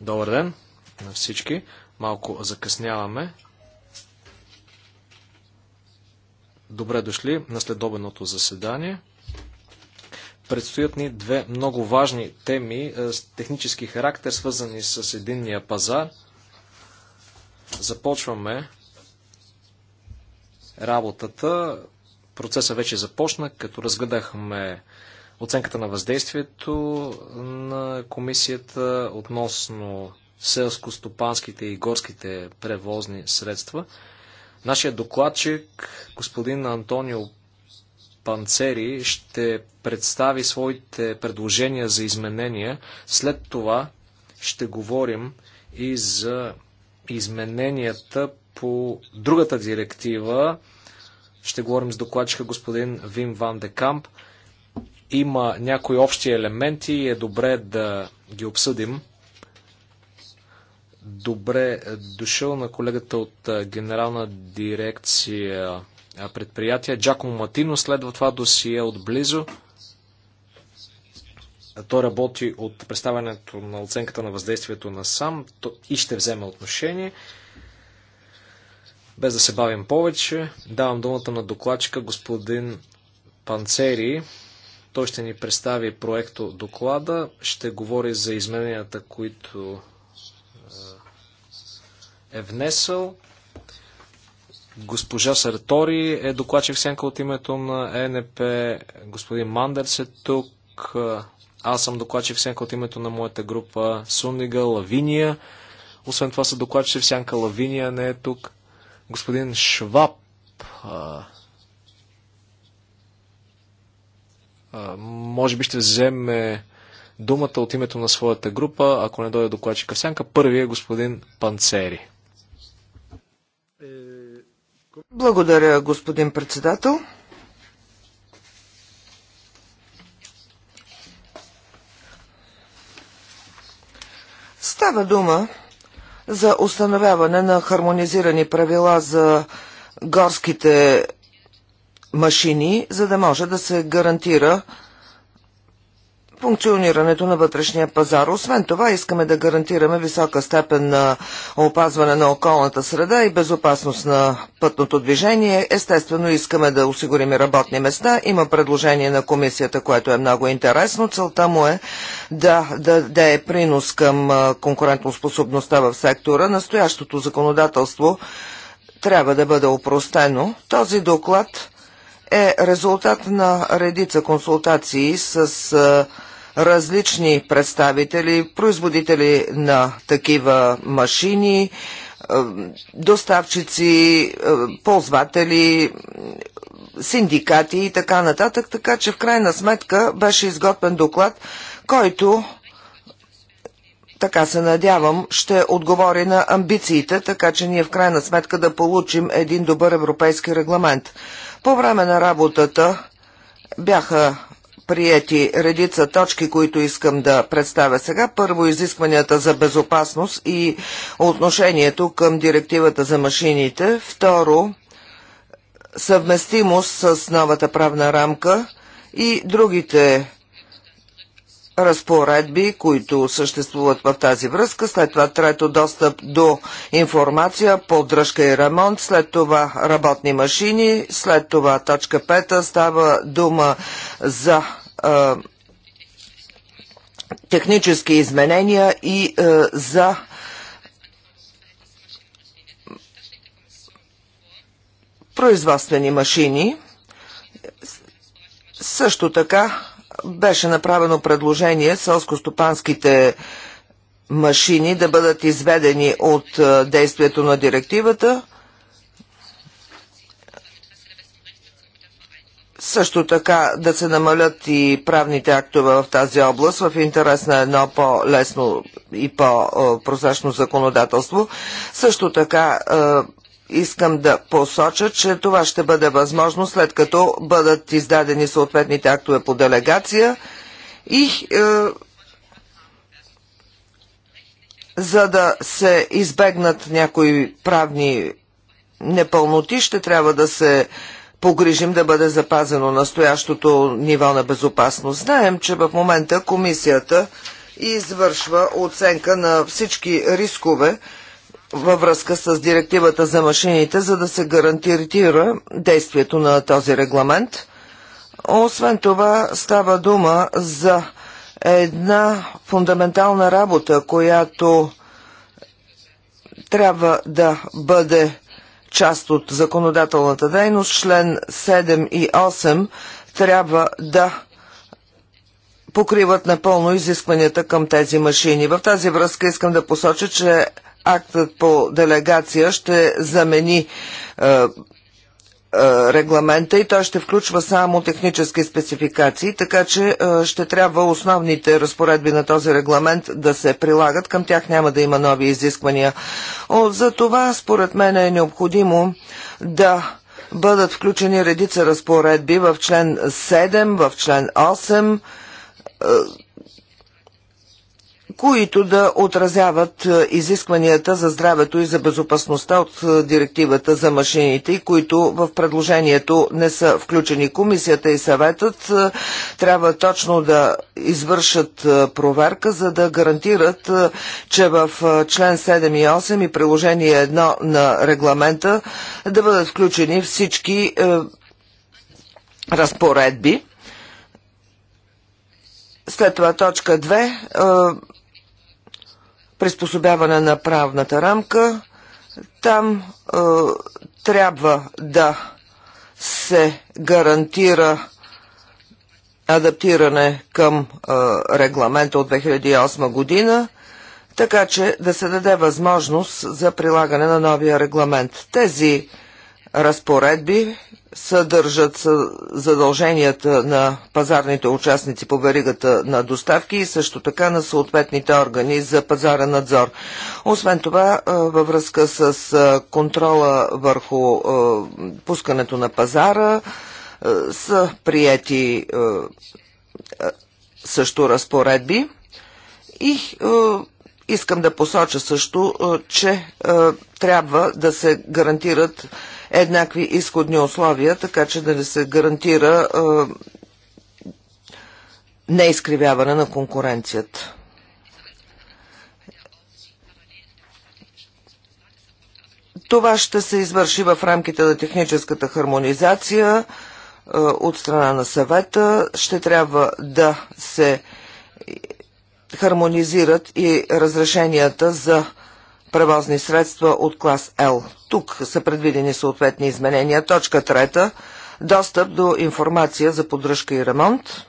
Добър ден на всички. Малко закъсняваме. Добре дошли на следобеното заседание. Предстоят ни две много важни теми е, с технически характер, свързани с единния пазар. Започваме работата. Процесът вече започна, като разгледахме оценката на въздействието на комисията относно селско-стопанските и горските превозни средства. Нашия докладчик, господин Антонио Панцери, ще представи своите предложения за изменения. След това ще говорим и за измененията по другата директива. Ще говорим с докладчика господин Вим Ван де Камп. Има някои общи елементи и е добре да ги обсъдим. Добре дошъл на колегата от Генерална дирекция предприятия. Джакомо Матино следва това досие отблизо. Той работи от представянето на оценката на въздействието на сам и ще вземе отношение. Без да се бавим повече, давам думата на докладчика господин Панцери той ще ни представи проекто доклада, ще говори за измененията, които е, е внесъл. Госпожа Сартори е докладчик сянка от името на ЕНП. Господин Мандерс е тук. Аз съм докладчик сянка от името на моята група Сунига Лавиния. Освен това са докладчик сянка Лавиния не е тук. Господин Шваб може би ще вземе думата от името на своята група, ако не дойде докладчика в Първи е господин Панцери. Благодаря, господин председател. Става дума за установяване на хармонизирани правила за горските машини, за да може да се гарантира функционирането на вътрешния пазар. Освен това, искаме да гарантираме висока степен на опазване на околната среда и безопасност на пътното движение. Естествено, искаме да осигурим работни места. Има предложение на комисията, което е много интересно. Целта му е да даде да принос към конкурентоспособността в сектора. Настоящото законодателство трябва да бъде опростено. Този доклад е резултат на редица консултации с различни представители, производители на такива машини, доставчици, ползватели, синдикати и така нататък, така че в крайна сметка беше изготвен доклад, който така се надявам, ще отговори на амбициите, така че ние в крайна сметка да получим един добър европейски регламент. По време на работата бяха приети редица точки, които искам да представя сега. Първо, изискванията за безопасност и отношението към директивата за машините. Второ, съвместимост с новата правна рамка и другите разпоредби, които съществуват в тази връзка, след това трето достъп до информация, поддръжка и ремонт, след това работни машини, след това точка 5 става дума за е, технически изменения и е, за производствени машини. Също така беше направено предложение селско-стопанските машини да бъдат изведени от е, действието на директивата. Също така да се намалят и правните актове в тази област в интерес на едно по-лесно и по-прозрачно е, законодателство. Също така е, Искам да посоча, че това ще бъде възможно след като бъдат издадени съответните актове по делегация и е, за да се избегнат някои правни непълноти, ще трябва да се погрижим да бъде запазено настоящото ниво на безопасност. Знаем, че в момента комисията извършва оценка на всички рискове, във връзка с директивата за машините, за да се гарантира действието на този регламент. Освен това става дума за една фундаментална работа, която трябва да бъде част от законодателната дейност. Член 7 и 8 трябва да покриват напълно изискванията към тези машини. В тази връзка искам да посоча, че актът по делегация ще замени е, е, регламента и той ще включва само технически спецификации, така че е, ще трябва основните разпоредби на този регламент да се прилагат. Към тях няма да има нови изисквания. За това, според мен, е необходимо да бъдат включени редица разпоредби в член 7, в член 8, които да отразяват е, изискванията за здравето и за безопасността от е, директивата за машините, и които в предложението не са включени. Комисията и съветът е, трябва точно да извършат проверка, за да гарантират, че в член 7 и 8 и приложение 1 на регламента да бъдат включени всички разпоредби. След това точка 2 приспособяване на правната рамка. Там е, трябва да се гарантира адаптиране към е, регламента от 2008 година, така че да се даде възможност за прилагане на новия регламент. Тези разпоредби съдържат задълженията на пазарните участници по веригата на доставки и също така на съответните органи за пазарен надзор. Освен това, във връзка с контрола върху пускането на пазара са приети също разпоредби и искам да посоча също, че трябва да се гарантират еднакви изходни условия, така че да не се гарантира е, неизкривяване на конкуренцията. Това ще се извърши в рамките на техническата хармонизация е, от страна на съвета. Ще трябва да се хармонизират и разрешенията за превозни средства от клас L. Тук са предвидени съответни изменения. Точка трета – достъп до информация за поддръжка и ремонт.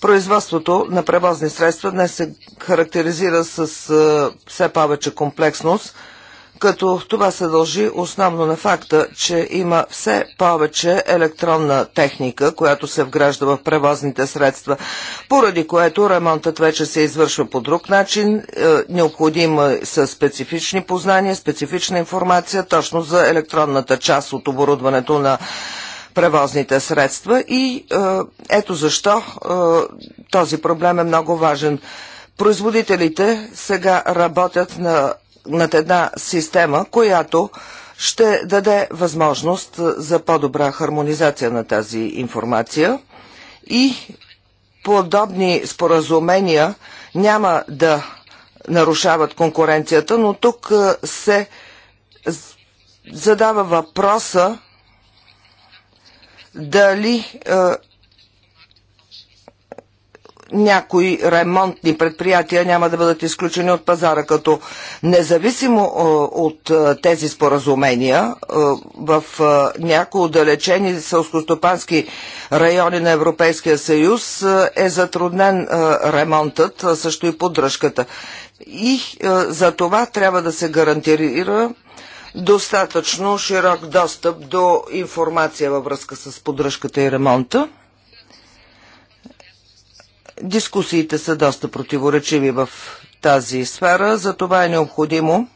Производството на превозни средства днес се характеризира с все повече комплексност – като това се дължи основно на факта, че има все повече електронна техника, която се вгражда в превозните средства, поради което ремонтът вече се извършва по друг начин, е, необходимо е са специфични познания, специфична информация точно за електронната част от оборудването на превозните средства и е, ето защо този проблем е много важен. Производителите сега работят на над една система, която ще даде възможност за по-добра хармонизация на тази информация и подобни споразумения няма да нарушават конкуренцията, но тук се задава въпроса дали някои ремонтни предприятия няма да бъдат изключени от пазара, като независимо е, от е, тези споразумения е, в някои отдалечени сълскостопански райони на Европейския съюз е затруднен ремонтът, също и поддръжката. И за това трябва да се гарантира достатъчно широк достъп до информация във връзка с поддръжката и ремонта. Дискусиите са доста противоречиви в тази сфера, за това е необходимо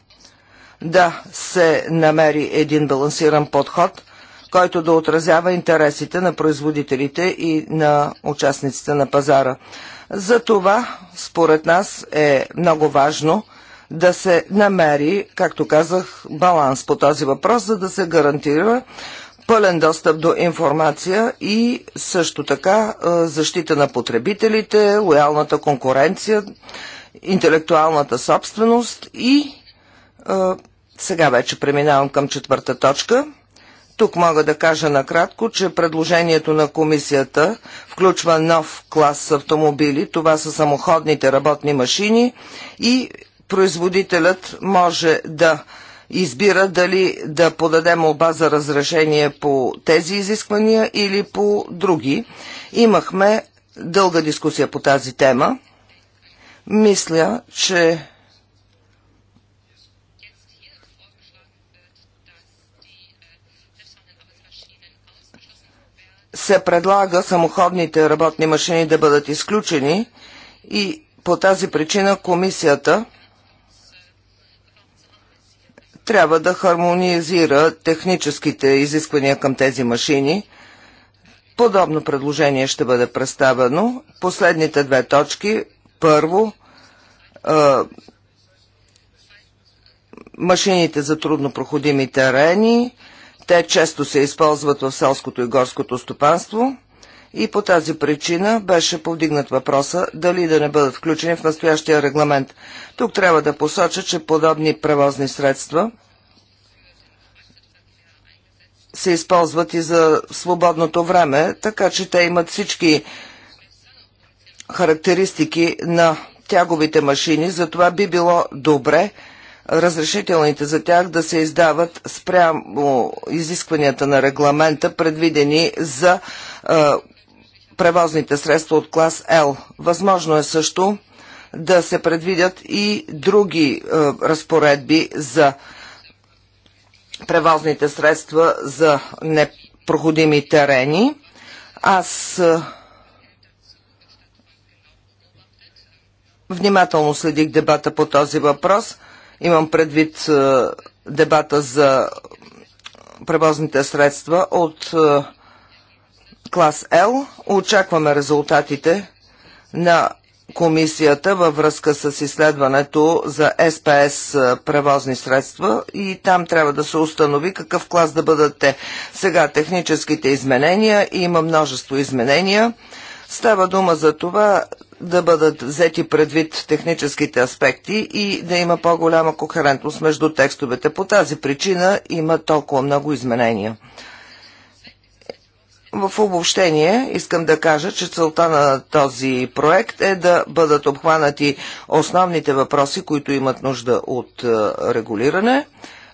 да се намери един балансиран подход, който да отразява интересите на производителите и на участниците на пазара. За това, според нас, е много важно да се намери, както казах, баланс по този въпрос, за да се гарантира пълен достъп до информация и също така е, защита на потребителите, лоялната конкуренция, интелектуалната собственост и е, сега вече преминавам към четвърта точка. Тук мога да кажа накратко, че предложението на комисията включва нов клас автомобили. Това са самоходните работни машини и производителят може да избира дали да подаде молба за разрешение по тези изисквания или по други. Имахме дълга дискусия по тази тема. Мисля, че се предлага самоходните работни машини да бъдат изключени и по тази причина комисията трябва да хармонизира техническите изисквания към тези машини. Подобно предложение ще бъде представено. Последните две точки. Първо, машините за труднопроходими терени. Те често се използват в селското и горското стопанство – и по тази причина беше повдигнат въпроса дали да не бъдат включени в настоящия регламент. Тук трябва да посоча, че подобни превозни средства се използват и за свободното време, така че те имат всички характеристики на тяговите машини, затова би било добре разрешителните за тях да се издават спрямо изискванията на регламента, предвидени за е, превозните средства от клас L. Възможно е също да се предвидят и други е, разпоредби за превозните средства за непроходими терени. Аз е, внимателно следих дебата по този въпрос. Имам предвид е, дебата за превозните средства от е, клас Л. Очакваме резултатите на комисията във връзка с изследването за СПС превозни средства и там трябва да се установи какъв клас да бъдат те. Сега техническите изменения, има множество изменения. Става дума за това да бъдат взети предвид техническите аспекти и да има по-голяма кохерентност между текстовете. По тази причина има толкова много изменения. В обобщение искам да кажа, че целта на този проект е да бъдат обхванати основните въпроси, които имат нужда от е, регулиране.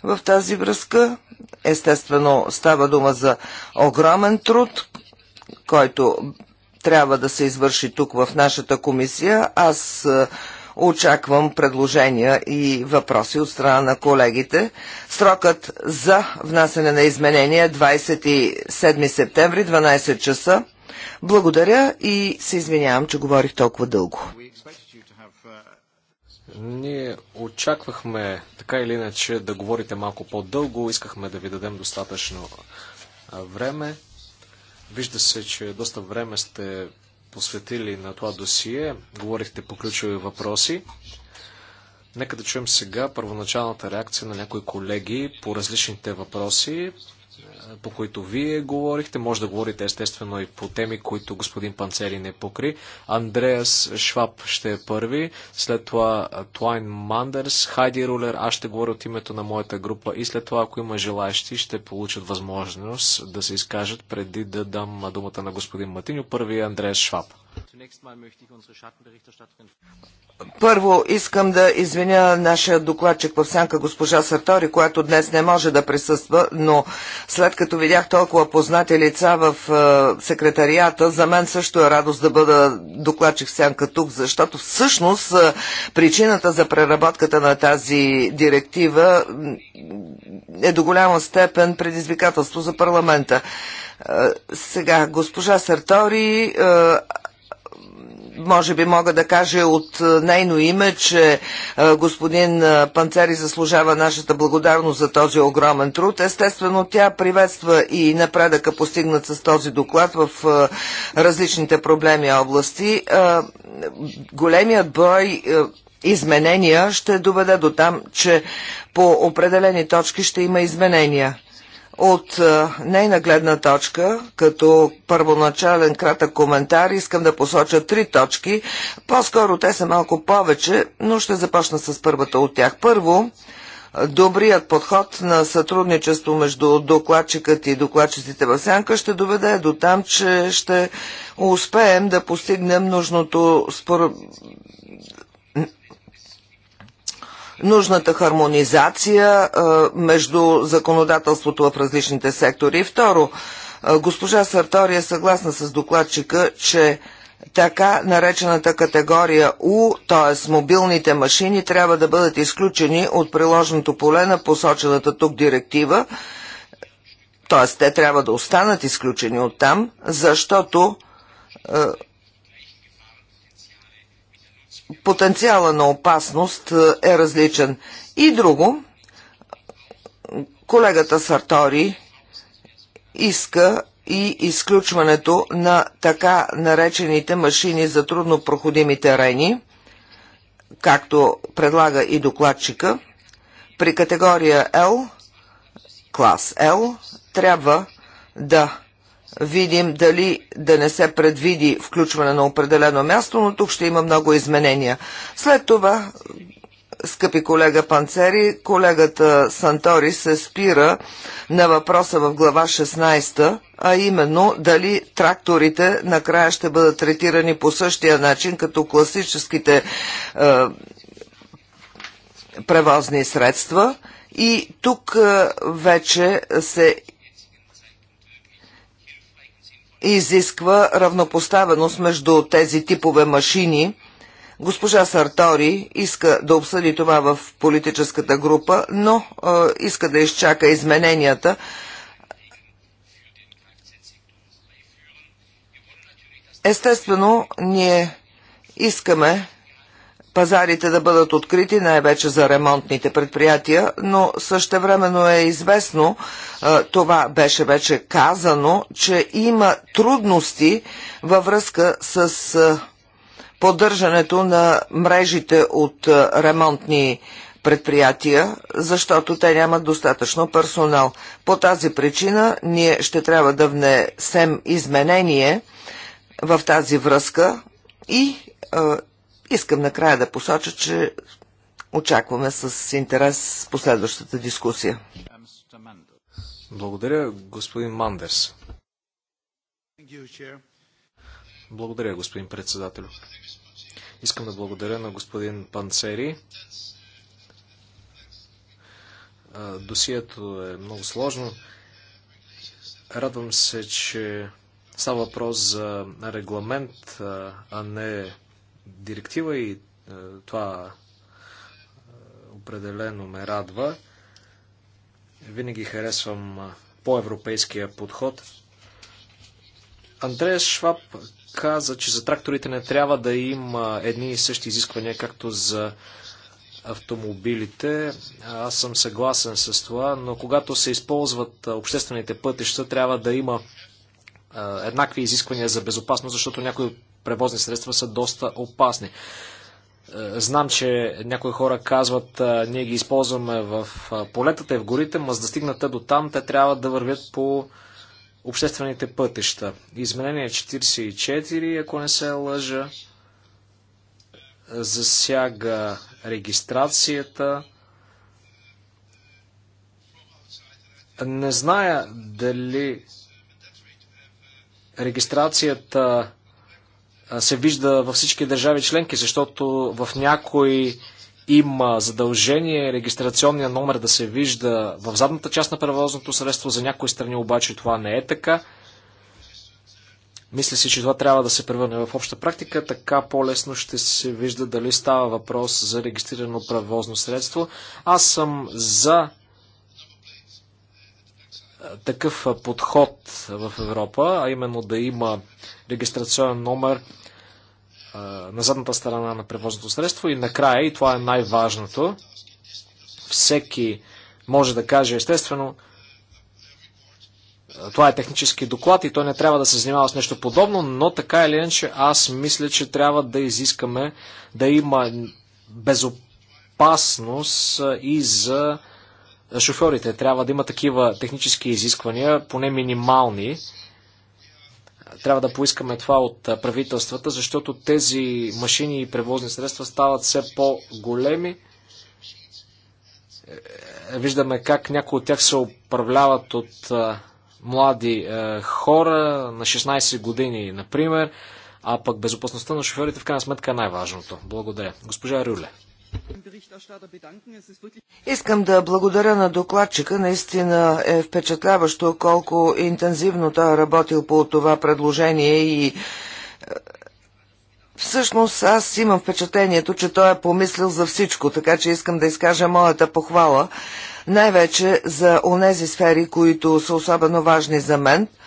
В тази връзка естествено става дума за огромен труд, който трябва да се извърши тук в нашата комисия. Аз е, Очаквам предложения и въпроси от страна на колегите. Срокът за внасене на изменения 27 е септември 12 часа. Благодаря и се извинявам, че говорих толкова дълго. Ние очаквахме, така или иначе, да говорите малко по-дълго. Искахме да ви дадем достатъчно време. Вижда се, че доста време сте посветили на това досие. Говорихте по ключови въпроси. Нека да чуем сега първоначалната реакция на някои колеги по различните въпроси по които вие говорихте. Може да говорите естествено и по теми, които господин Панцери не покри. Андреас Шваб ще е първи, след това Туайн Мандерс, Хайди Рулер, аз ще говоря от името на моята група и след това, ако има желаящи, ще получат възможност да се изкажат преди да дам думата на господин Матиньо. Първи е Андреас Шваб. Първо искам да извиня нашия докладчик в сянка госпожа Сартори, която днес не може да присъства, но след като видях толкова познати лица в е, секретарията, за мен също е радост да бъда докладчик в сянка тук, защото всъщност е, причината за преработката на тази директива е до голяма степен предизвикателство за парламента. Е, сега, госпожа Сартори, може би мога да кажа от е, нейно име, че е, господин е, Панцери заслужава нашата благодарност за този огромен труд. Естествено, тя приветства и напредъка постигнат с този доклад в различните проблеми области. Големият брой изменения ще доведе до там, че по определени точки ще има изменения. От е, нейна гледна точка, като първоначален кратък коментар, искам да посоча три точки. По-скоро те са малко повече, но ще започна с първата от тях. Първо, добрият подход на сътрудничество между докладчикът и докладчиците в Сянка ще доведе до там, че ще успеем да постигнем нужното спор нужната хармонизация между законодателството в различните сектори. И второ, госпожа Сартори е съгласна с докладчика, че така наречената категория У, т.е. мобилните машини, трябва да бъдат изключени от приложното поле на посочената тук директива, т.е. те трябва да останат изключени от там, защото потенциала на опасност е различен. И друго, колегата Сартори иска и изключването на така наречените машини за трудно проходими терени, както предлага и докладчика, при категория L, клас L, трябва да видим дали да не се предвиди включване на определено място, но тук ще има много изменения. След това, скъпи колега Панцери, колегата Сантори се спира на въпроса в глава 16, а именно дали тракторите накрая ще бъдат третирани по същия начин, като класическите е, превозни средства. И тук е, вече се изисква равнопоставеност между тези типове машини. Госпожа Сартори иска да обсъди това в политическата група, но е, иска да изчака измененията. Естествено, ние искаме пазарите да бъдат открити, най-вече за ремонтните предприятия, но същевременно е известно, това беше вече казано, че има трудности във връзка с поддържането на мрежите от ремонтни предприятия, защото те нямат достатъчно персонал. По тази причина ние ще трябва да внесем изменение в тази връзка и Искам накрая да посоча, че очакваме с интерес последващата дискусия. Благодаря, господин Мандерс. Благодаря, господин председател. Искам да благодаря на господин Панцери. Досието е много сложно. Радвам се, че става въпрос за регламент, а не директива и е, това е, определено ме радва. Винаги харесвам е, по-европейския подход. Андрея Шваб каза, че за тракторите не трябва да има едни и същи изисквания, както за автомобилите. Аз съм съгласен с това, но когато се използват обществените пътища, трябва да има еднакви изисквания за безопасност, защото някои от превозни средства са доста опасни. Е, знам, че някои хора казват, е, ние ги използваме в е, полетата и в горите, но за да стигнат до там, те трябва да вървят по обществените пътища. Изменение 44, ако не се лъжа, засяга регистрацията. Не зная дали регистрацията се вижда във всички държави членки, защото в някои има задължение регистрационния номер да се вижда в задната част на превозното средство, за някои страни обаче това не е така. Мисля си, че това трябва да се превърне в обща практика, така по-лесно ще се вижда дали става въпрос за регистрирано превозно средство. Аз съм за такъв подход в Европа, а именно да има регистрационен номер на задната страна на превозното средство и накрая, и това е най-важното, всеки може да каже естествено, това е технически доклад и той не трябва да се занимава с нещо подобно, но така или иначе аз мисля, че трябва да изискаме да има безопасност и за шофьорите. Трябва да има такива технически изисквания, поне минимални. Трябва да поискаме това от правителствата, защото тези машини и превозни средства стават все по-големи. Е, виждаме как някои от тях се управляват от млади е, хора на 16 години, например. А пък безопасността на шофьорите в крайна сметка е най-важното. Благодаря. Госпожа Рюле. Искам да благодаря на докладчика. Наистина е впечатляващо колко интензивно той е работил по това предложение и е, Всъщност аз имам впечатлението, че той е помислил за всичко, така че искам да изкажа моята похвала, най-вече за онези сфери, които са особено важни за мен –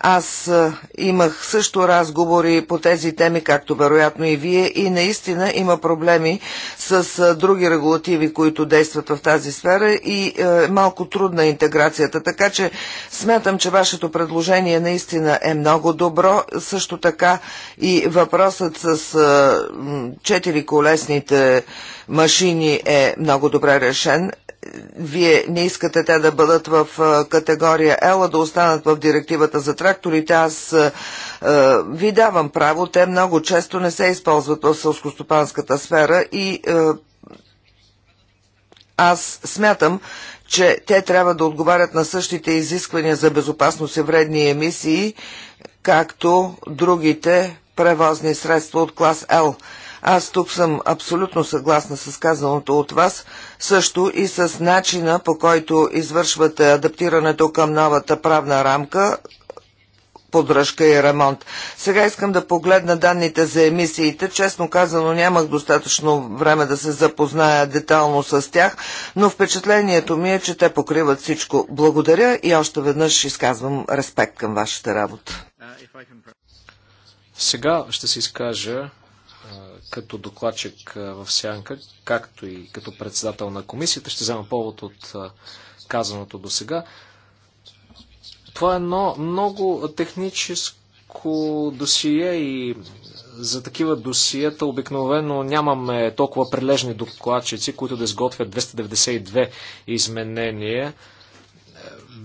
аз имах също разговори по тези теми, както вероятно и вие, и наистина има проблеми с други регулативи, които действат в тази сфера и е малко трудна интеграцията. Така че смятам, че вашето предложение наистина е много добро. Също така и въпросът с четириколесните машини е много добре решен вие не искате те да бъдат в категория Ела, да останат в директивата за тракторите. Аз е, ви давам право, те много често не се използват в сълскостопанската сфера и е, аз смятам, че те трябва да отговарят на същите изисквания за безопасност и вредни емисии, както другите превозни средства от клас L. Аз тук съм абсолютно съгласна с казаното от вас, също и с начина по който извършвате адаптирането към новата правна рамка, поддръжка и ремонт. Сега искам да погледна данните за емисиите. Честно казано нямах достатъчно време да се запозная детално с тях, но впечатлението ми е, че те покриват всичко. Благодаря и още веднъж изказвам респект към вашата работа. Сега ще се изкажа като докладчик в Сянка, както и като председател на комисията. Ще взема повод от казаното до сега. Това е едно много техническо досие и за такива досиета обикновено нямаме толкова прилежни докладчици, които да изготвят 292 изменения.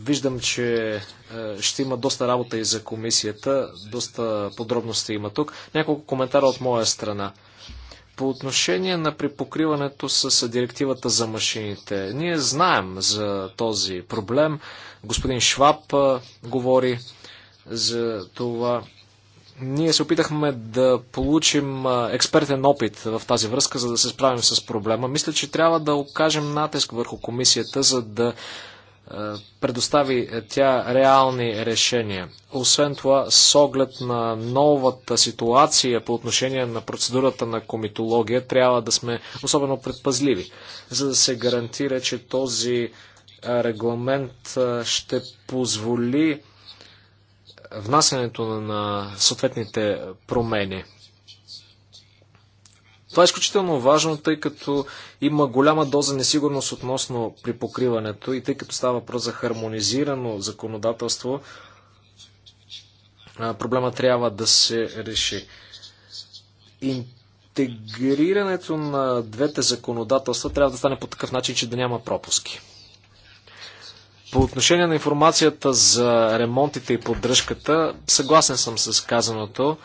Виждам, че е, ще има доста работа и за комисията, доста подробности има тук. Няколко коментара от моя страна. По отношение на припокриването с директивата за машините, ние знаем за този проблем. Господин Шваб е, говори за това. Ние се опитахме да получим е, експертен опит в тази връзка, за да се справим с проблема. Мисля, че трябва да окажем натиск върху комисията, за да е, предостави е, тя реални решения. Освен това, с оглед на новата ситуация по отношение на процедурата на комитология, трябва да сме особено предпазливи, за да се гарантира, че този е, регламент ще позволи внасянето на съответните промени. Това е изключително важно, тъй като има голяма доза несигурност относно при покриването и тъй като става въпрос за хармонизирано законодателство, проблема трябва да се реши. Интегрирането на двете законодателства трябва да стане по такъв начин, че да няма пропуски. По отношение на информацията за ремонтите и поддръжката, съгласен съм с казаното.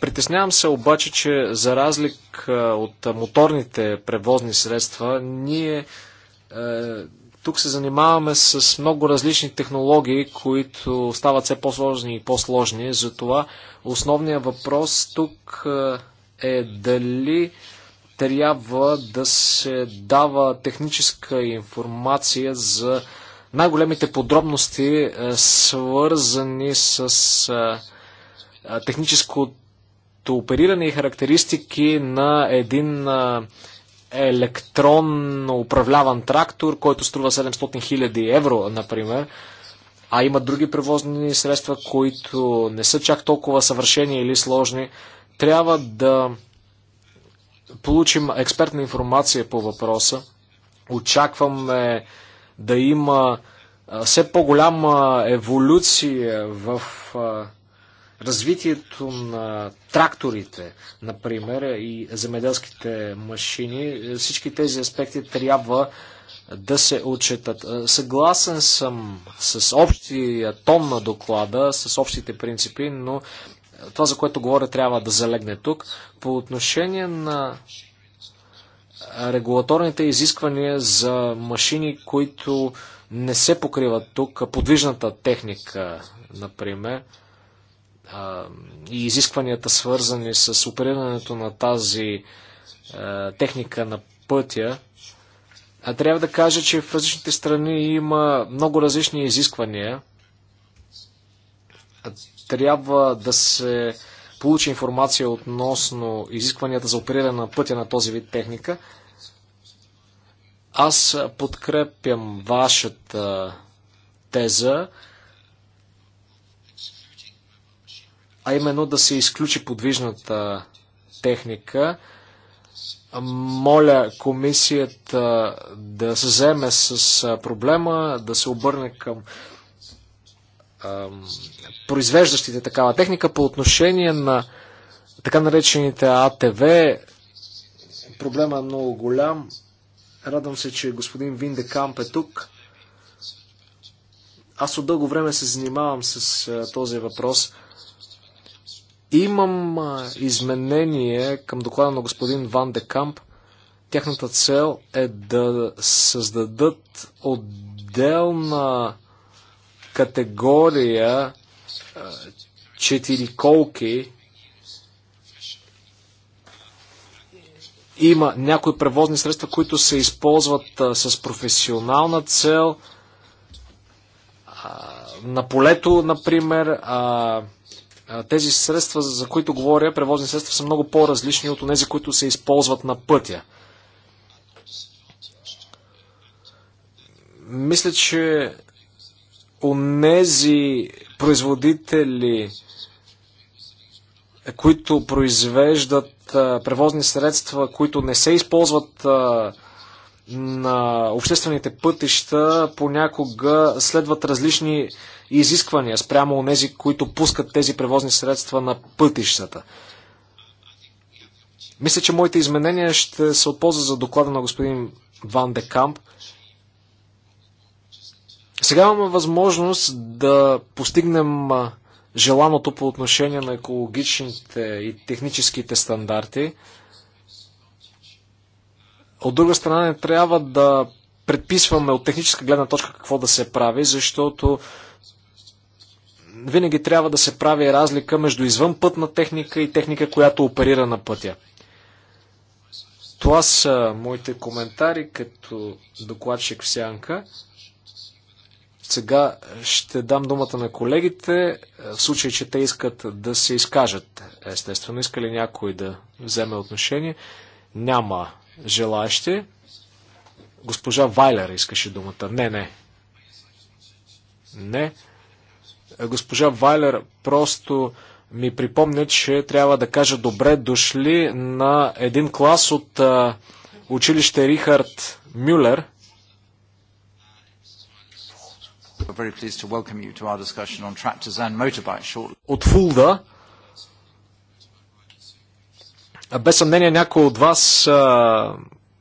Притеснявам се обаче, че за разлика от моторните превозни средства, ние е, тук се занимаваме с много различни технологии, които стават все по-сложни и по-сложни. Затова основният въпрос тук е, е дали трябва да се дава техническа информация за най-големите подробности, е, свързани с техническото опериране и характеристики на един електронно управляван трактор, който струва 700 000 евро, например, а има други превозни средства, които не са чак толкова съвършени или сложни, трябва да получим експертна информация по въпроса. Очакваме да има все по-голяма еволюция в развитието на тракторите, например, и земеделските машини, всички тези аспекти трябва да се отчитат. Е, съгласен съм с общия тон на доклада, с общите принципи, но това, за което говоря, трябва да залегне тук. По отношение на регулаторните изисквания за машини, които не се покриват тук, подвижната техника, например, и изискванията свързани с оперирането на тази е, техника на пътя, а трябва да кажа, че в различните страни има много различни изисквания. Трябва да се получи информация относно изискванията за опериране на пътя на този вид техника. Аз подкрепям вашата теза. а именно да се изключи подвижната техника. Моля комисията да се заеме с проблема, да се обърне към произвеждащите такава техника по отношение на така наречените АТВ. Проблема е много голям. Радвам се, че господин Виндекамп е тук. Аз от дълго време се занимавам с този въпрос. Имам изменение към доклада на господин Ван де Камп. Тяхната цел е да създадат отделна категория четириколки. Има някои превозни средства, които се използват а, с професионална цел. А, на полето, например, а, тези средства, за които говоря, превозни средства са много по-различни от тези, които се използват на пътя. Мисля, че онези производители, които произвеждат превозни средства, които не се използват на обществените пътища, понякога следват различни изисквания спрямо нези, които пускат тези превозни средства на пътищата. Мисля, че моите изменения ще се отползват за доклада на господин Ван де Камп. Сега имаме възможност да постигнем желаното по отношение на екологичните и техническите стандарти. От друга страна не трябва да предписваме от техническа гледна точка какво да се прави, защото винаги трябва да се прави разлика между извънпътна техника и техника, която оперира на пътя. Това са моите коментари като докладчик в Сянка. Сега ще дам думата на колегите, в случай, че те искат да се изкажат. Естествено, иска ли някой да вземе отношение? Няма желаящи. Госпожа Вайлер искаше думата. Не, не. Не. Госпожа Вайлер просто ми припомня, че трябва да кажа добре дошли на един клас от а, училище Рихард Мюллер. От Фулда. Без съмнение някои от вас а,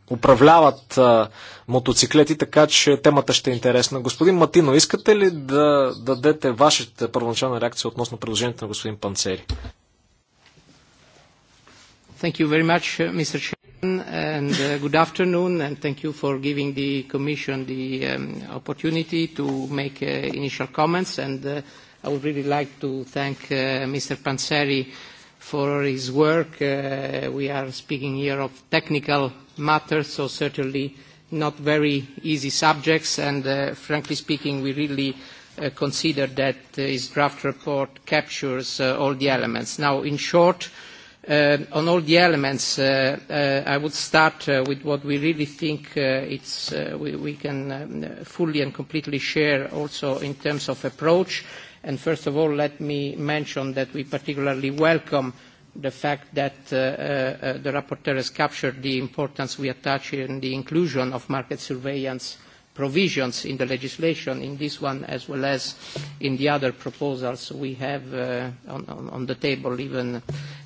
управляват а, мотоциклети, така че темата ще е интересна. Господин Матино, искате ли да дадете вашата първоначална реакция относно предложението на господин Панцери? Thank you very much, Mr. Chairman, and uh, good afternoon, and thank you for giving the Commission the um, opportunity to make uh, initial comments. And uh, I would really like to thank uh, Mr. Panseri for his work. Uh, we are speaking here of technical matters, so certainly uh, not very easy subjects, and uh, frankly speaking, we really uh, consider that his draft report captures uh, all the elements. Now, in short, uh, on all the elements, uh, uh, I would start uh, with what we really think uh, it's, uh, we, we can um, fully and completely share also in terms of approach. And first of all, let me mention that we particularly welcome uh, the fact that the rapporteur has captured the importance we attach in the inclusion of market surveillance provisions in the legislation, in this one as well as in the other proposals we have uh, on, on, the table even,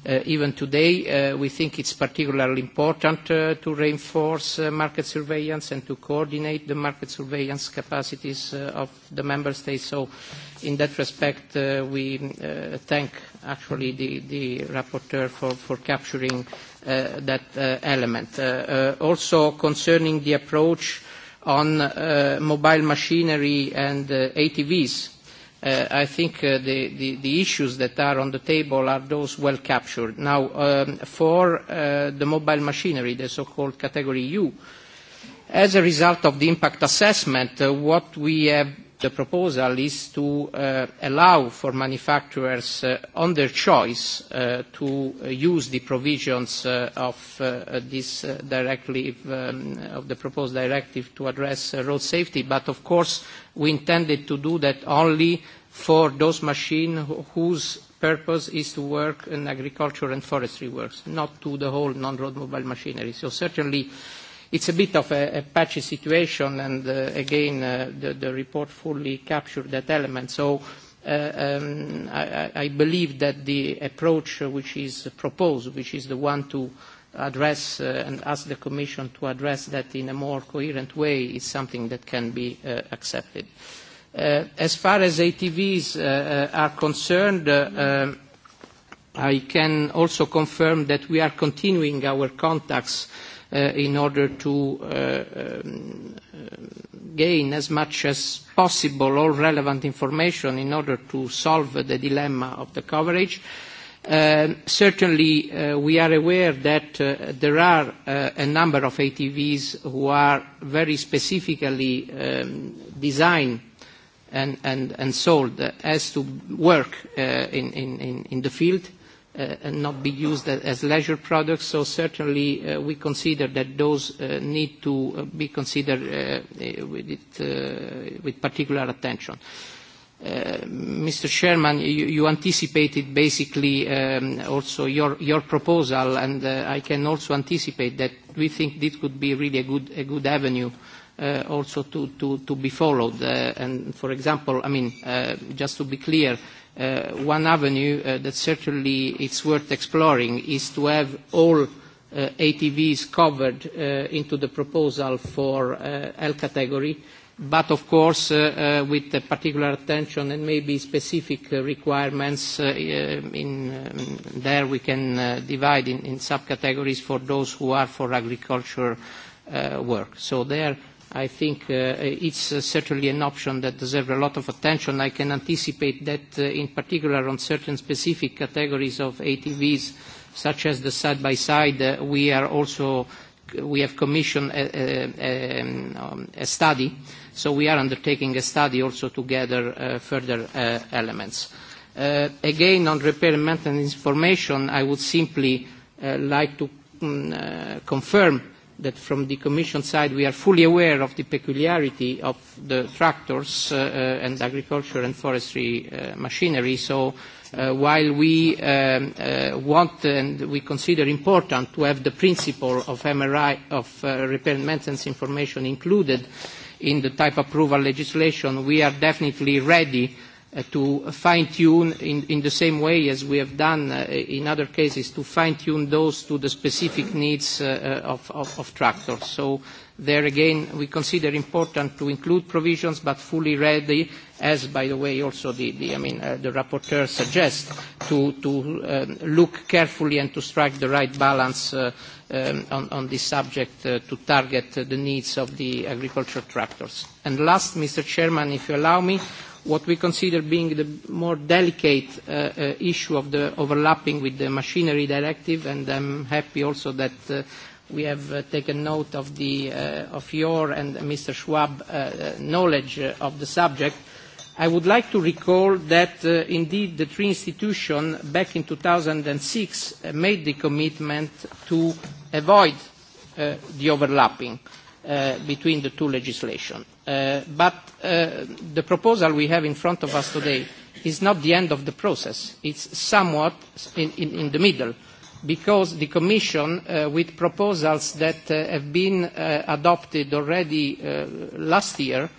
uh, even today. Uh, we think it's particularly important uh, to reinforce uh, market surveillance and to coordinate the market surveillance capacities uh, of the Member States. So in that respect, uh, we uh, thank actually the, the rapporteur for, for capturing uh, that uh, element. Uh, uh, also concerning the approach on uh, mobile machinery and uh, ATVs, uh, I think uh, the, the, the issues that are on the table are those well captured. Now, um, for uh, the mobile machinery, the so-called category U, as a result of the impact assessment, uh, what we have The proposal is to uh, allow for manufacturers uh, on their choice uh, to use the provisions uh, of uh, this uh, directive, um, of the proposed directive to address uh, road safety, but of course we intended to do that only for those machines whose purpose is to work in agriculture and forestry works, not to the whole non-road mobile machinery. So certainly uh, It's a bit of a, patchy situation, and again, the, the report fully captured that element. So I, believe that the approach which is proposed, which is the one to address and ask the Commission to address that in a more coherent way, is something that can be accepted. as far as ATVs are concerned, I can also confirm that we are continuing our contacts in order to gain as much as possible all relevant information in order to solve the dilemma of the coverage. Certainly, we are aware that there are a number of ATVs who are very specifically designed and sold as to work in the field and not be used as leisure products. So certainly we consider that those need to be considered with particular attention. Mr. Chairman, you anticipated basically also your proposal, and I can also anticipate that we think this could be really a good avenue uh, also to, to, to be followed. Uh, and for example, I mean, uh, just to be clear, uh, one avenue uh, that certainly it's worth exploring is to have all uh, ATVs covered uh, into the proposal for uh, L category, but of course uh, uh, with particular attention and maybe specific uh, requirements uh, in, um, there we can uh, divide in, in subcategories for those who are for agriculture uh, work. So there I think uh, it's uh, certainly an option that deserves a lot of attention. I can anticipate that uh, in particular on certain specific categories of ATVs, such as the side-by-side, uh, we are also we have commissioned a, a, a study, so we are undertaking a study also to gather uh, further uh, elements. Uh, again, on repair and maintenance information, I would simply uh, like to um, uh, confirm that from the Commission side we are fully aware of the peculiarity of the tractors uh, and agriculture and forestry uh, machinery. So uh, while we um, uh, want and we consider important to have the principle of MRI, of uh, repair and maintenance information included in the type approval legislation, we are definitely ready to fine-tune in the same way as we have done in other cases, to fine-tune those to the specific needs of tractors. So there again, we consider important to include provisions, but fully ready, as by the way, also the rapporteur suggests, to look carefully and to strike the right balance on this subject to target the needs of the agricultural tractors. Last, Mr. Chairman, if you allow me, what we consider being the more delicate uh, uh, issue of the overlapping with the machinery directive, and I'm happy also that uh, we have uh, taken note of, the, uh, of your and Mr. Schwab uh, knowledge uh, of the subject. I would like to recall that uh, indeed the three institutions back in 2006 uh, made the commitment to avoid uh, the overlapping. Uh, between the two legislation. Uh, but uh, the proposal we have in front of us today is not the end of the process. It's somewhat in, in, in the middle because the Commission, uh, with proposals that uh, have been uh, adopted already uh, last year,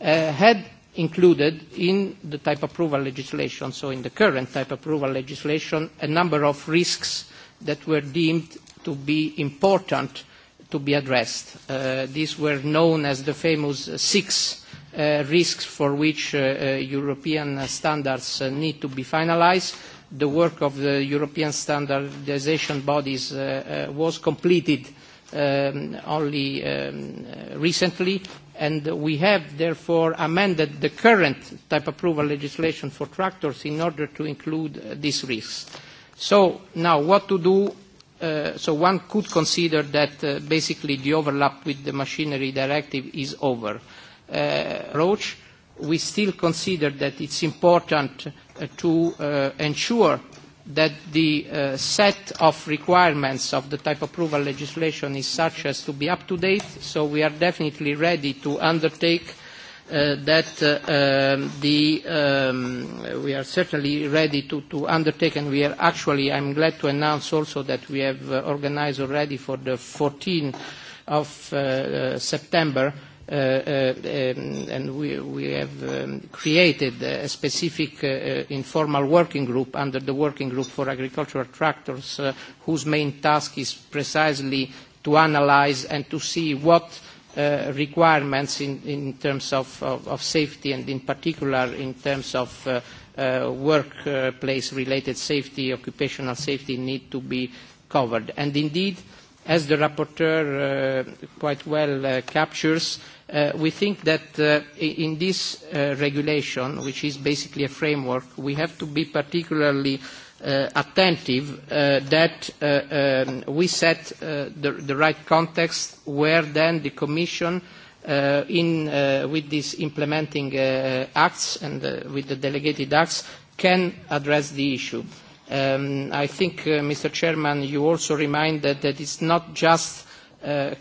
uh, had included in the type approval legislation, so in the current type approval legislation, a number of risks that were deemed to be important to be addressed. Uh, these were known as the famous six uh, risks for which uh, uh, European standards uh, need to be finalized. The work of the European standardization bodies uh, uh, was completed um, only um, recently, and we have therefore amended the current type approval legislation for tractors in order to include these risks. So now what to do so one could consider that uh, basically the overlap with the machinery directive is over. Uh, Roach, we still consider that it's important uh, to uh, ensure that the uh, set of requirements of the type approval legislation is such as to be up to date, so we are definitely ready to undertake uh, that we are certainly ready to undertake, and we are actually, I'm glad to announce also that we have organized already for the 14th of September, and we have created a specific informal working group under the Working Group for Agricultural Tractors, whose main task is precisely to analyze and to see what requirements in, in terms of, of, of safety and in particular in terms of uh, uh, workplace related safety, occupational safety need to be covered. And indeed, as the rapporteur uh, quite well uh, captures, uh, we think that uh, in this uh, regulation, which is basically a framework, we have to be particularly uh, attentive that we set the right context where then the Commission in with these implementing acts and with the delegated acts can address the issue. I think, Mr. Chairman, you also remind that that it's not just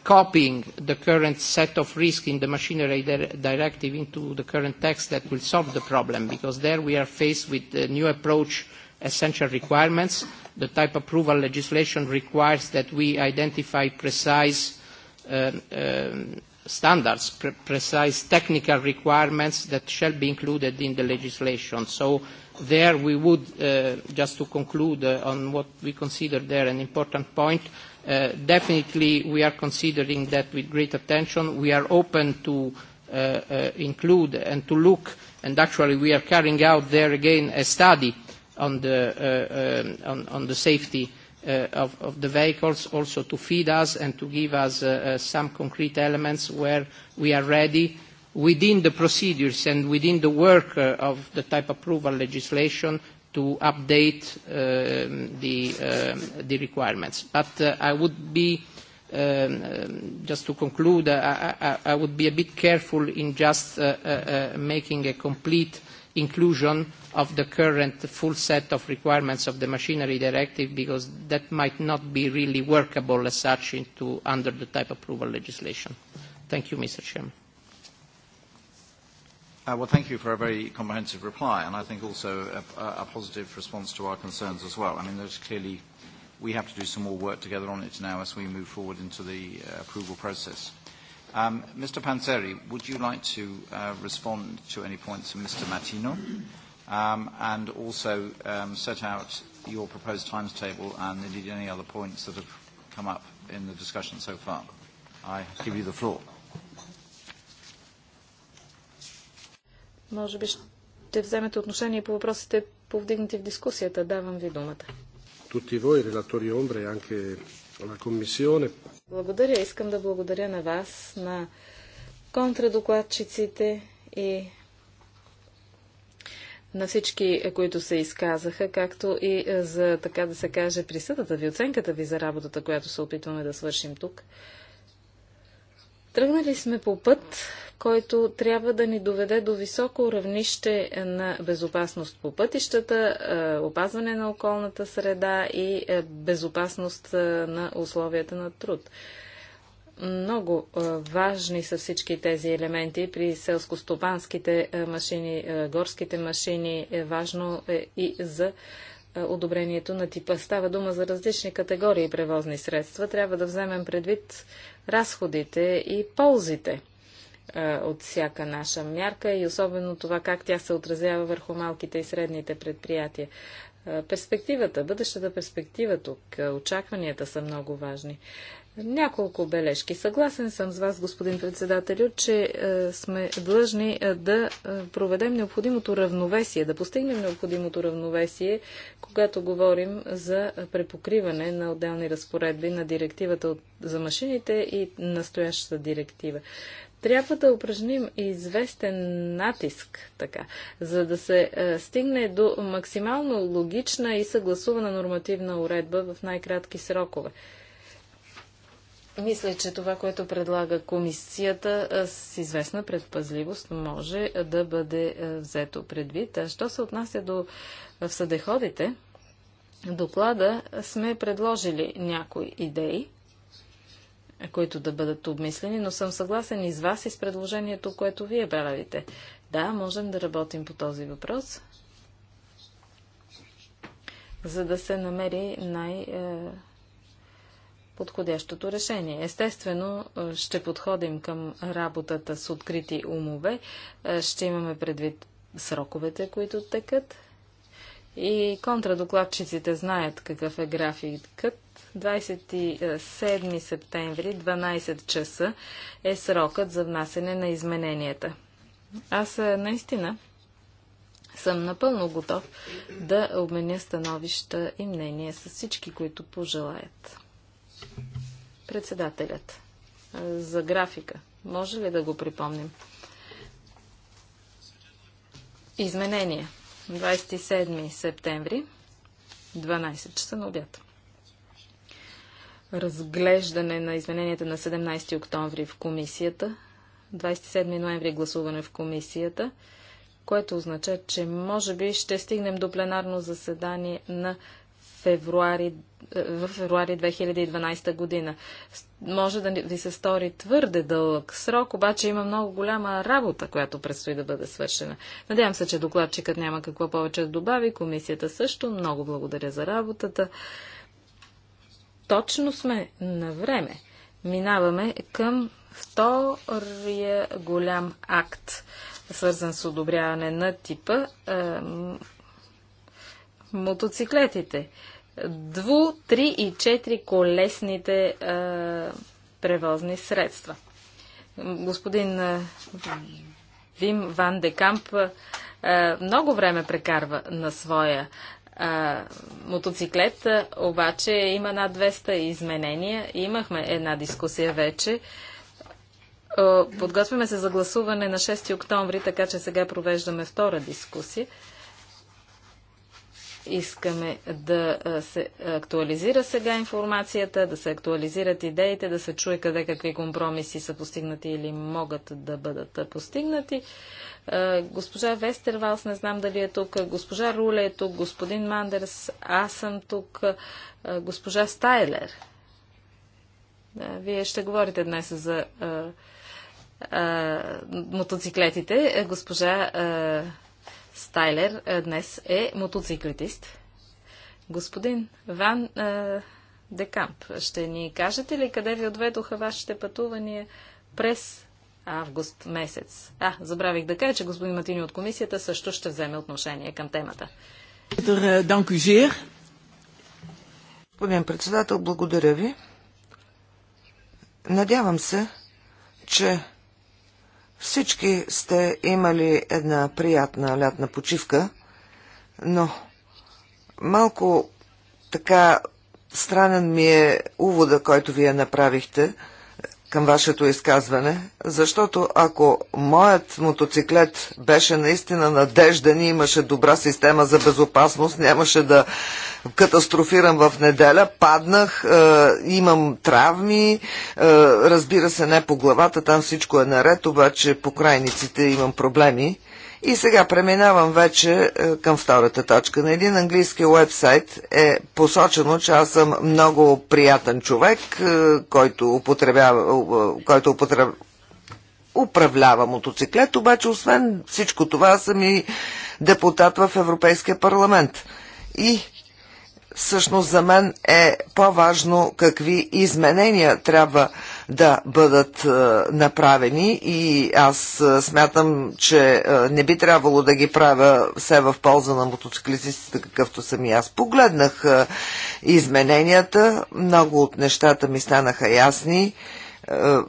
copying the current set of risk in the machinery directive into the current text that will solve the problem, because there we are faced with a new approach essential requirements. The type approval legislation requires that we identify precise standards, pre precise technical requirements that shall be included in the legislation. So there we would, uh, just to conclude uh, on what we consider there an important point, uh, definitely we are considering that with great attention. We are open to uh, uh, include and to look, and actually we are carrying out there again a study on the safety of the vehicles, also to feed us and to give us some concrete elements where we are ready within the procedures and within the work of the type approval legislation to update the requirements. But I would be, just to conclude, I would be a bit careful in just making a complete inclusion of the current full set of requirements of the machinery directive because that might not be really workable as such into, under the type approval legislation. Thank you, Mr. Chairman. Uh, well, thank you for a very comprehensive reply, and I think also a, a positive response to our concerns as well. I mean, there's clearly we have to do some more work together on it now as we move forward into the uh, approval process. Um, Mr. Panzeri, would you like to uh, respond to any points from Mr. Matino um, and also um, set out your proposed times table and indeed any other points that have come up in the discussion so far? I give you the floor. Може би ще вземете отношение по въпросите, повдигнати в дискусията. Давам ви думата. Tutti voi, relatori ombre, anche la Commissione, благодаря. Искам да благодаря на вас, на контрадокладчиците и на всички, които се изказаха, както и е, за, така да се каже, присъдата ви, оценката ви за работата, която се опитваме да свършим тук. Тръгнали сме по път, който трябва да ни доведе до високо равнище на безопасност по пътищата, е, опазване на околната среда и е, безопасност е, на условията на труд. Много важни са всички тези елементи при селскостопанските машини, горските машини. Е важно и за одобрението на типа. Става дума за различни категории превозни средства. Трябва да вземем предвид разходите и ползите е, от всяка наша мярка и особено това как тя се отразява върху малките и средните предприятия. Е, перспективата, бъдещата перспектива тук, е, очакванията са много важни. Няколко бележки. Съгласен съм с вас, господин председателю, че е, сме длъжни е, да проведем необходимото равновесие, да постигнем необходимото равновесие, когато говорим за препокриване на отделни разпоредби на директивата от, за машините и настоящата директива. Трябва да упражним известен натиск, така, за да се е, стигне до максимално логична и съгласувана нормативна уредба в най-кратки срокове. Мисля, че това, което предлага комисията е, с известна предпазливост може да бъде е, взето предвид. А що се отнася до е, съдеходите, доклада сме предложили някои идеи които да бъдат обмислени, но съм съгласен и с вас и с предложението, което вие правите. Да, можем да работим по този въпрос, за да се намери най- подходящото решение. Естествено, ще подходим към работата с открити умове, ще имаме предвид сроковете, които текат, и контрадокладчиците знаят какъв е графикът. 27 септември, 12 часа е срокът за внасене на измененията. Аз е, наистина съм напълно готов да обменя становища и мнение с всички, които пожелаят. Председателят, е, за графика, може ли да го припомним? Изменения. 27 септември, 12 часа на обяд. Разглеждане на измененията на 17 октомври в комисията. 27 ноември гласуване в комисията, което означава, че може би ще стигнем до пленарно заседание на февруари, е, в февруари 2012 година. Може да ви се стори твърде дълъг срок, обаче има много голяма работа, която предстои да бъде свършена. Надявам се, че докладчикът няма какво повече да добави. Комисията също. Много благодаря за работата. Точно сме на време. Минаваме към втория голям акт, свързан с одобряване на типа мотоциклетите, дву, три и четири колесните е, превозни средства. Господин е, Вим Ван Декамп е, много време прекарва на своя е, мотоциклет, е, обаче има над 200 изменения. Имахме една дискусия вече. Е, подготвяме се за гласуване на 6 октомври, така че сега провеждаме втора дискусия. Искаме да се актуализира сега информацията, да се актуализират идеите, да се чуе къде какви компромиси са постигнати или могат да бъдат постигнати. Госпожа Вестервалс, не знам дали е тук, госпожа Руле е тук, господин Мандерс, аз съм тук, госпожа Стайлер. Да, вие ще говорите днес за а, а, мотоциклетите. Госпожа а, Стайлер е, днес е мотоциклетист. Господин Ван е, Декамп, ще ни кажете ли къде ви отведоха вашите пътувания през август месец? А, забравих да кажа, че господин Матини от комисията също ще вземе отношение към темата. Е, господин председател, благодаря ви. Надявам се, че всички сте имали една приятна лятна почивка, но малко така странен ми е увода, който вие направихте – към вашето изказване, защото ако моят мотоциклет беше наистина надежден и имаше добра система за безопасност, нямаше да катастрофирам в неделя, паднах, е, имам травми, е, разбира се не по главата, там всичко е наред, обаче по крайниците имам проблеми. И сега преминавам вече е, към втората точка. На един английски уебсайт е посочено, че аз съм много приятен човек, е, който употребява, е, който употреб... управлява мотоциклет, обаче освен всичко това съм и депутат в Европейския парламент. И всъщност за мен е по-важно какви изменения трябва да да бъдат е, направени и аз е, смятам, че е, не би трябвало да ги правя все в полза на мотоциклистите, какъвто съм и аз. Погледнах измененията, много от нещата ми станаха ясни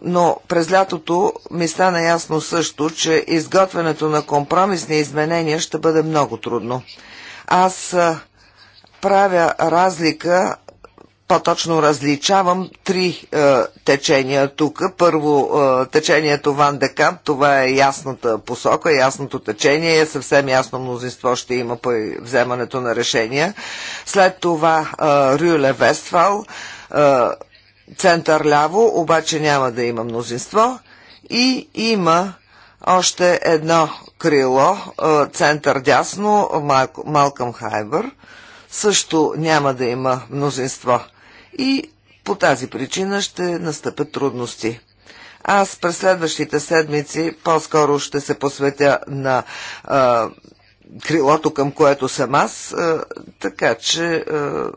но през лятото ми стана ясно също, че изготвянето на компромисни изменения ще бъде много трудно. Аз правя разлика по-точно различавам три е, течения тук. Първо е, течението Ван Декам, това е ясната посока, ясното течение, е съвсем ясно мнозинство ще има по вземането на решения. След това е, Рюле Вестфал, е, център ляво, обаче няма да има мнозинство и има още едно крило, е, център дясно, Малкъм Хайбър също няма да има мнозинство и по тази причина ще настъпят трудности. Аз през следващите седмици по-скоро ще се посветя на а, крилото, към което съм аз, а, така че а,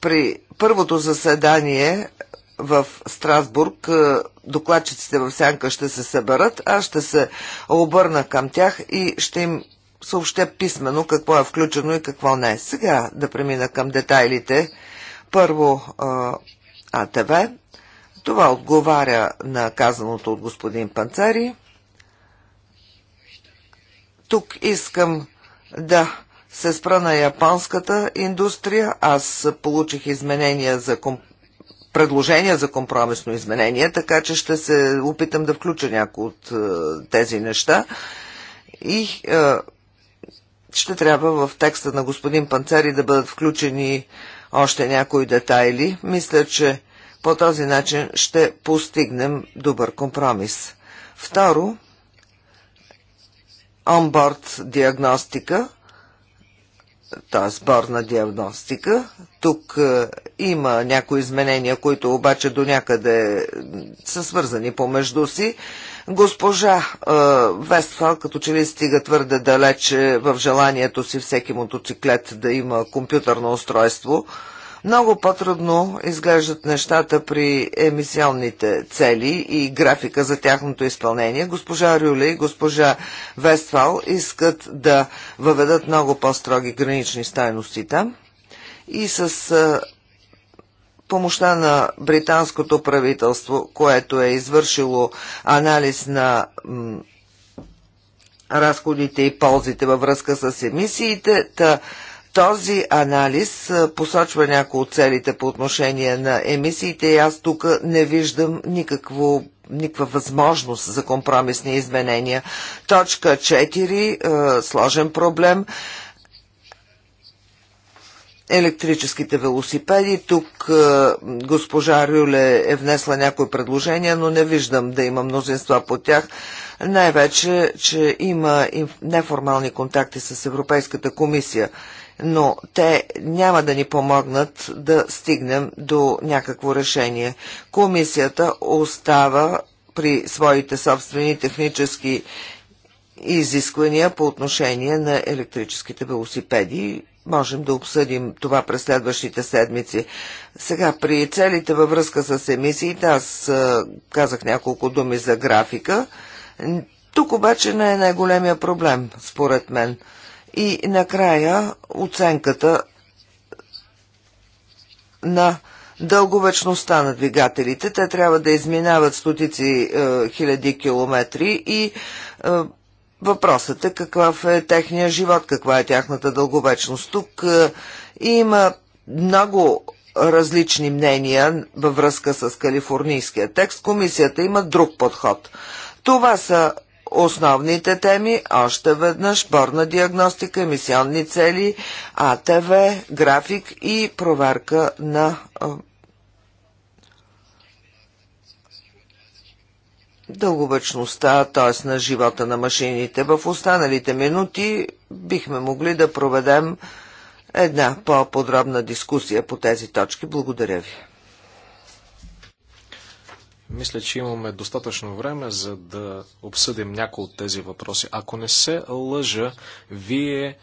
при първото заседание в Страсбург докладчиците в сянка ще се съберат, аз ще се обърна към тях и ще им съобщя писменно какво е включено и какво не. Сега да премина към детайлите. Първо АТВ. Това отговаря на казаното от господин Панцари. Тук искам да се спра на японската индустрия. Аз получих изменения за комп... предложения за компромисно изменение, така че ще се опитам да включа някои от тези неща. И е, ще трябва в текста на господин Панцари да бъдат включени още някои детайли. Мисля, че по този начин ще постигнем добър компромис. Второ, онборд диагностика, т.е. сборна диагностика. Тук е, има някои изменения, които обаче до някъде са свързани помежду си. Госпожа е, Вестфал, като че ли стига твърде далече в желанието си всеки мотоциклет да има компютърно устройство, много по-трудно изглеждат нещата при емисионните цели и графика за тяхното изпълнение. Госпожа Рюле и госпожа Вестфал искат да въведат много по-строги гранични стайности там и с е, помощта на британското правителство, което е извършило анализ на разходите и ползите във връзка с емисиите, та този анализ посочва някои от целите по отношение на емисиите и аз тук не виждам никакво, никаква възможност за компромисни изменения. Точка 4, е, сложен проблем електрическите велосипеди. Тук е, госпожа Рюле е внесла някои предложения, но не виждам да има мнозинства по тях. Най-вече, че има неформални контакти с Европейската комисия, но те няма да ни помогнат да стигнем до някакво решение. Комисията остава при своите собствени технически изисквания по отношение на електрическите велосипеди можем да обсъдим това през следващите седмици. Сега, при целите във връзка с емисиите, аз казах няколко думи за графика. Тук обаче не е най-големия проблем, според мен. И накрая оценката на дълговечността на двигателите. Те трябва да изминават стотици е, хиляди километри и е, Въпросът е какъв е техния живот, каква е тяхната дълговечност. Тук е, има много различни мнения във връзка с калифорнийския текст. Комисията има друг подход. Това са основните теми, още веднъж борна диагностика, емисионни цели, АТВ, график и проверка на е, дълговечността, т.е. на живота на машините. В останалите минути бихме могли да проведем една по-подробна дискусия по тези точки. Благодаря ви. Мисля, че имаме достатъчно време, за да обсъдим някои от тези въпроси. Ако не се лъжа, вие е,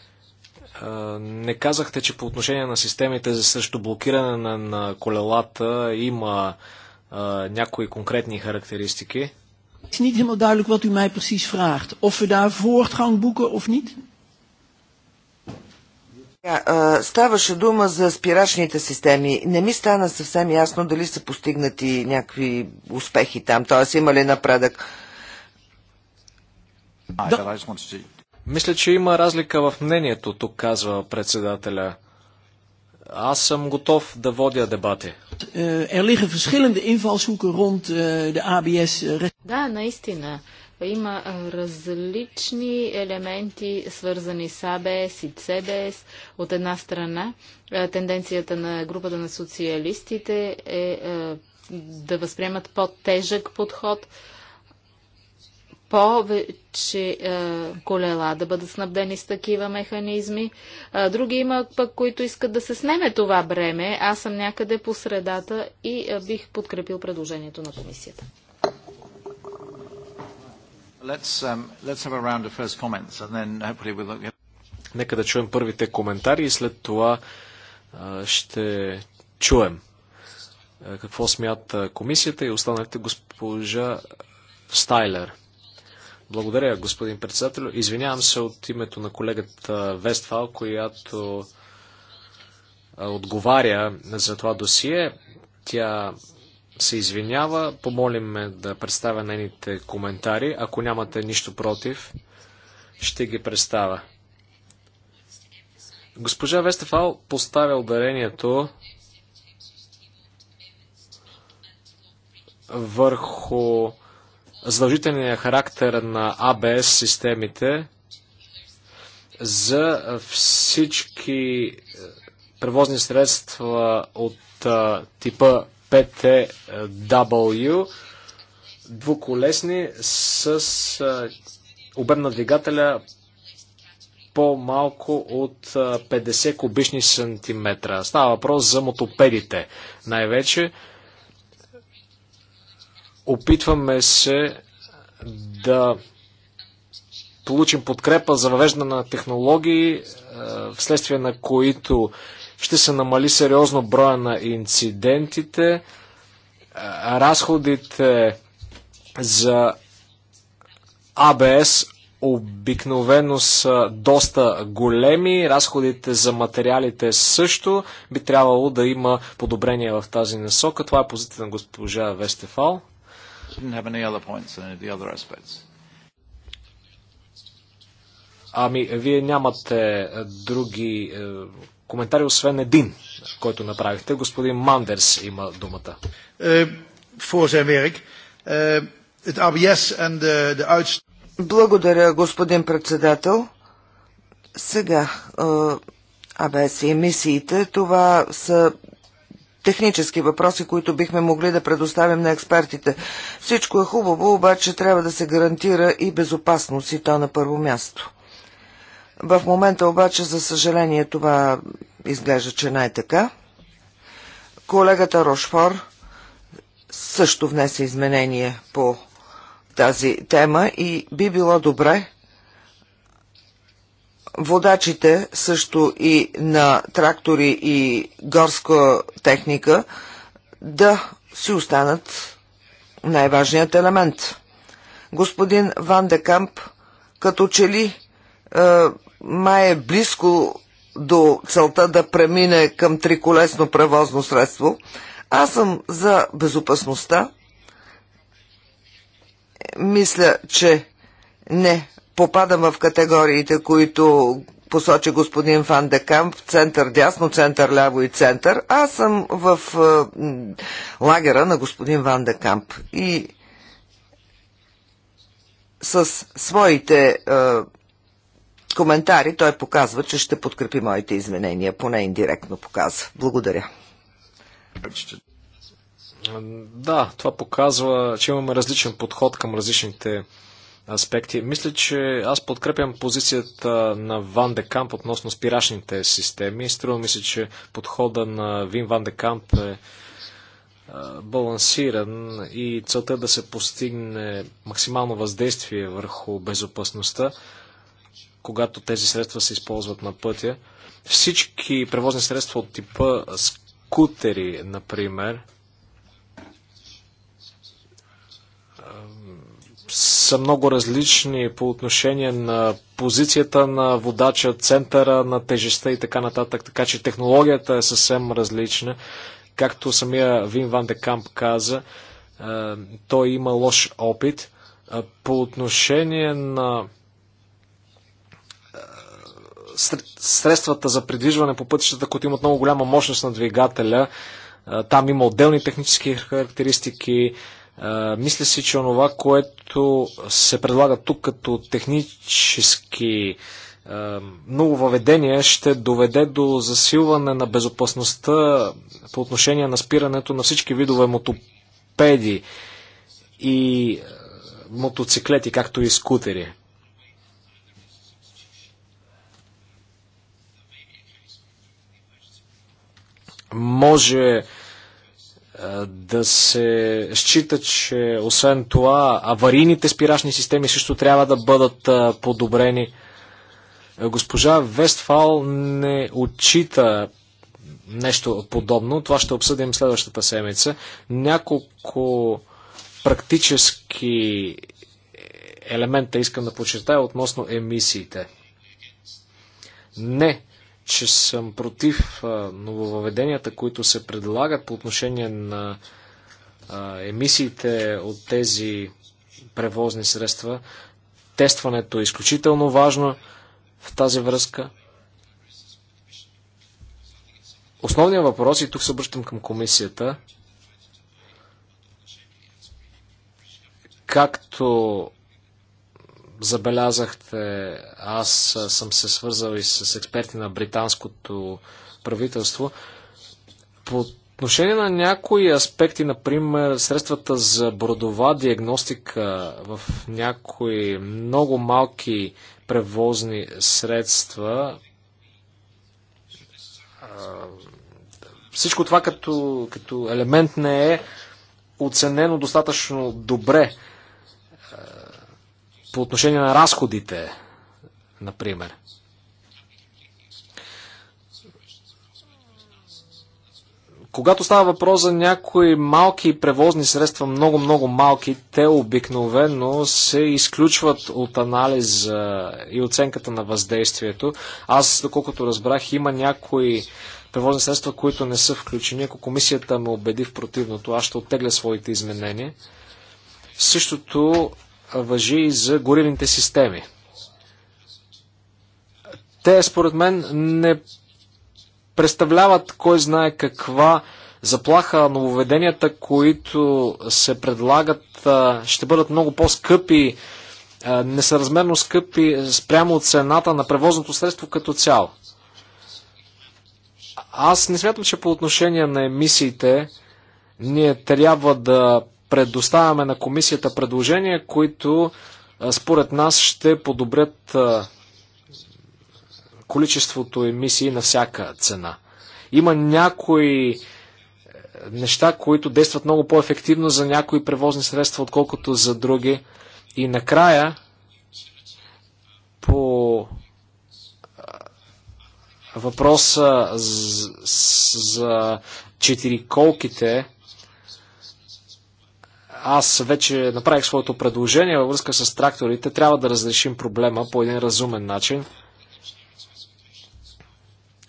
не казахте, че по отношение на системите за срещу блокиране на, на колелата има а, е, някои конкретни характеристики is niet helemaal duidelijk wat u mij precies vraagt. Of we daar voortgang boeken of niet? Ja, eh, ставаше дума за спирачните системи. Не ми стана съвсем ясно дали са постигнати някакви успехи там, т.е. има ли напредък. Мисля, че има разлика в мнението, тук казва председателя. Аз съм готов да водя дебати. Е, е, е, да, наистина. Има различни елементи, свързани с АБС и ЦБС. От една страна, тенденцията на групата на социалистите е да възприемат по-тежък подход, повече е, колела да бъдат снабдени с такива механизми. А, е, други има пък, които искат да се снеме това бреме. Аз съм някъде по средата и е, бих подкрепил предложението на комисията. Let's, um, let's have a round of first comments and then hopefully we'll look at... Нека да чуем първите коментари и след това е, ще чуем е, какво смята комисията и останалите госпожа Стайлер. Благодаря, господин председател. Извинявам се от името на колегата Вестфал, която отговаря за това досие. Тя се извинява. Помолим ме да представя нейните коментари. Ако нямате нищо против, ще ги представя. Госпожа Вестефал поставя ударението върху задължителния характер на АБС системите за всички е, превозни средства от а, е, типа PTW, двуколесни с а, е, обем на двигателя по-малко от 50 кубични сантиметра. Става въпрос за мотопедите най-вече. Опитваме се да получим подкрепа за въвеждане на технологии, е, вследствие на които ще се намали сериозно броя на инцидентите, е, разходите за АБС обикновено са доста големи, разходите за материалите също би трябвало да има подобрение в тази насока. Това е позицията на госпожа Вестефал didn't have any any other other points of the aspects. Ами, вие нямате е, други е, коментари, освен един, който направихте. Господин Мандерс има думата. Е, Благодаря, господин председател. Сега, АБС и емисиите, това са технически въпроси, които бихме могли да предоставим на експертите. Всичко е хубаво, обаче трябва да се гарантира и безопасност и то на първо място. В момента обаче, за съжаление, това изглежда, че най-така. Колегата Рошфор също внесе изменение по тази тема и би било добре водачите също и на трактори и горска техника да си останат най-важният елемент. Господин Ван де Камп като че ли е, май е близко до целта да премине към триколесно превозно средство. Аз съм за безопасността. Мисля, че не попадам в категориите, които посочи господин Фан де Камп, център дясно, център ляво и център. Аз съм в е, лагера на господин Ван де Камп и с своите е, коментари той показва, че ще подкрепи моите изменения, поне индиректно показва. Благодаря. Да, това показва, че имаме различен подход към различните аспекти. Мисля, че аз подкрепям позицията на Ван де Камп относно спирашните системи. Струва ми се, че подхода на Вин Ван де Камп е, е балансиран и целта е да се постигне максимално въздействие върху безопасността, когато тези средства се използват на пътя. Всички превозни средства от типа скутери, например, са много различни по отношение на позицията на водача, центъра на тежестта и така нататък. Така че технологията е съвсем различна. Както самия Вин Ван де Камп каза, е, той има лош опит. Е, по отношение на е, средствата за придвижване по пътищата, които имат много голяма мощност на двигателя, там има отделни технически характеристики, мисля си, че онова, което се предлага тук като технически ново въведение ще доведе до засилване на безопасността по отношение на спирането на всички видове мотопеди и мотоциклети, както и скутери. Може да се счита, че освен това аварийните спирачни системи също трябва да бъдат подобрени. Госпожа Вестфал не отчита нещо подобно. Това ще обсъдим следващата седмица. Няколко практически елемента искам да подчертая относно емисиите. Не че съм против нововъведенията, които се предлагат по отношение на емисиите от тези превозни средства. Тестването е изключително важно в тази връзка. Основният въпрос, и тук се обръщам към комисията, както забелязахте, аз съм се свързал и с експерти на британското правителство. По отношение на някои аспекти, например, средствата за бродова диагностика в някои много малки превозни средства, всичко това като, като елемент не е оценено достатъчно добре по отношение на разходите, например. Когато става въпрос за някои малки превозни средства, много-много малки, те обикновено се изключват от анализа и оценката на въздействието. Аз, доколкото разбрах, има някои превозни средства, които не са включени. Ако комисията ме убеди в противното, аз ще оттегля своите изменения. Същото въжи и за горивните системи. Те, според мен, не представляват кой знае каква заплаха. Нововеденията, които се предлагат, ще бъдат много по-скъпи, несъразмерно скъпи спрямо от цената на превозното средство като цяло. Аз не смятам, че по отношение на емисиите ние трябва да предоставяме на комисията предложения, които според нас ще подобрят количеството емисии на всяка цена. Има някои е, неща, които действат много по-ефективно за някои превозни средства, отколкото за други. И накрая, по въпроса за четириколките, аз вече направих своето предложение във връзка с тракторите. Трябва да разрешим проблема по един разумен начин.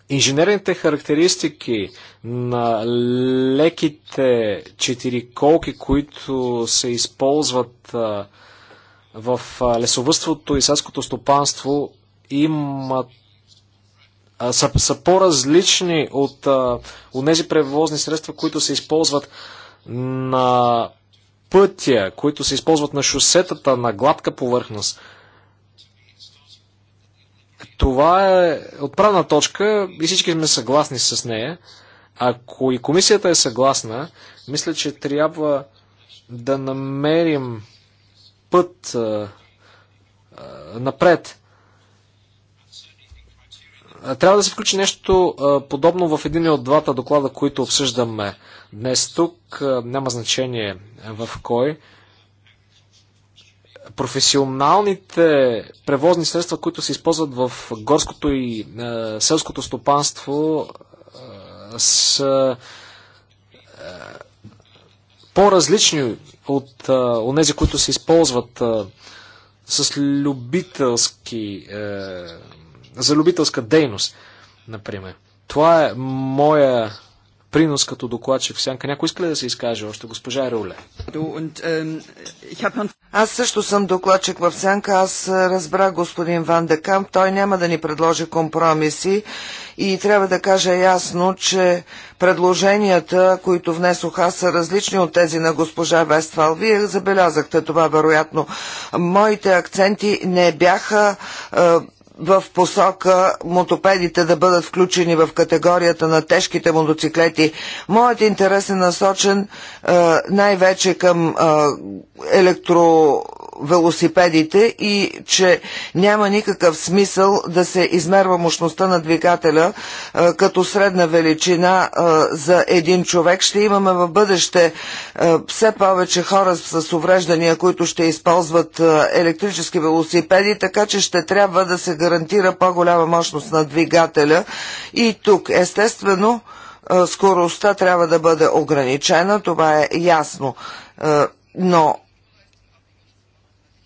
Инженерните характеристики на леките четириколки, които се използват в лесовътството и селското стопанство, имат са, са по-различни от, от тези превозни средства, които се използват на пътя, които се използват на шосетата, на гладка повърхност. Това е отправна точка и всички сме съгласни с нея. Ако и комисията е съгласна, мисля, че трябва да намерим път а, а, напред. Трябва да се включи нещо подобно в един от двата доклада, които обсъждаме днес тук. Няма значение в кой. Професионалните превозни средства, които се използват в горското и селското стопанство, са по-различни от тези, които се използват с любителски е, за любителска дейност, например. Това е моя принос като докладчик в сянка. Някой иска ли да се изкаже още? Госпожа Руле. Аз също съм докладчик в сянка. Аз разбрах господин Ван Декамп. Той няма да ни предложи компромиси и трябва да кажа ясно, че предложенията, които внесох аз, са различни от тези на госпожа Вествал. Вие забелязахте това, вероятно. Моите акценти не бяха е, в посока мотопедите да бъдат включени в категорията на тежките мотоциклети. Моят интерес е насочен е, най-вече към е, електро велосипедите и че няма никакъв смисъл да се измерва мощността на двигателя като средна величина за един човек. Ще имаме в бъдеще все повече хора с увреждания, които ще използват електрически велосипеди, така че ще трябва да се гарантира по-голяма мощност на двигателя. И тук, естествено, скоростта трябва да бъде ограничена, това е ясно. Но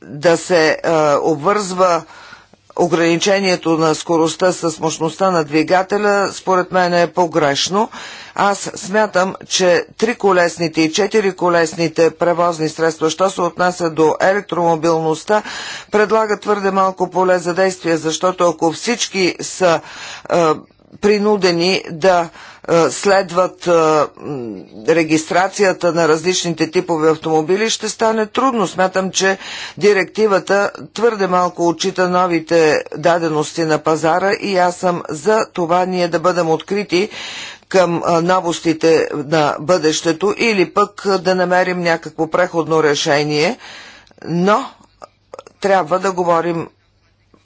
да се е, обвързва ограничението на скоростта с мощността на двигателя, според мен е погрешно. Аз смятам, че триколесните и четириколесните превозни средства, що се отнася до електромобилността, предлагат твърде малко поле за действие, защото ако всички са е, принудени да е, следват е, регистрацията на различните типове автомобили, ще стане трудно. Смятам, че директивата твърде малко отчита новите дадености на пазара и аз съм за това ние да бъдем открити към е, новостите на бъдещето или пък да намерим някакво преходно решение, но трябва да говорим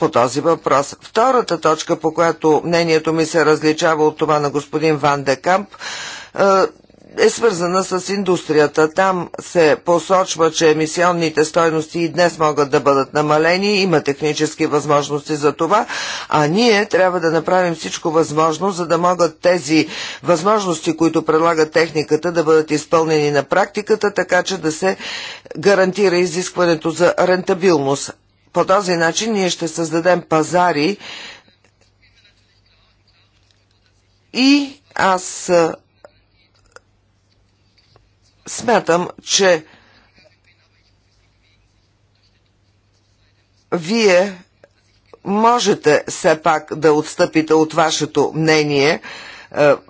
по този въпрос. Втората точка, по която мнението ми се различава от това на господин Ван де Камп, е, е свързана с индустрията. Там се посочва, че емисионните стойности и днес могат да бъдат намалени, има технически възможности за това, а ние трябва да направим всичко възможно, за да могат тези възможности, които предлага техниката, да бъдат изпълнени на практиката, така че да се гарантира изискването за рентабилност. По този начин ние ще създадем пазари и аз смятам, че вие можете все пак да отстъпите от вашето мнение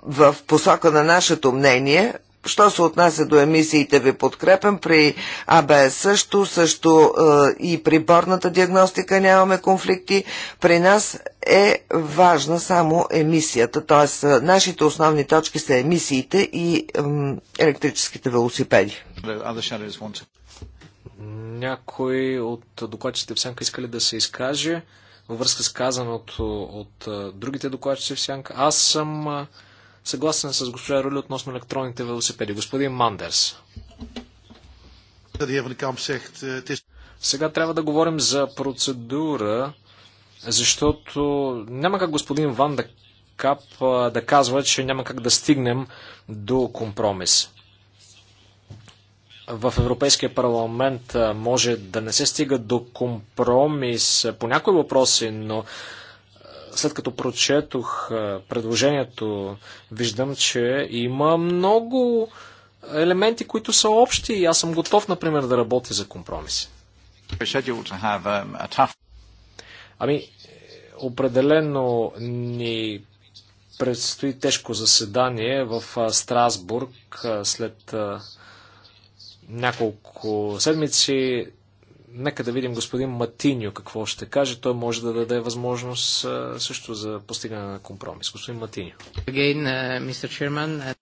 в посока на нашето мнение, Що се отнася до емисиите, ви подкрепям. При АБС също, също е, и при борната диагностика нямаме конфликти. При нас е важна само емисията, т.е. нашите основни точки са емисиите и е, електрическите велосипеди. Някой от докладчите в сянка искали да се изкаже във връзка с казаното от, от е, другите докладчици в сянка. Аз съм е, Съгласен с госпожа Рули относно електронните велосипеди. Господин Мандерс. Сега трябва да говорим за процедура, защото няма как господин Ван да Кап да казва, че няма как да стигнем до компромис. В Европейския парламент може да не се стига до компромис по някои въпроси, но след като прочетох предложението, виждам, че има много елементи, които са общи и аз съм готов, например, да работя за компромиси. Um, ами, определено ни предстои тежко заседание в Страсбург след няколко седмици. Нека да видим господин Матиньо какво ще каже. Той може да даде възможност също за постигане на компромис. Господин Матиньо.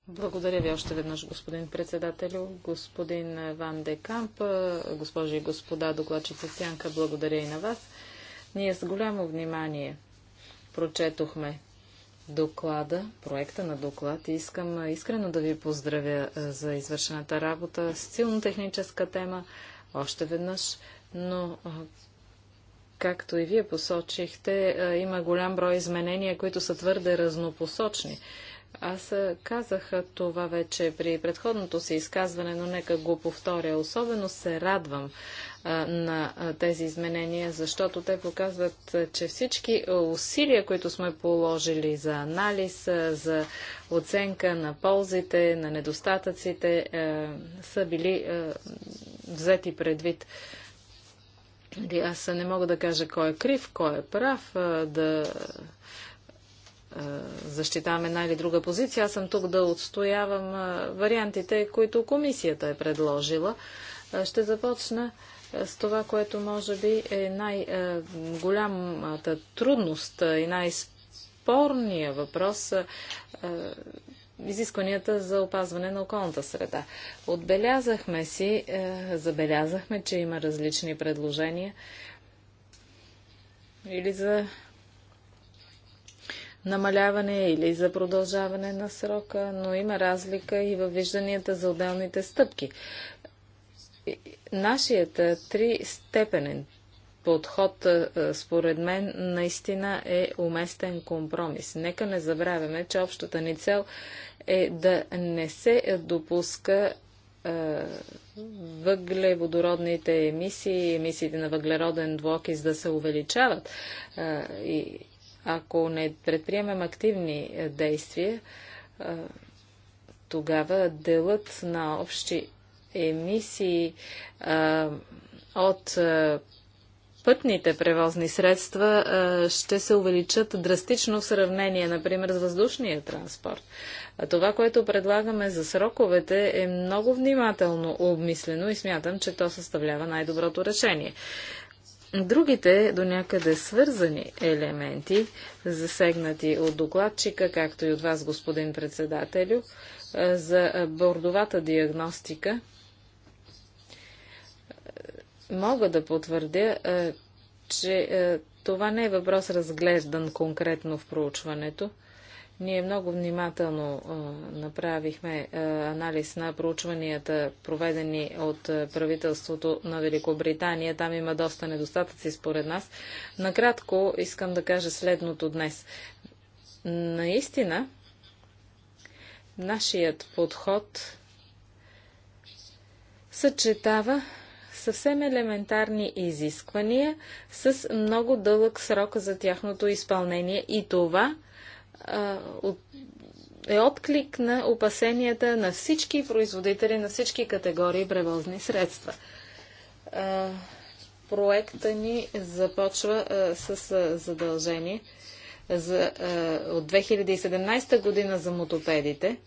Благодаря ви още веднъж, господин председател, господин Ван де Камп, госпожи и господа докладчица Сянка, благодаря и на вас. Ние с голямо внимание прочетохме доклада, проекта на доклад. и Искам искрено да ви поздравя за извършената работа с силно техническа тема. Още веднъж но както и вие посочихте, има голям брой изменения, които са твърде разнопосочни. Аз казах това вече при предходното си изказване, но нека го повторя. Особено се радвам на тези изменения, защото те показват, че всички усилия, които сме положили за анализ, за оценка на ползите, на недостатъците, са били взети предвид. Нали, аз не мога да кажа кой е крив, кой е прав, да защитавам една или друга позиция. Аз съм тук да отстоявам вариантите, които комисията е предложила. Ще започна с това, което може би е най-голямата трудност и най-спорния въпрос изискванията за опазване на околната среда. Отбелязахме си, е, забелязахме, че има различни предложения или за намаляване или за продължаване на срока, но има разлика и във вижданията за отделните стъпки. Нашият е, степенен подход, според мен, наистина е уместен компромис. Нека не забравяме, че общата ни цел е да не се допуска въглеводородните емисии, емисиите на въглероден двуокис да се увеличават. И ако не предприемем активни действия, тогава делът на общи емисии от пътните превозни средства ще се увеличат драстично в сравнение, например, с въздушния транспорт. А това, което предлагаме за сроковете, е много внимателно обмислено и смятам, че то съставлява най-доброто решение. Другите до някъде свързани елементи, засегнати от докладчика, както и от вас, господин председателю, за бордовата диагностика – Мога да потвърдя, е, че е, това не е въпрос разглеждан конкретно в проучването. Ние много внимателно е, направихме анализ на проучванията, проведени от правителството на Великобритания. Там има доста недостатъци според нас. Накратко искам да кажа следното днес. Наистина, нашият подход съчетава съвсем елементарни изисквания с много дълъг срок за тяхното изпълнение. И това а, от, е отклик на опасенията на всички производители, на всички категории превозни средства. проекта ни започва с задължение за, от 2017 година за мотопедите.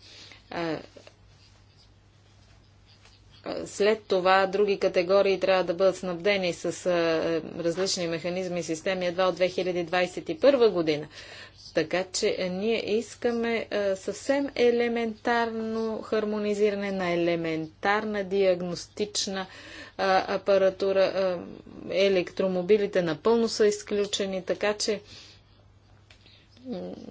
След това други категории трябва да бъдат снабдени с е, различни механизми и системи едва от 2021 година. Така че е, ние искаме съвсем елементарно хармонизиране на елементарна диагностична апаратура. Електромобилите напълно са изключени, така че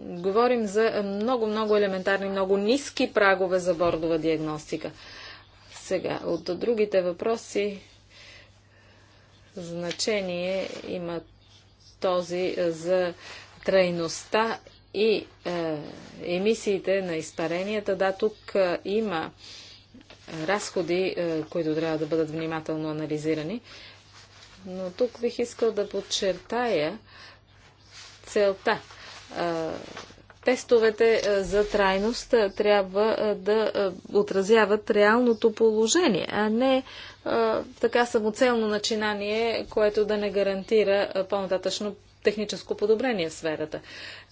говорим за много-много елементарни, много ниски прагове за бордова диагностика. Сега, от другите въпроси значение има този за трайността и е, емисиите на изпаренията. Да, тук е, има разходи, е, които трябва да бъдат внимателно анализирани. Но тук бих искал да подчертая целта. Е, Тестовете е, за трайност е, трябва е, да отразяват реалното положение, а не така самоцелно начинание, което да не гарантира по-нататъчно техническо подобрение в сферата.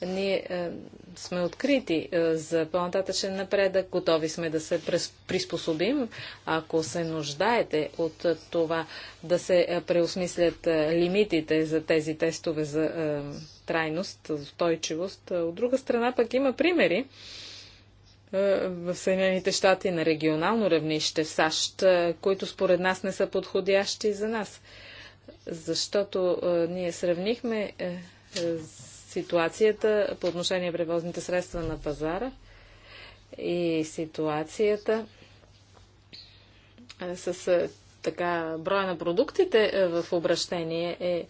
Ние е, сме открити е, за по-нататъчен напредък, готови сме да се приспособим, ако се нуждаете от е, това да се е, преосмислят е, лимитите за тези тестове за е, трайност, за устойчивост. От друга страна пък има примери в Съединените щати на регионално равнище в САЩ, които според нас не са подходящи за нас защото а, ние сравнихме а, е, е, ситуацията по отношение превозните средства на пазара и ситуацията а, е, с а, така броя на продуктите а, в обращение е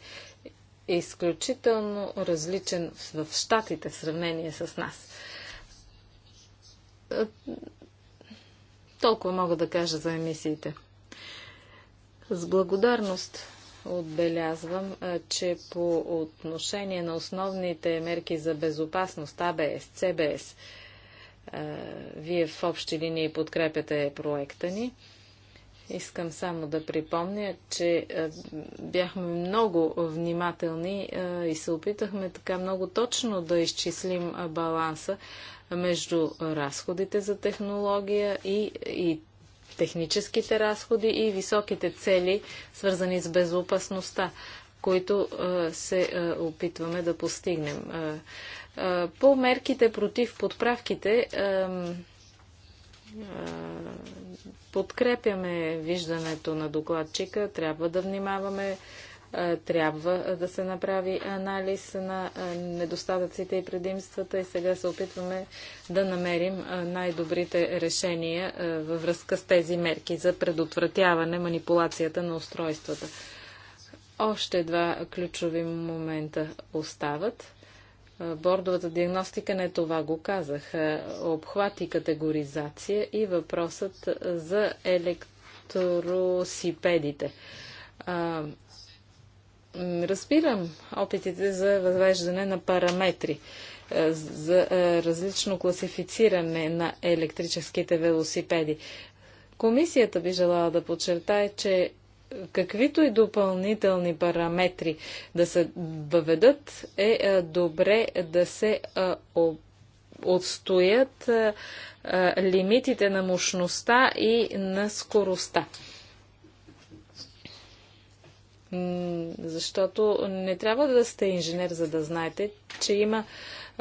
изключително различен в, щатите в сравнение с нас. Толкова мога да кажа за емисиите. С благодарност отбелязвам, че по отношение на основните мерки за безопасност, АБС, ЦБС, вие в общи линии подкрепяте проекта ни. Искам само да припомня, че бяхме много внимателни и се опитахме така много точно да изчислим баланса между разходите за технология и, и техническите разходи и високите цели, свързани с безопасността, които се опитваме да постигнем. По мерките против подправките подкрепяме виждането на докладчика, трябва да внимаваме е, трябва е, да се направи анализ на е, недостатъците и предимствата и сега се опитваме да намерим най-добрите решения във връзка с тези мерки за предотвратяване манипулацията на устройствата. Още два ключови момента остават. Бордовата диагностика не това го казах. Обхват и категоризация и въпросът за електросипедите Разбирам опитите за възвеждане на параметри е, за е, различно класифициране на електрическите велосипеди. Комисията би желала да подчертае, че каквито и допълнителни параметри да се въведат, е, е добре да се отстоят лимитите на мощността и на скоростта. Защото не трябва да сте инженер, за да знаете, че има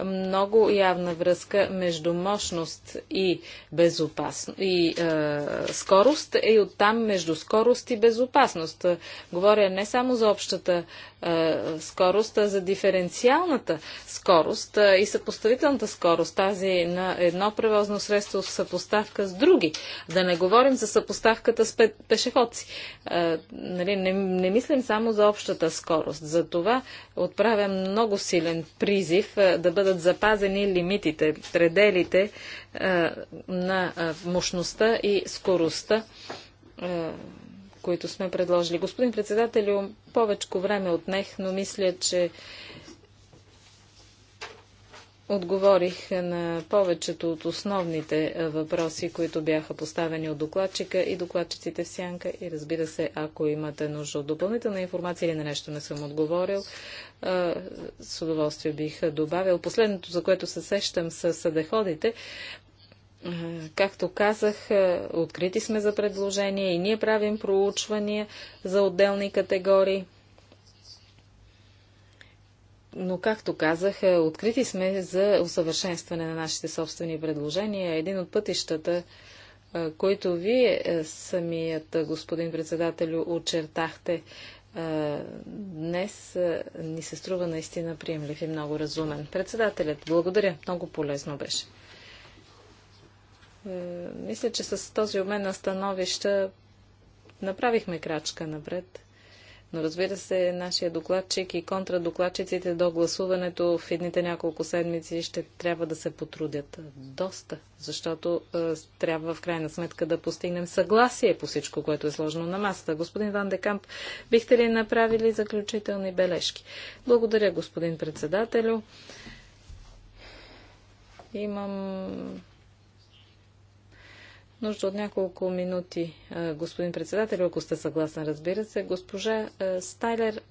много явна връзка между мощност и безопасно и е, скорост е и оттам между скорост и безопасност. Говоря не само за общата е, скорост, а за диференциалната скорост е, и съпоставителната скорост, тази на едно превозно средство в съпоставка с други. Да не говорим за съпоставката с пешеходци. Е, нали, не, не мислим само за общата скорост. За това отправя много силен призив да бъдат запазени лимитите, пределите на мощността и скоростта които сме предложили. Господин председателю, повече време отнех, но мисля, че отговорих на повечето от основните въпроси, които бяха поставени от докладчика и докладчиците в сянка. И разбира се, ако имате нужда от допълнителна информация или на нещо не съм отговорил, с удоволствие бих добавил. Последното, за което се сещам, са съдеходите. Както казах, открити сме за предложения и ние правим проучвания за отделни категории. Но, както казах, открити сме за усъвършенстване на нашите собствени предложения. Един от пътищата, които вие самият, господин председателю, очертахте днес, ни се струва наистина приемлив и много разумен. Председателят, благодаря. Много полезно беше. Е, мисля, че с този обмен на становища направихме крачка напред. Но разбира се, нашия докладчик и контрадокладчиците до гласуването в едните няколко седмици ще трябва да се потрудят доста, защото е, трябва в крайна сметка да постигнем съгласие по всичко, което е сложено на масата. Господин Ван Декамп, бихте ли направили заключителни бележки? Благодаря, господин председателю. Имам нужда от няколко минути, господин председател, ако сте съгласен, разбира се. Госпожа Стайлер,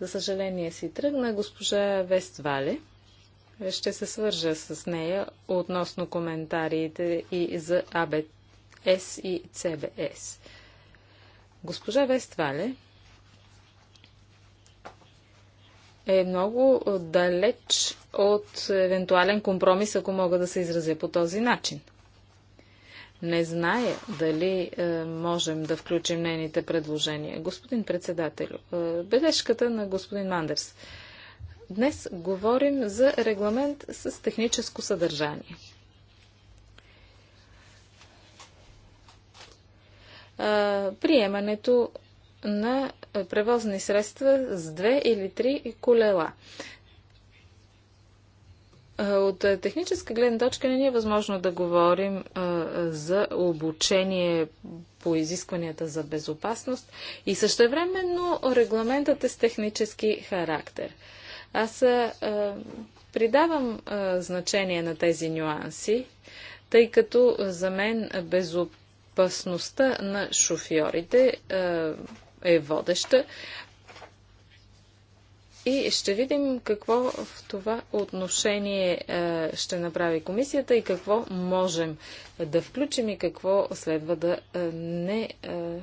за съжаление, си тръгна. Госпожа Вест Вале ще се свържа с нея относно коментарите и за АБС и ЦБС. Госпожа Вествале е много далеч от евентуален компромис, ако мога да се изразя по този начин – не знае дали е, можем да включим нейните предложения. Господин председател, е, бележката на господин Мандерс. Днес говорим за регламент с техническо съдържание. Е, приемането на превозни средства с две или три колела. От техническа гледна точка не ни е възможно да говорим за обучение по изискванията за безопасност и същевременно регламентът е с технически характер. Аз придавам значение на тези нюанси, тъй като за мен безопасността на шофьорите е водеща. И ще видим какво в това отношение е, ще направи комисията и какво можем да включим и какво следва да е, не е,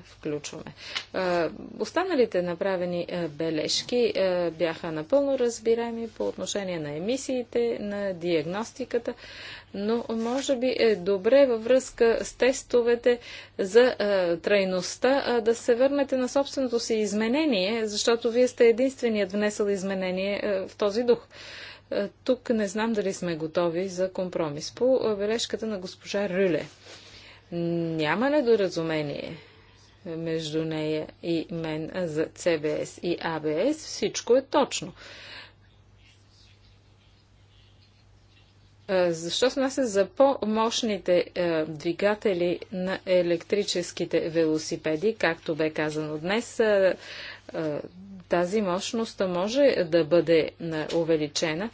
включваме. Останалите направени бележки бяха напълно разбираеми по отношение на емисиите, на диагностиката но може би е добре във връзка с тестовете за а, е, трайността а, е, да се върнете на собственото си изменение, защото вие сте единственият внесъл изменение а, е, в този дух. А, тук не знам дали сме готови за компромис. По бележката на госпожа Рюле. Няма недоразумение между нея и мен за ЦБС и АБС, Всичко е точно. Защо сме се за по-мощните двигатели на електрическите велосипеди, както бе казано днес, тази мощност може да бъде увеличена,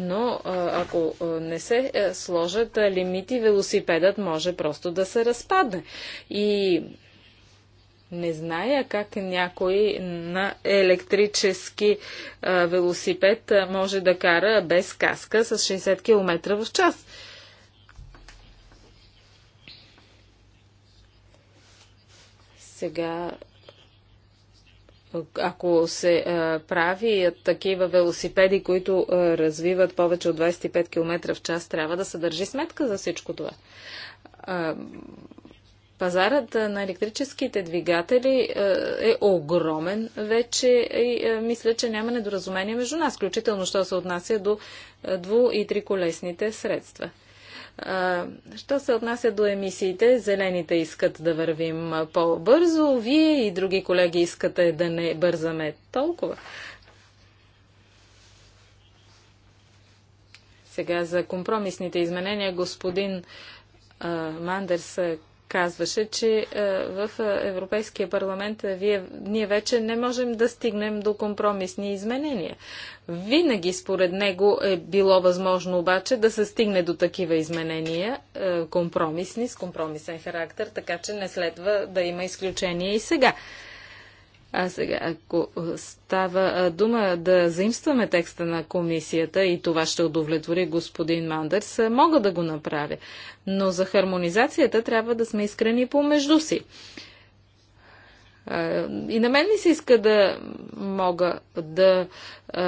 но ако не се сложат лимити, велосипедът може просто да се разпадне. И не зная как някой на електрически а, велосипед а, може да кара без каска с 60 км в час. Сега, ако се а, прави такива велосипеди, които а, развиват повече от 25 км в час, трябва да се държи сметка за всичко това. А, Пазарът на електрическите двигатели е огромен вече и мисля, че няма недоразумение между нас, включително, що се отнася до дву- и триколесните средства. Що се отнася до емисиите, зелените искат да вървим по-бързо, вие и други колеги искате да не бързаме толкова. Сега за компромисните изменения господин Мандерс казваше, че е, в е, Европейския парламент е, вие, ние вече не можем да стигнем до компромисни изменения. Винаги според него е било възможно обаче да се стигне до такива изменения, компромисни, с компромисен характер, така че не следва да има изключение и сега. А сега, ако става дума да заимстваме текста на комисията и това ще удовлетвори господин Мандърс, мога да го направя. Но за хармонизацията трябва да сме искрени помежду си. И на мен ми се иска да мога да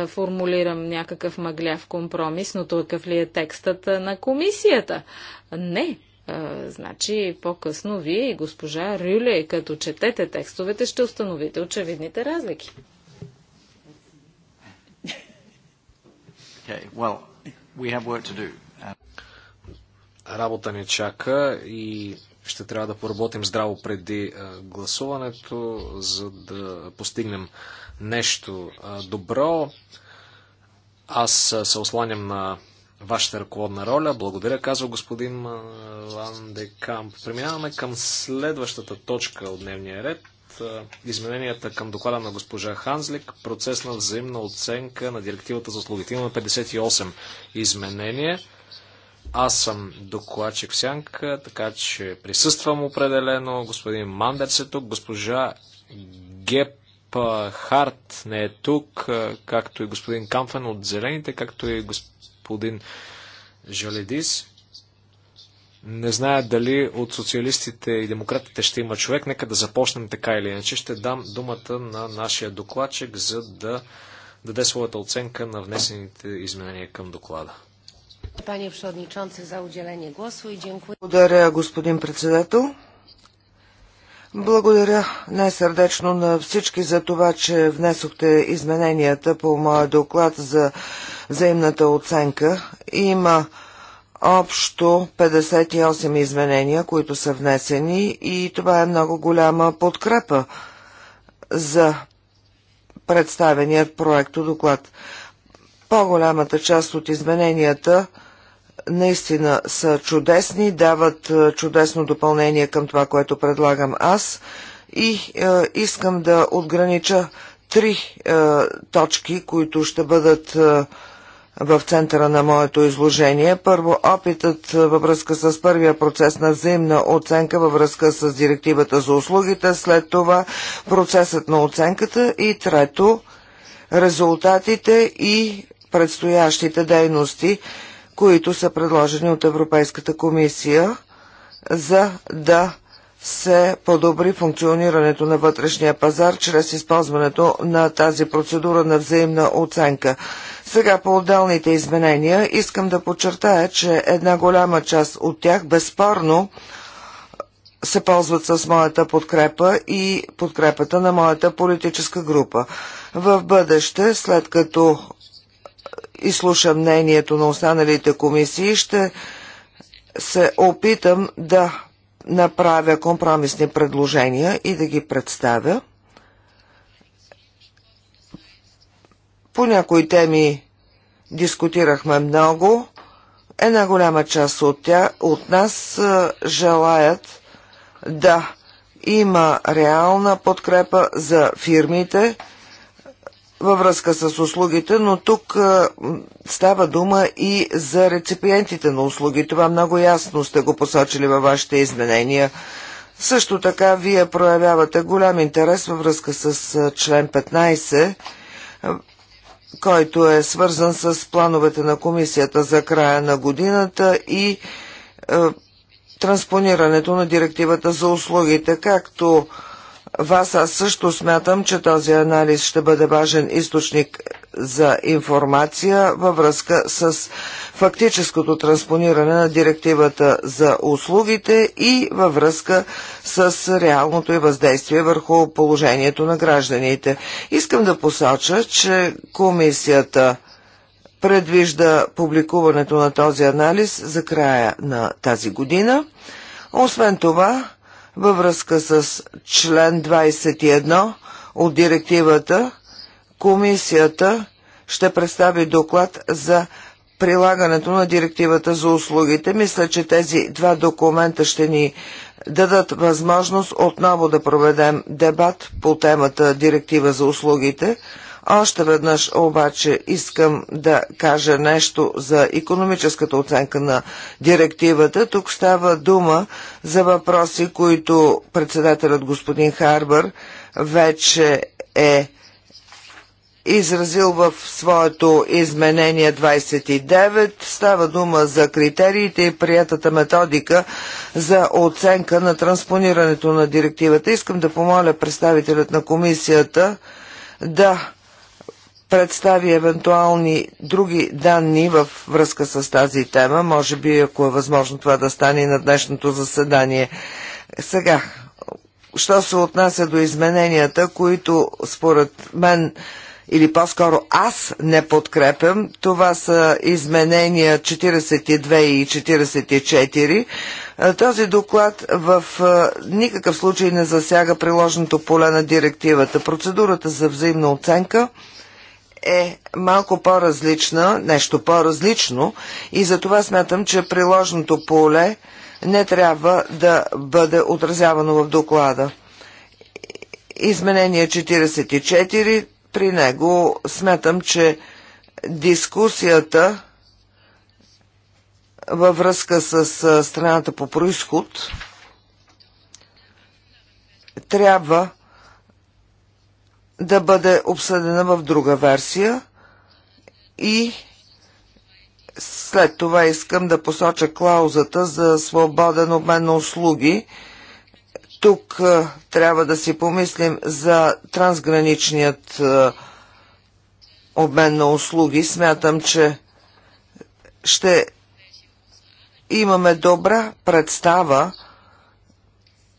формулирам някакъв мъгляв компромис, но такъв ли е текстът на комисията? Не значи по-късно вие и госпожа Рюле, като четете текстовете, ще установите очевидните разлики. Okay, well, we have work to do. Работа ни чака и ще трябва да поработим здраво преди гласуването, за да постигнем нещо добро. Аз се осланям на вашата ръководна роля. Благодаря, казва господин Ван де Камп. Преминаваме към следващата точка от дневния ред. Измененията към доклада на госпожа Ханзлик, процес на взаимна оценка на директивата за услугите. Имаме 58 изменения. Аз съм докладчик в сянка, така че присъствам определено. Господин Мандерс е тук, госпожа Геп Харт не е тук, както и господин Камфен от Зелените, както и господин господин Жаледис. Не зная дали от социалистите и демократите ще има човек. Нека да започнем така или иначе. Ще дам думата на нашия докладчик, за да даде своята оценка на внесените изменения към доклада. Благодаря, господин председател. Благодаря най-сърдечно на всички за това, че внесохте измененията по моя доклад за взаимната оценка. Има общо 58 изменения, които са внесени и това е много голяма подкрепа за представеният проекто доклад. По-голямата част от измененията – наистина са чудесни, дават е, чудесно допълнение към това, което предлагам аз и е, искам да отгранича три е, точки, които ще бъдат е, в центъра на моето изложение. Първо, опитът е, във връзка с първия процес на взаимна оценка във връзка с директивата за услугите, след това процесът на оценката и трето, резултатите и предстоящите дейности които са предложени от Европейската комисия, за да се подобри функционирането на вътрешния пазар чрез използването на тази процедура на взаимна оценка. Сега по отделните изменения искам да подчертая, че една голяма част от тях безспорно се ползват с моята подкрепа и подкрепата на моята политическа група. В бъдеще, след като изслуша мнението на останалите комисии, ще се опитам да направя компромисни предложения и да ги представя. По някои теми дискутирахме много. Една голяма част от, тя, от нас желаят да има реална подкрепа за фирмите – във връзка с услугите, но тук става дума и за реципиентите на услуги. Това много ясно сте го посочили във вашите изменения. Също така вие проявявате голям интерес във връзка с член 15, който е свързан с плановете на комисията за края на годината и е, транспонирането на директивата за услугите, както вас аз също смятам, че този анализ ще бъде важен източник за информация във връзка с фактическото транспониране на директивата за услугите и във връзка с реалното и въздействие върху положението на гражданите. Искам да посоча, че комисията предвижда публикуването на този анализ за края на тази година. Освен това, във връзка с член 21 от директивата, комисията ще представи доклад за прилагането на директивата за услугите. Мисля, че тези два документа ще ни дадат възможност отново да проведем дебат по темата директива за услугите. Още веднъж обаче искам да кажа нещо за економическата оценка на директивата. Тук става дума за въпроси, които председателят господин Харбър вече е изразил в своето изменение 29. Става дума за критериите и приятата методика за оценка на транспонирането на директивата. Искам да помоля представителят на комисията да представи евентуални други данни в връзка с тази тема. Може би, ако е възможно това да стане на днешното заседание. Сега, що се отнася до измененията, които според мен или по-скоро аз не подкрепям. Това са изменения 42 и 44. Този доклад в никакъв случай не засяга приложното поле на директивата. Процедурата за взаимна оценка – е малко по-различна, нещо по-различно и за това смятам, че приложното поле не трябва да бъде отразявано в доклада. Изменение 44, при него смятам, че дискусията във връзка с страната по происход трябва да бъде обсъдена в друга версия и след това искам да посоча клаузата за свободен обмен на услуги. Тук е, трябва да си помислим за трансграничният е, обмен на услуги. Смятам, че ще имаме добра представа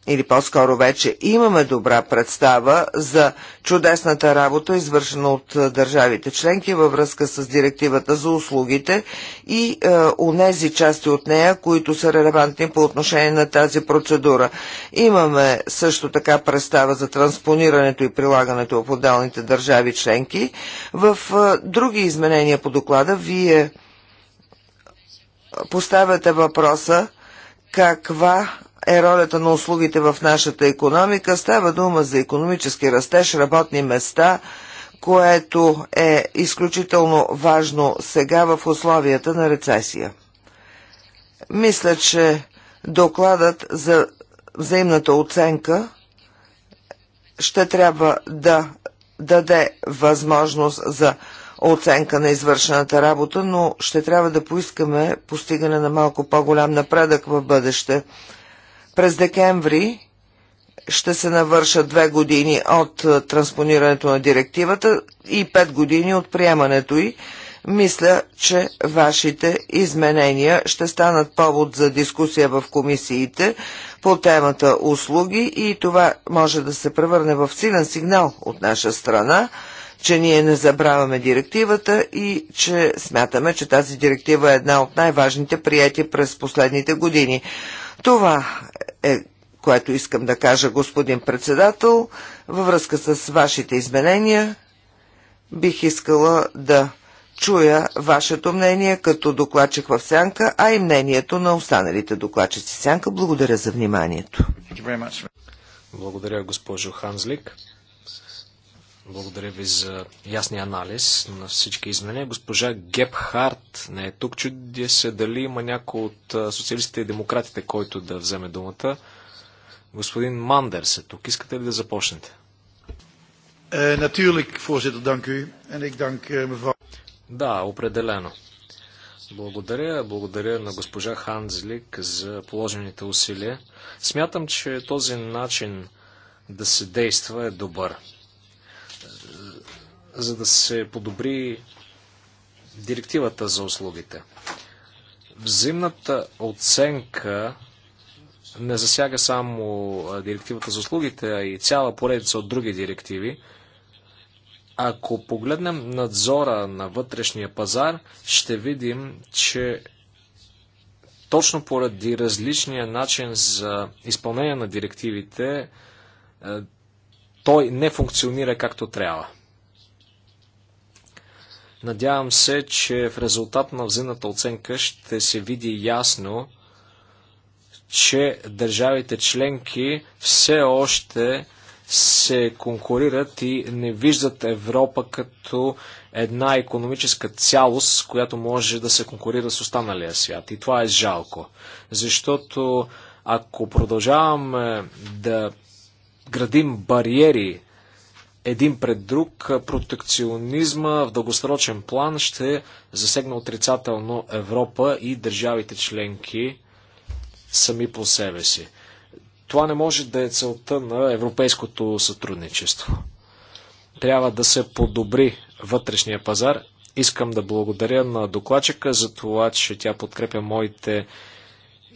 или по-скоро вече имаме добра представа за чудесната работа, извършена от е, държавите членки във връзка с директивата за услугите и е, унези части от нея, които са релевантни по отношение на тази процедура. Имаме също така представа за транспонирането и прилагането в отделните държави членки. В е, други изменения по доклада вие поставяте въпроса каква е ролята на услугите в нашата економика. Става дума за економически растеж, работни места, което е изключително важно сега в условията на рецесия. Мисля, че докладът за взаимната оценка ще трябва да даде възможност за оценка на извършената работа, но ще трябва да поискаме постигане на малко по-голям напредък в бъдеще. През декември ще се навършат две години от е, транспонирането на директивата и пет години от приемането й. Мисля, че вашите изменения ще станат повод за дискусия в комисиите по темата услуги и това може да се превърне в силен сигнал от наша страна, че ние не забравяме директивата и че смятаме, че тази директива е една от най-важните прияти през последните години. Това е което искам да кажа, господин председател, във връзка с вашите изменения. Бих искала да чуя вашето мнение като докладчик в Сянка, а и мнението на останалите докладчици Сянка. Благодаря за вниманието. Благодаря, госпожо Ханзлик. Благодаря ви за ясния анализ на всички изменения. Госпожа Гепхарт не е тук. Чуди се дали има някой от социалистите и демократите, който да вземе думата. Господин Мандерс е тук. Искате ли да започнете? Е, е, да, определено. Благодаря. Благодаря на госпожа Ханзлик за положените усилия. Смятам, че този начин да се действа е добър за да се подобри директивата за услугите. Взимната оценка не засяга само директивата за услугите, а и цяла поредица от други директиви. Ако погледнем надзора на вътрешния пазар, ще видим, че точно поради различния начин за изпълнение на директивите, той не функционира както трябва. Надявам се, че в резултат на взената оценка ще се види ясно, че държавите членки все още се конкурират и не виждат Европа като една економическа цялост, която може да се конкурира с останалия свят. И това е жалко. Защото ако продължаваме да градим бариери един пред друг, протекционизма в дългосрочен план ще засегне отрицателно Европа и държавите членки сами по себе си. Това не може да е целта на европейското сътрудничество. Трябва да се подобри вътрешния пазар. Искам да благодаря на докладчика за това, че тя подкрепя моите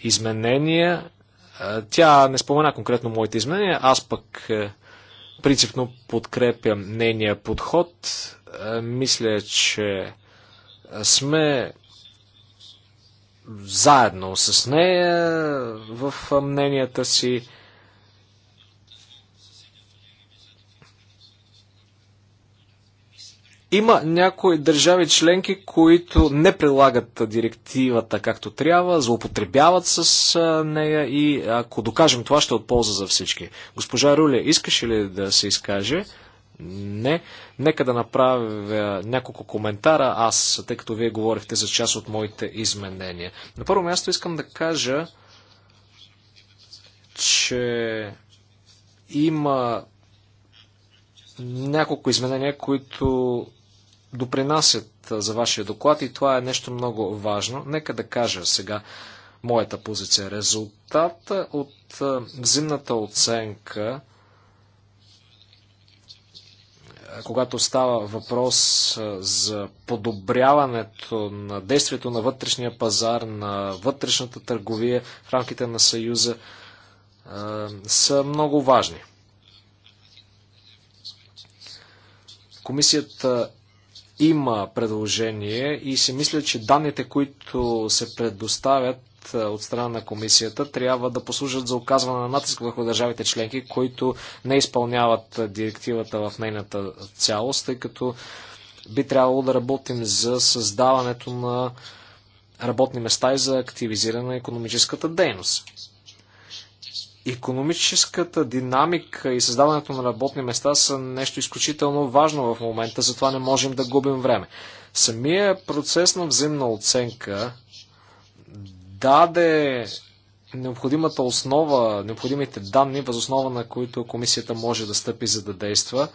изменения. Тя не спомена конкретно моите изменения, аз пък е, Принципно подкрепям нейния подход. Е, мисля, че сме заедно с нея в мненията си. Има някои държави членки, които не прилагат директивата както трябва, злоупотребяват с нея и ако докажем това, ще е от полза за всички. Госпожа Руля, искаш ли да се изкаже? Не. Нека да направя няколко коментара аз, тъй като вие говорихте за част от моите изменения. На първо място искам да кажа, че има няколко изменения, които допринасят за вашия доклад и това е нещо много важно. Нека да кажа сега моята позиция. Резултата от зимната оценка, когато става въпрос за подобряването на действието на вътрешния пазар, на вътрешната търговия в рамките на Съюза, са много важни. Комисията има предложение и си мисля, че данните, които се предоставят от страна на комисията, трябва да послужат за оказване на натиск върху държавите членки, които не изпълняват директивата в нейната цялост, тъй като би трябвало да работим за създаването на работни места и за активизиране на економическата дейност. Економическата динамика и създаването на работни места са нещо изключително важно в момента, затова не можем да губим време. Самия процес на взаимна оценка даде необходимата основа, необходимите данни, възоснова на които комисията може да стъпи за да действа.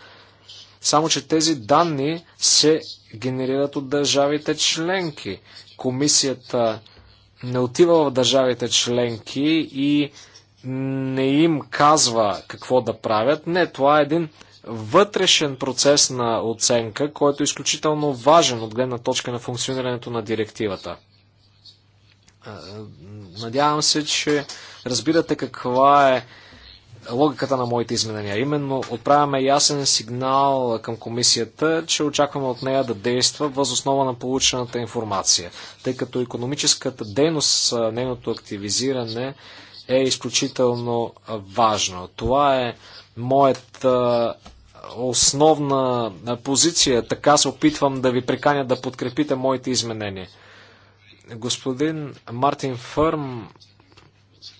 Само, че тези данни се генерират от държавите членки. Комисията не отива в държавите членки и не им казва какво да правят. Не, това е един вътрешен процес на оценка, който е изключително важен от гледна точка на функционирането на директивата. Надявам се, че разбирате каква е логиката на моите изменения. Именно отправяме ясен сигнал към комисията, че очакваме от нея да действа въз основа на получената информация, тъй като економическата дейност, нейното активизиране е изключително важно. Това е моята основна позиция. Така се опитвам да ви приканя да подкрепите моите изменения. Господин Мартин Фърм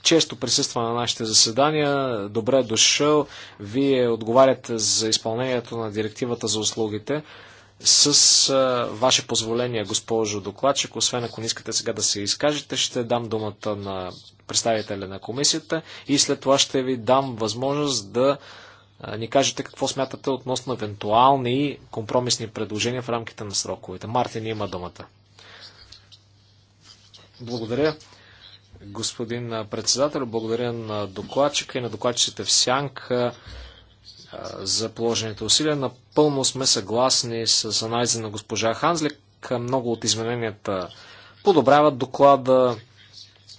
често присъства на нашите заседания. Добре е дошъл. Вие отговаряте за изпълнението на директивата за услугите. С а, ваше позволение, госпожо докладчик, освен ако не искате сега да се изкажете, ще дам думата на представителя на комисията и след това ще ви дам възможност да ни кажете какво смятате относно евентуални компромисни предложения в рамките на сроковете. Мартин има думата. Благодаря, господин председател. Благодаря на докладчика и на докладчиците в Сянка за положените усилия. Напълно сме съгласни с анализа на госпожа Ханзлик. Много от измененията подобряват доклада,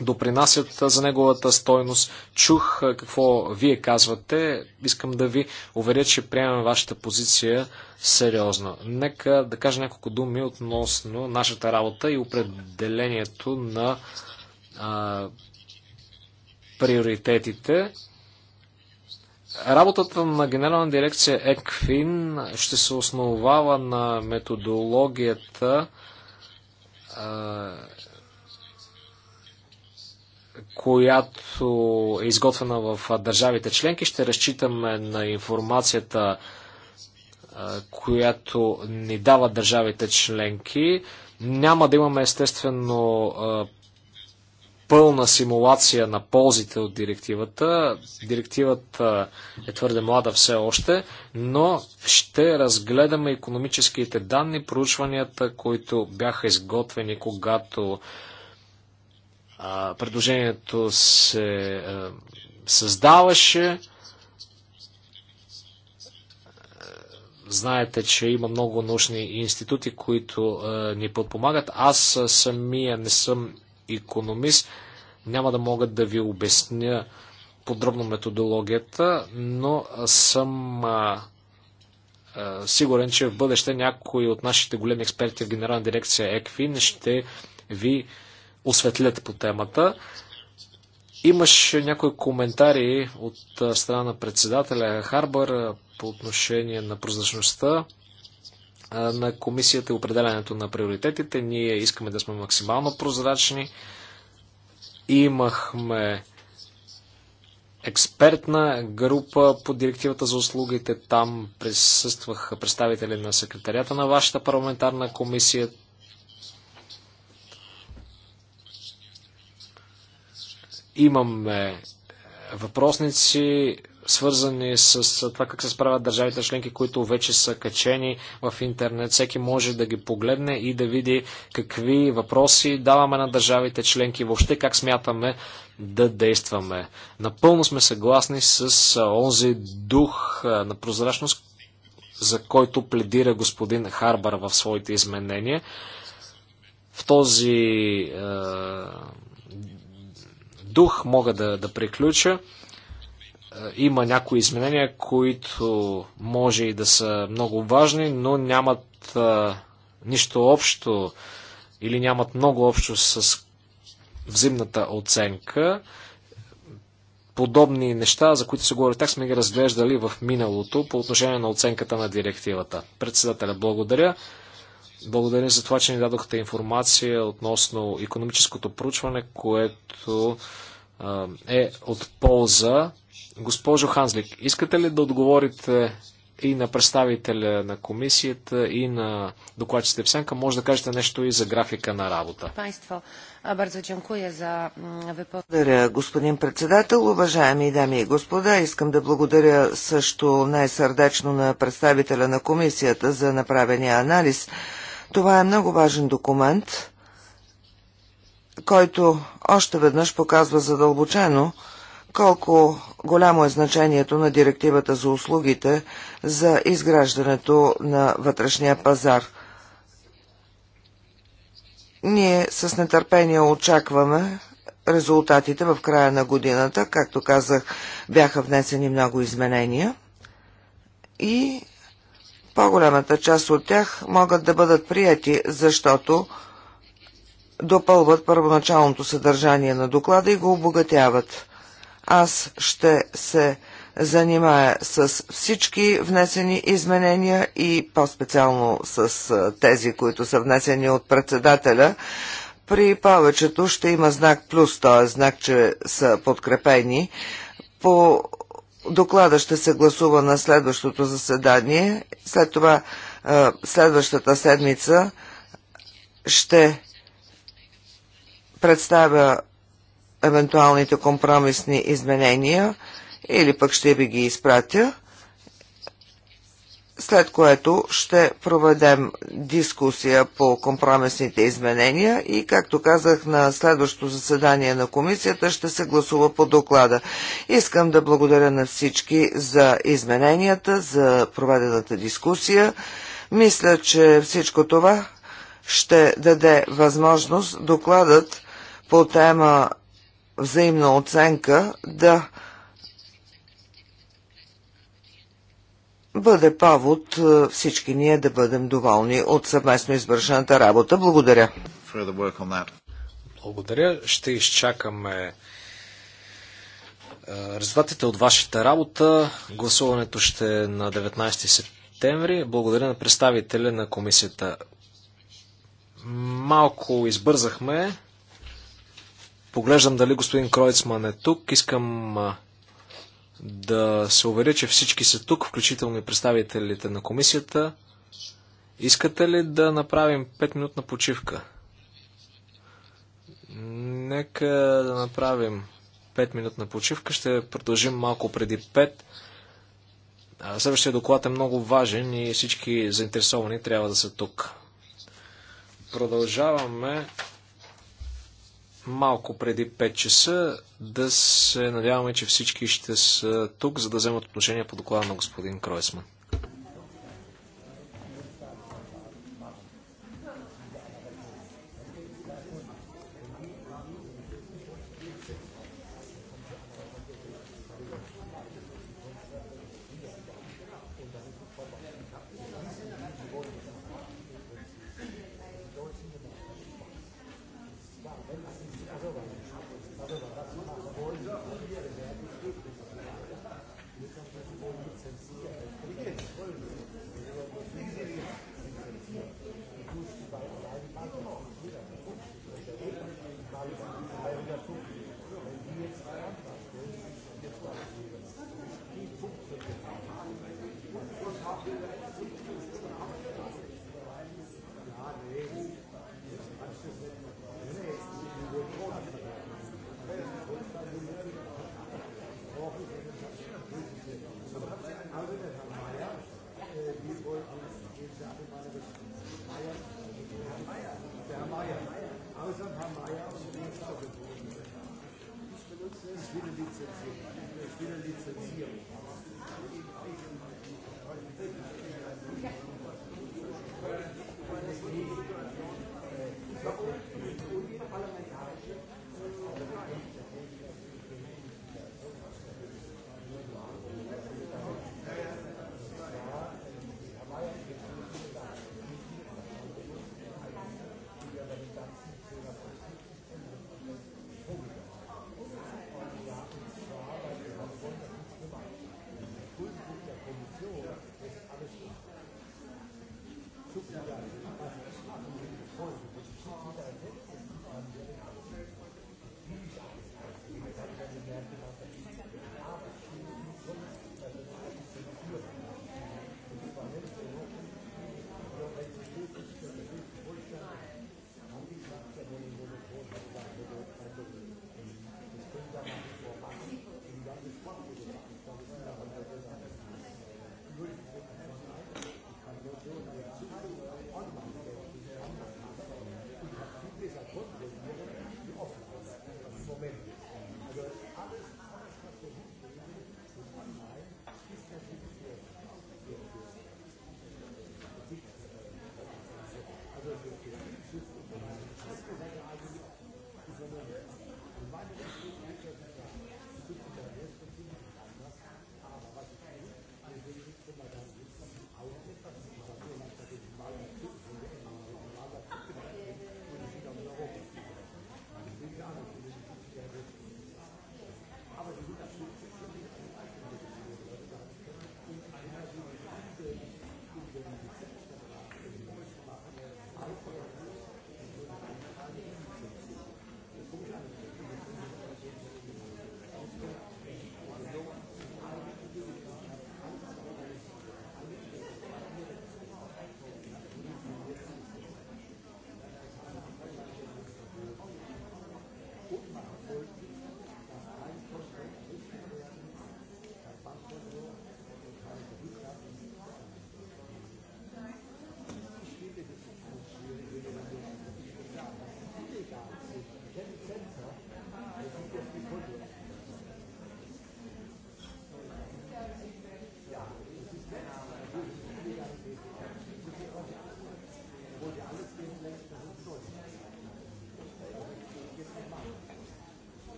допринасят за неговата стойност. Чух какво вие казвате. Искам да ви уверя, че приемам вашата позиция сериозно. Нека да кажа няколко думи относно нашата работа и определението на а, приоритетите. Работата на Генерална дирекция ЕКФИН ще се основава на методологията а, която е изготвена в държавите членки. Ще разчитаме на информацията, която ни дава държавите членки. Няма да имаме естествено пълна симулация на ползите от директивата. Директивата е твърде млада все още, но ще разгледаме економическите данни, проучванията, които бяха изготвени, когато предложението се създаваше. Знаете, че има много научни институти, които а, ни подпомагат. Аз самия не съм економист, няма да мога да ви обясня подробно методологията, но съм а, а, сигурен, че в бъдеще някои от нашите големи експерти в Генерална дирекция ЕКФИН ще ви осветлят по темата. Имаше някои коментари от страна на председателя Харбър по отношение на прозрачността на комисията и определянето на приоритетите. Ние искаме да сме максимално прозрачни. Имахме експертна група по директивата за услугите. Там присъстваха представители на секретарията на вашата парламентарна комисия. Имаме въпросници, свързани с това как се справят държавите членки, които вече са качени в интернет. Всеки може да ги погледне и да види какви въпроси даваме на държавите членки, въобще как смятаме да действаме. Напълно сме съгласни с онзи дух на прозрачност, за който пледира господин Харбър в своите изменения. В този е дух мога да, да приключа. Е, има някои изменения, които може и да са много важни, но нямат а, е, нищо общо или нямат много общо с взимната оценка. Подобни неща, за които се говори так, сме ги разглеждали в миналото по отношение на оценката на директивата. Председателя, благодаря. Благодарим за това, че ни дадохте информация относно економическото проучване, което е от полза. Госпожо Ханзлик, искате ли да отговорите и на представителя на комисията, и на докладчите в Сенка? Може да кажете нещо и за графика на работа. Благодаря, господин председател. Уважаеми дами и господа, искам да благодаря също най-сърдечно на представителя на комисията за направения анализ. Това е много важен документ, който още веднъж показва задълбочено колко голямо е значението на директивата за услугите за изграждането на вътрешния пазар. Ние с нетърпение очакваме резултатите в края на годината. Както казах, бяха внесени много изменения и по-голямата част от тях могат да бъдат прияти, защото допълват първоначалното съдържание на доклада и го обогатяват. Аз ще се занимая с всички внесени изменения и по-специално с тези, които са внесени от председателя. При повечето ще има знак плюс, т.е. знак, че са подкрепени. По Доклада ще се гласува на следващото заседание. След това е, следващата седмица ще представя евентуалните компромисни изменения или пък ще ви ги изпратя след което ще проведем дискусия по компромисните изменения и, както казах, на следващото заседание на комисията ще се гласува по доклада. Искам да благодаря на всички за измененията, за проведената дискусия. Мисля, че всичко това ще даде възможност докладът по тема взаимна оценка да бъде повод е, всички ние да бъдем доволни от съвместно извършената работа. Благодаря. Благодаря. Ще изчакаме е, резултатите от вашата работа. Гласуването ще е на 19 септември. Благодаря на представителя на комисията. Малко избързахме. Поглеждам дали господин Кройцман е тук. Искам е, да се уверя, че всички са тук, включително и представителите на комисията. Искате ли да направим 5-минутна почивка? Нека да направим 5-минутна почивка. Ще продължим малко преди 5. Следващия доклад е много важен и всички заинтересовани трябва да са тук. Продължаваме малко преди 5 часа. Да се надяваме, че всички ще са тук, за да вземат отношение по доклада на господин Кройсман.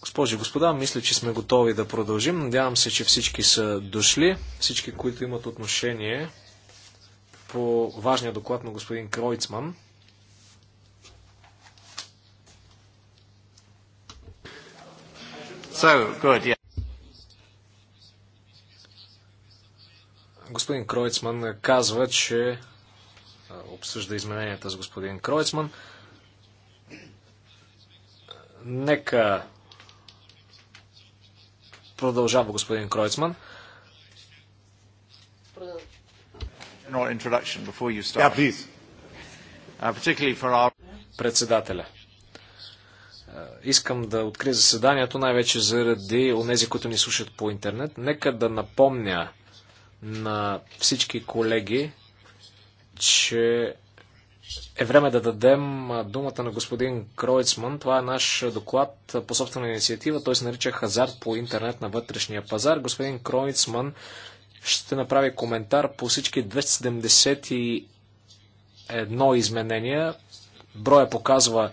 Госпожи и господа, мисля, че сме готови да продължим. Надявам се, че всички са дошли. Всички, които имат отношение по важния доклад на господин Кройцман. So, good, yeah. Господин Кройцман казва, че обсъжда измененията с господин Кройцман. Нека продължава господин Кройцман. Uh, Председателя. Uh, искам да открия заседанието най-вече заради онези, които ни слушат по интернет. Нека да напомня на всички колеги, че е време да дадем думата на господин Кройцман. Това е наш доклад по собствена инициатива. Той се нарича Хазарт по интернет на вътрешния пазар. Господин Кройцман ще направи коментар по всички 271 изменения. Броя показва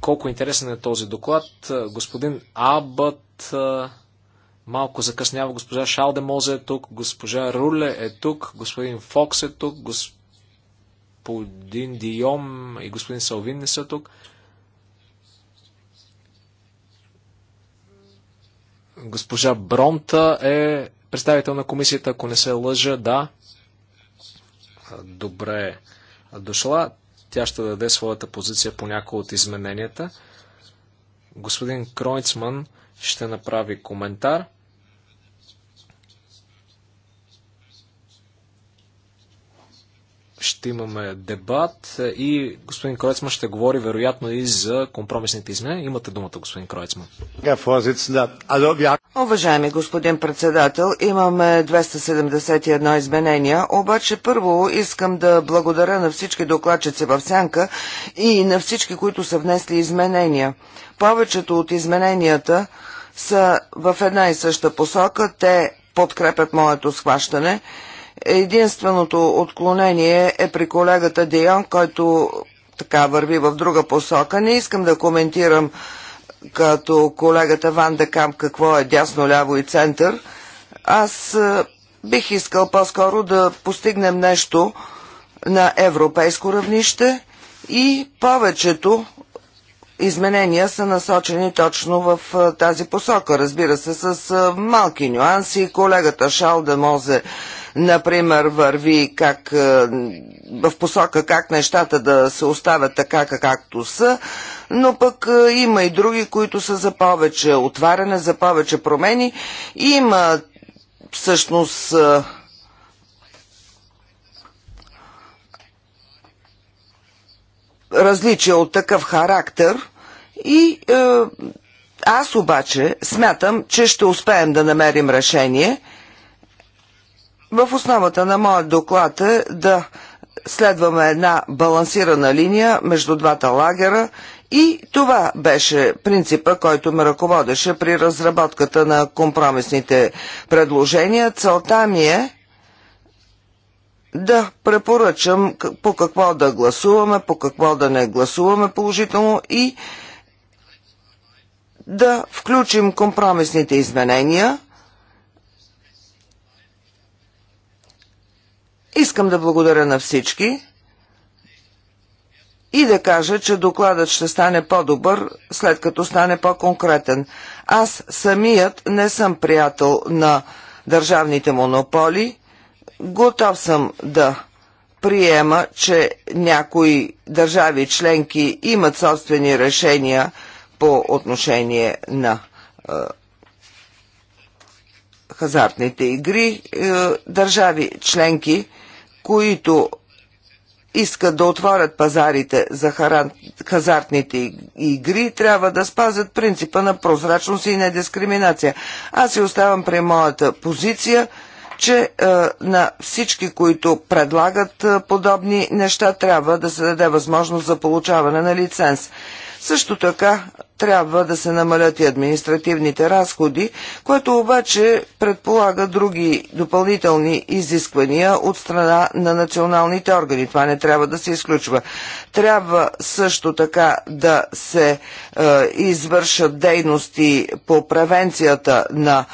колко интересен е този доклад. Господин Абът малко закъснява. Госпожа Шалдемоза е тук, госпожа Руле е тук, господин Фокс е тук, господин господин Диом и господин Салвин не са тук. Госпожа Бронта е представител на комисията, ако не се лъжа, да. Добре дошла. Тя ще даде своята позиция по някои от измененията. Господин Кройцман ще направи коментар. ще имаме дебат и господин Кройцман ще говори вероятно и за компромисните изменения. Имате думата, господин Кройцман. Уважаеми господин председател, имаме 271 изменения, обаче първо искам да благодаря на всички докладчици в Сянка и на всички, които са внесли изменения. Повечето от измененията са в една и съща посока. Те подкрепят моето схващане – Единственото отклонение е при колегата Дион, който така върви в друга посока. Не искам да коментирам като колегата Ван Декам какво е дясно, ляво и център. Аз е, бих искал по-скоро да постигнем нещо на европейско равнище и повечето изменения са насочени точно в тази посока. Разбира се, с малки нюанси. Колегата Шал де Мозе, например, върви как, в посока как нещата да се оставят така, както са но пък има и други, които са за повече отваряне, за повече промени. Има всъщност различия от такъв характер и е, аз обаче смятам, че ще успеем да намерим решение. В основата на моят доклад е да следваме една балансирана линия между двата лагера и това беше принципа, който ме ръководеше при разработката на компромисните предложения. Целта ми е да препоръчам по какво да гласуваме, по какво да не гласуваме положително и да включим компромисните изменения. Искам да благодаря на всички и да кажа, че докладът ще стане по-добър, след като стане по-конкретен. Аз самият не съм приятел на държавните монополи, Готов съм да приема, че някои държави членки имат собствени решения по отношение на е, хазартните игри. Е, държави членки, които искат да отворят пазарите за хазартните игри, трябва да спазят принципа на прозрачност и недискриминация. Аз си оставам при моята позиция – че а, е, на всички, които предлагат а, е, подобни неща, трябва да се даде възможност за получаване на лиценз. Също така трябва да се намалят и административните разходи, което обаче предполага други допълнителни изисквания от страна на националните органи. Това не трябва да се изключва. Трябва също така да се е, извършат дейности по превенцията на е,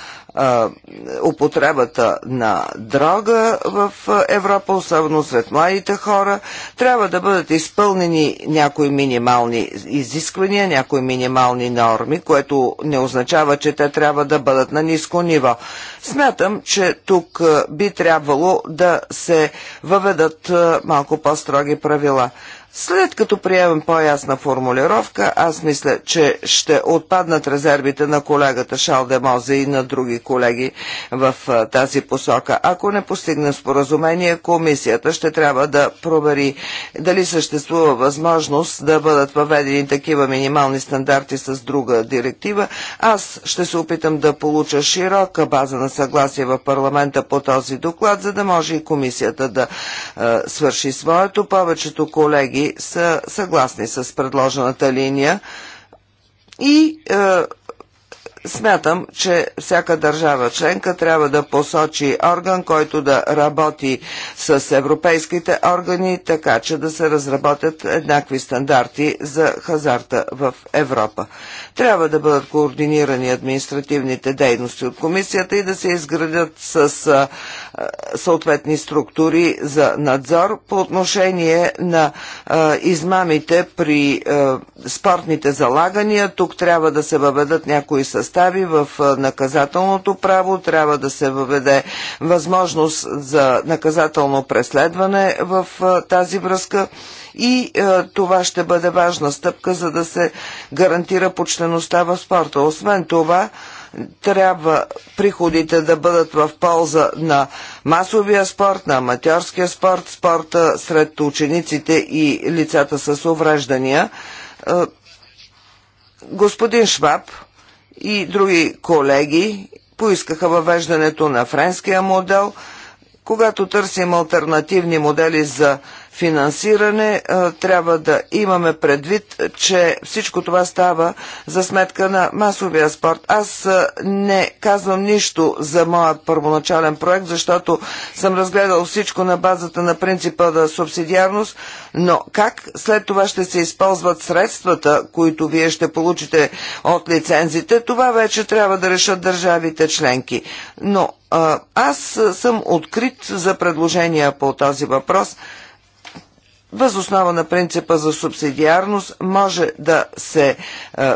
употребата на дрога в Европа, особено сред младите хора. Трябва да бъдат изпълнени някои минимални изисквания, някои минимални норми, което не означава, че те трябва да бъдат на ниско ниво. Смятам, че тук би трябвало да се въведат малко по-строги правила. След като приемем по-ясна формулировка, аз мисля, че ще отпаднат резервите на колегата Шал Демозе и на други колеги в тази посока. Ако не постигне споразумение, комисията ще трябва да провери дали съществува възможност да бъдат въведени такива минимални стандарти с друга директива. Аз ще се опитам да получа широка база на съгласие в парламента по този доклад, за да може и комисията да е, свърши своето. Повечето колеги колеги са съгласни с предложената линия и е, Смятам, че всяка държава членка трябва да посочи орган, който да работи с европейските органи, така че да се разработят еднакви стандарти за хазарта в Европа. Трябва да бъдат координирани административните дейности от комисията и да се изградят с съответни структури за надзор по отношение на а, измамите при а, спортните залагания. Тук трябва да се въведат някои състави състави в наказателното право, трябва да се въведе възможност за наказателно преследване в тази връзка и това ще бъде важна стъпка, за да се гарантира почтеността в спорта. Освен това, трябва приходите да бъдат в полза на масовия спорт, на аматьорския спорт, спорта сред учениците и лицата с увреждания. Господин Шваб и други колеги поискаха въвеждането на френския модел. Когато търсим альтернативни модели за финансиране, трябва да имаме предвид, че всичко това става за сметка на масовия спорт. Аз не казвам нищо за моят първоначален проект, защото съм разгледал всичко на базата на принципа да субсидиарност, но как след това ще се използват средствата, които вие ще получите от лицензите, това вече трябва да решат държавите членки. Но аз съм открит за предложения по този въпрос. Възоснова на принципа за субсидиарност може да се е,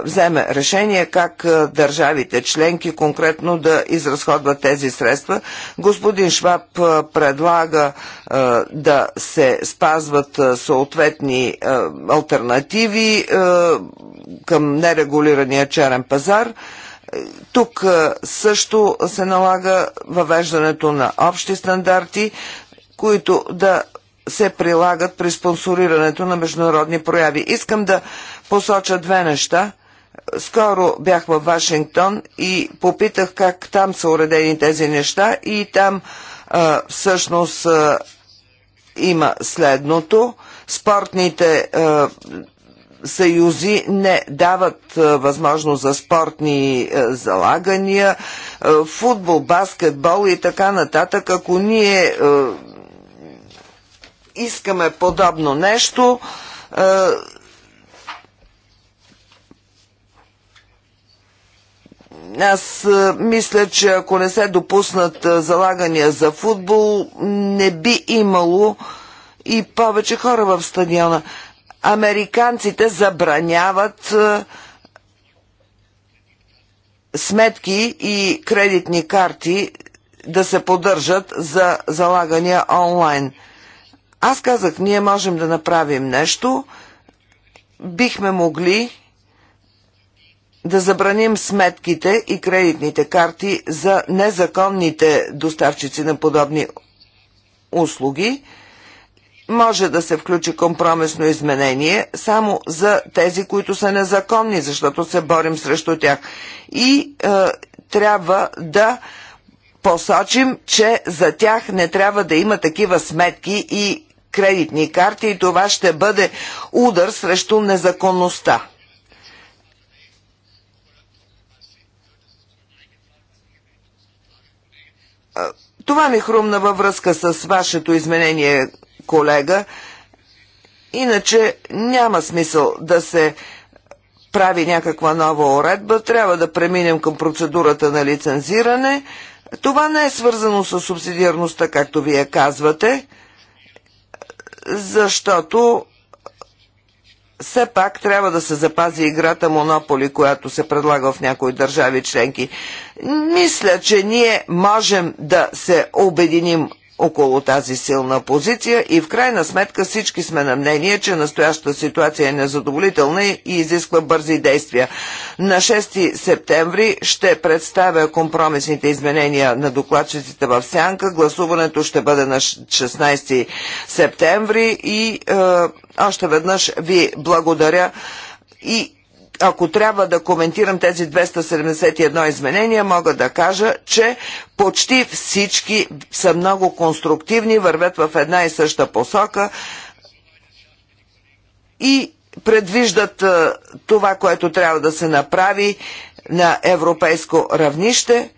вземе решение как е, държавите членки конкретно да изразходват тези средства. Господин Шваб е, предлага е, да се спазват е, съответни е, альтернативи е, към нерегулирания черен пазар. Е, тук е, също се налага въвеждането на общи стандарти, които да се прилагат при спонсорирането на международни прояви. Искам да посоча две неща. Скоро бях във Вашингтон и попитах как там са уредени тези неща и там а, всъщност а, има следното. Спортните а, съюзи не дават а, възможност за спортни а, залагания, а, футбол, баскетбол и така нататък. Ако ние искаме подобно нещо. Е, аз е, мисля, че ако не се допуснат е, залагания за футбол, не би имало и повече хора в стадиона. Американците забраняват сметки и кредитни карти да се поддържат за залагания онлайн – аз казах, ние можем да направим нещо, бихме могли да забраним сметките и кредитните карти за незаконните доставчици на подобни услуги. Може да се включи компромисно изменение само за тези, които са незаконни, защото се борим срещу тях. И е, трябва да посочим, че за тях не трябва да има такива сметки и кредитни карти и това ще бъде удар срещу незаконността. Това ми хрумна във връзка с вашето изменение, колега. Иначе няма смисъл да се прави някаква нова уредба, трябва да преминем към процедурата на лицензиране. Това не е свързано с субсидиарността, както вие казвате защото все пак трябва да се запази играта Монополи, която се предлага в някои държави членки. Мисля, че ние можем да се обединим около тази силна позиция и в крайна сметка всички сме на мнение, че настоящата ситуация е незадоволителна и изисква бързи действия. На 6 септември ще представя компромисните изменения на докладчиците в Сянка. Гласуването ще бъде на 16 септември и е, още веднъж ви благодаря и ако трябва да коментирам тези 271 изменения, мога да кажа, че почти всички са много конструктивни, вървят в една и съща посока и предвиждат това, което трябва да се направи на европейско равнище.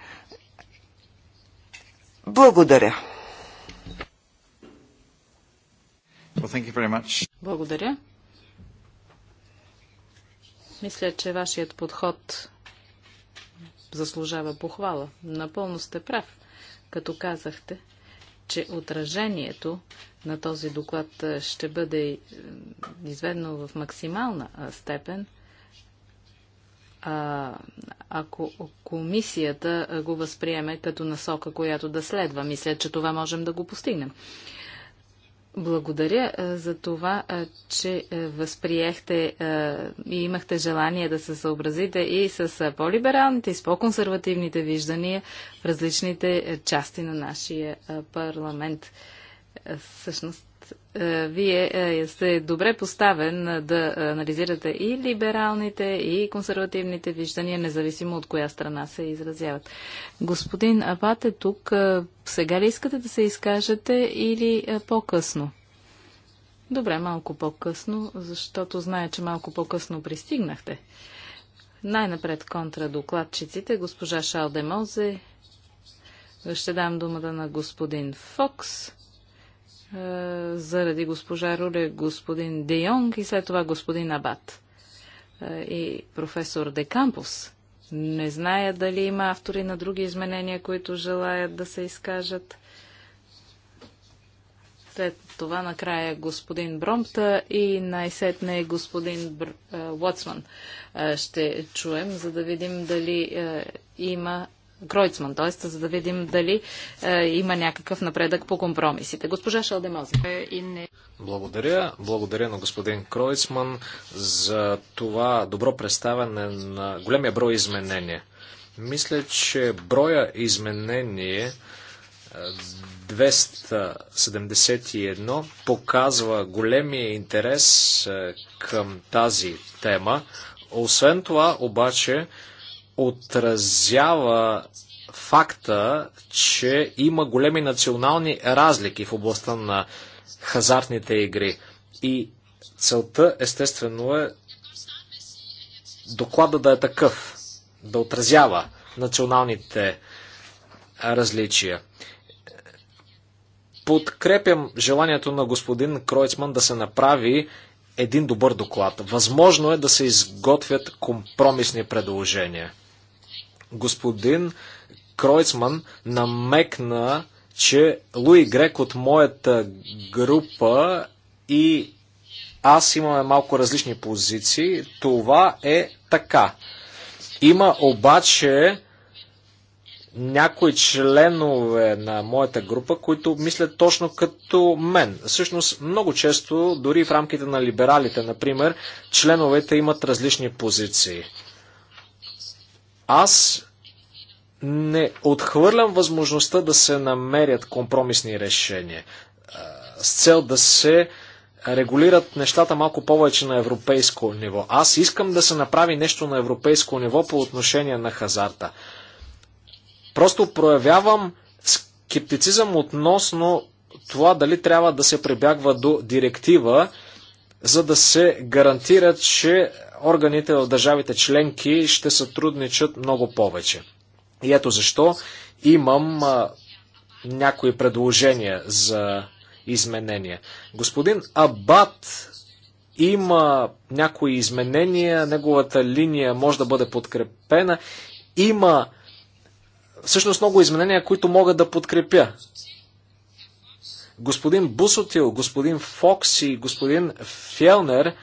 Благодаря. Well, Благодаря. Мисля, че вашият подход заслужава похвала. Напълно сте прав, като казахте, че отражението на този доклад ще бъде изведено в максимална степен, а, ако комисията го възприеме като насока, която да следва. Мисля, че това можем да го постигнем. Благодаря за това, че възприехте и имахте желание да се съобразите и с по-либералните, и с по-консервативните виждания в различните части на нашия парламент. Всъщност, е, вие е, сте добре поставен е, да анализирате и либералните, и консервативните виждания, независимо от коя страна се изразяват. Господин Абат е тук. Сега ли искате да се изкажете или по-късно? Добре, малко по-късно, защото зная, че малко по-късно пристигнахте. Най-напред контрадокладчиците, госпожа Шалдемозе, ще дам думата на господин Фокс е, заради госпожа Руле господин Де Йонг и след това господин Абат е, и професор Де Кампус. Не зная дали има автори на други изменения, които желаят да се изкажат. След това накрая господин Бромта и най-сетне господин Бр... Е, Уотсман ще чуем, за да видим дали има Кройцман, т.е. за да видим дали е, има някакъв напредък по компромисите. Госпожа Шалдемоза. Е, Благодаря. Благодаря на господин Кройцман за това добро представяне на големия брой изменения. Мисля, че броя изменение 271 показва големия интерес е, към тази тема. Освен това, обаче, отразява факта, че има големи национални разлики в областта на хазартните игри. И целта, естествено, е доклада да е такъв, да отразява националните различия. Подкрепям желанието на господин Кройцман да се направи един добър доклад. Възможно е да се изготвят компромисни предложения. Господин Кройцман намекна, че Луи Грек от моята група и аз имаме малко различни позиции. Това е така. Има обаче някои членове на моята група, които мислят точно като мен. Всъщност, много често, дори в рамките на либералите, например, членовете имат различни позиции. Аз не отхвърлям възможността да се намерят компромисни решения с цел да се регулират нещата малко повече на европейско ниво. Аз искам да се направи нещо на европейско ниво по отношение на хазарта. Просто проявявам скептицизъм относно това дали трябва да се прибягва до директива, за да се гарантира, че органите в държавите членки ще сътрудничат много повече. И ето защо имам а, някои предложения за изменения. Господин Абат има някои изменения, неговата линия може да бъде подкрепена. Има всъщност много изменения, които мога да подкрепя. Господин Бусотил, господин Фокс и господин Фелнер –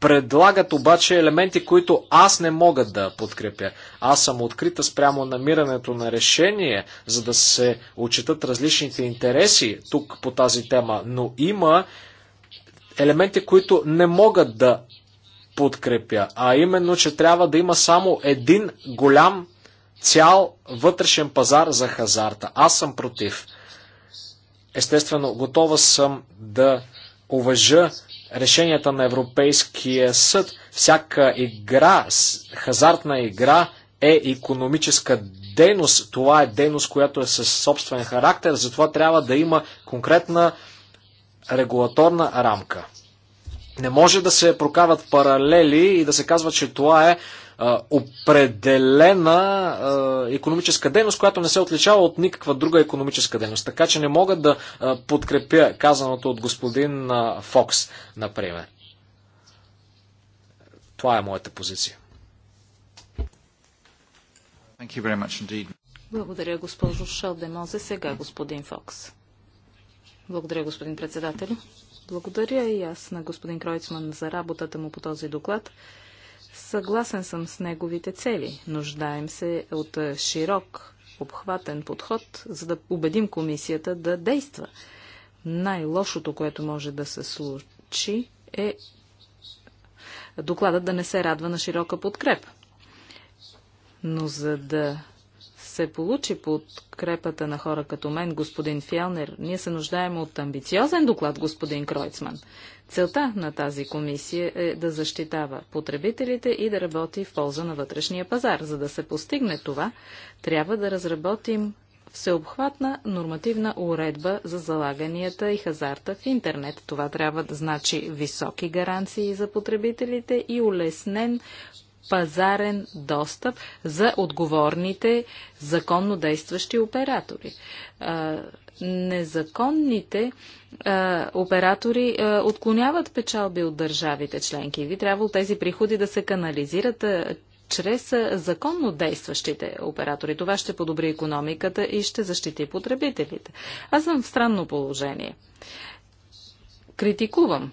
предлагат обаче елементи, които аз не мога да подкрепя. Аз съм открита спрямо намирането на решение, за да се отчитат различните интереси тук по тази тема, но има елементи, които не могат да подкрепя, а именно, че трябва да има само един голям цял вътрешен пазар за хазарта. Аз съм против. Естествено, готова съм да уважа решенията на Европейския съд. Всяка игра, хазартна игра е економическа дейност. Това е дейност, която е със собствен характер, затова трябва да има конкретна регулаторна рамка. Не може да се прокават паралели и да се казва, че това е определена економическа дейност, която не се отличава от никаква друга економическа дейност. Така че не мога да подкрепя казаното от господин Фокс, например. Това е моята позиция. Благодаря, госпожо Шалдемозе. Сега господин Фокс. Благодаря, господин председател. Благодаря и аз на господин Кройцман за работата му по този доклад. Съгласен съм с неговите цели. Нуждаем се от е, широк, обхватен подход, за да убедим комисията да действа. Най-лошото, което може да се случи, е докладът да не се радва на широка подкрепа. Но за да се получи подкрепата на хора като мен, господин Фелнер, ние се нуждаем от амбициозен доклад, господин Кройцман. Целта на тази комисия е да защитава потребителите и да работи в полза на вътрешния пазар. За да се постигне това, трябва да разработим всеобхватна нормативна уредба за залаганията и хазарта в интернет. Това трябва да значи високи гаранции за потребителите и улеснен пазарен достъп за отговорните законно действащи оператори. Незаконните оператори отклоняват печалби от държавите членки. Ви трябвало тези приходи да се канализират чрез законно действащите оператори. Това ще подобри економиката и ще защити потребителите. Аз съм в странно положение. Критикувам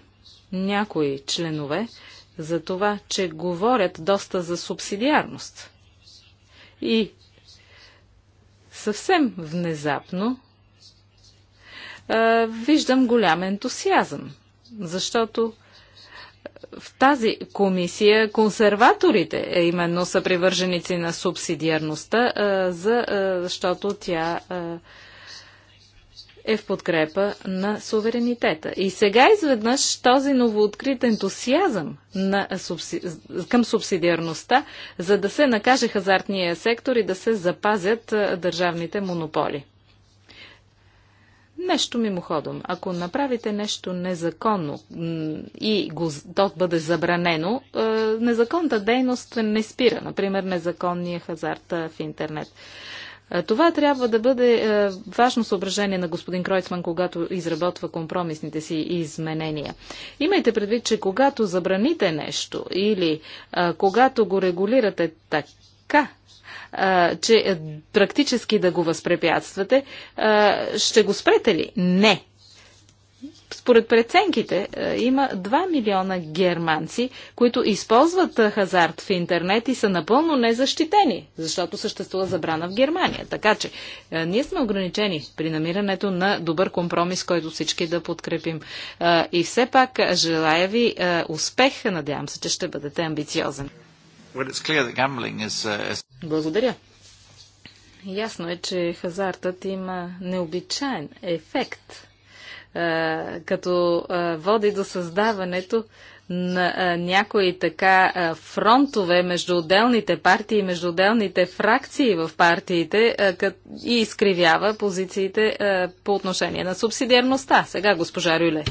някои членове, за това, че говорят доста за субсидиарност. И съвсем внезапно а, виждам голям ентусиазъм, защото в тази комисия консерваторите е, именно са привърженици на субсидиарността, а, за, а, защото тя а, е в подкрепа на суверенитета. И сега изведнъж този новооткрит ентусиазъм на, субси... към субсидиарността, за да се накаже хазартния сектор и да се запазят държавните монополи. Нещо мимоходом. Ако направите нещо незаконно и го, то бъде забранено, незаконната дейност не спира. Например, незаконния хазарт в интернет. Това трябва да бъде важно съображение на господин Кройцман, когато изработва компромисните си изменения. Имайте предвид, че когато забраните нещо или когато го регулирате така, че практически да го възпрепятствате, ще го спрете ли? Не. Според преценките е, има 2 милиона германци, които използват е, хазарт в интернет и са напълно незащитени, защото съществува забрана в Германия. Така че е, ние сме ограничени при намирането на добър компромис, който всички да подкрепим. И все пак желая ви успех. Надявам се, че ще бъдете амбициозен. Uh, Благодаря. Ясно е, че хазартът има необичайен ефект като води до създаването на някои така фронтове между отделните партии, между отделните фракции в партиите и изкривява позициите по отношение на субсидиарността. Сега госпожа Рюле.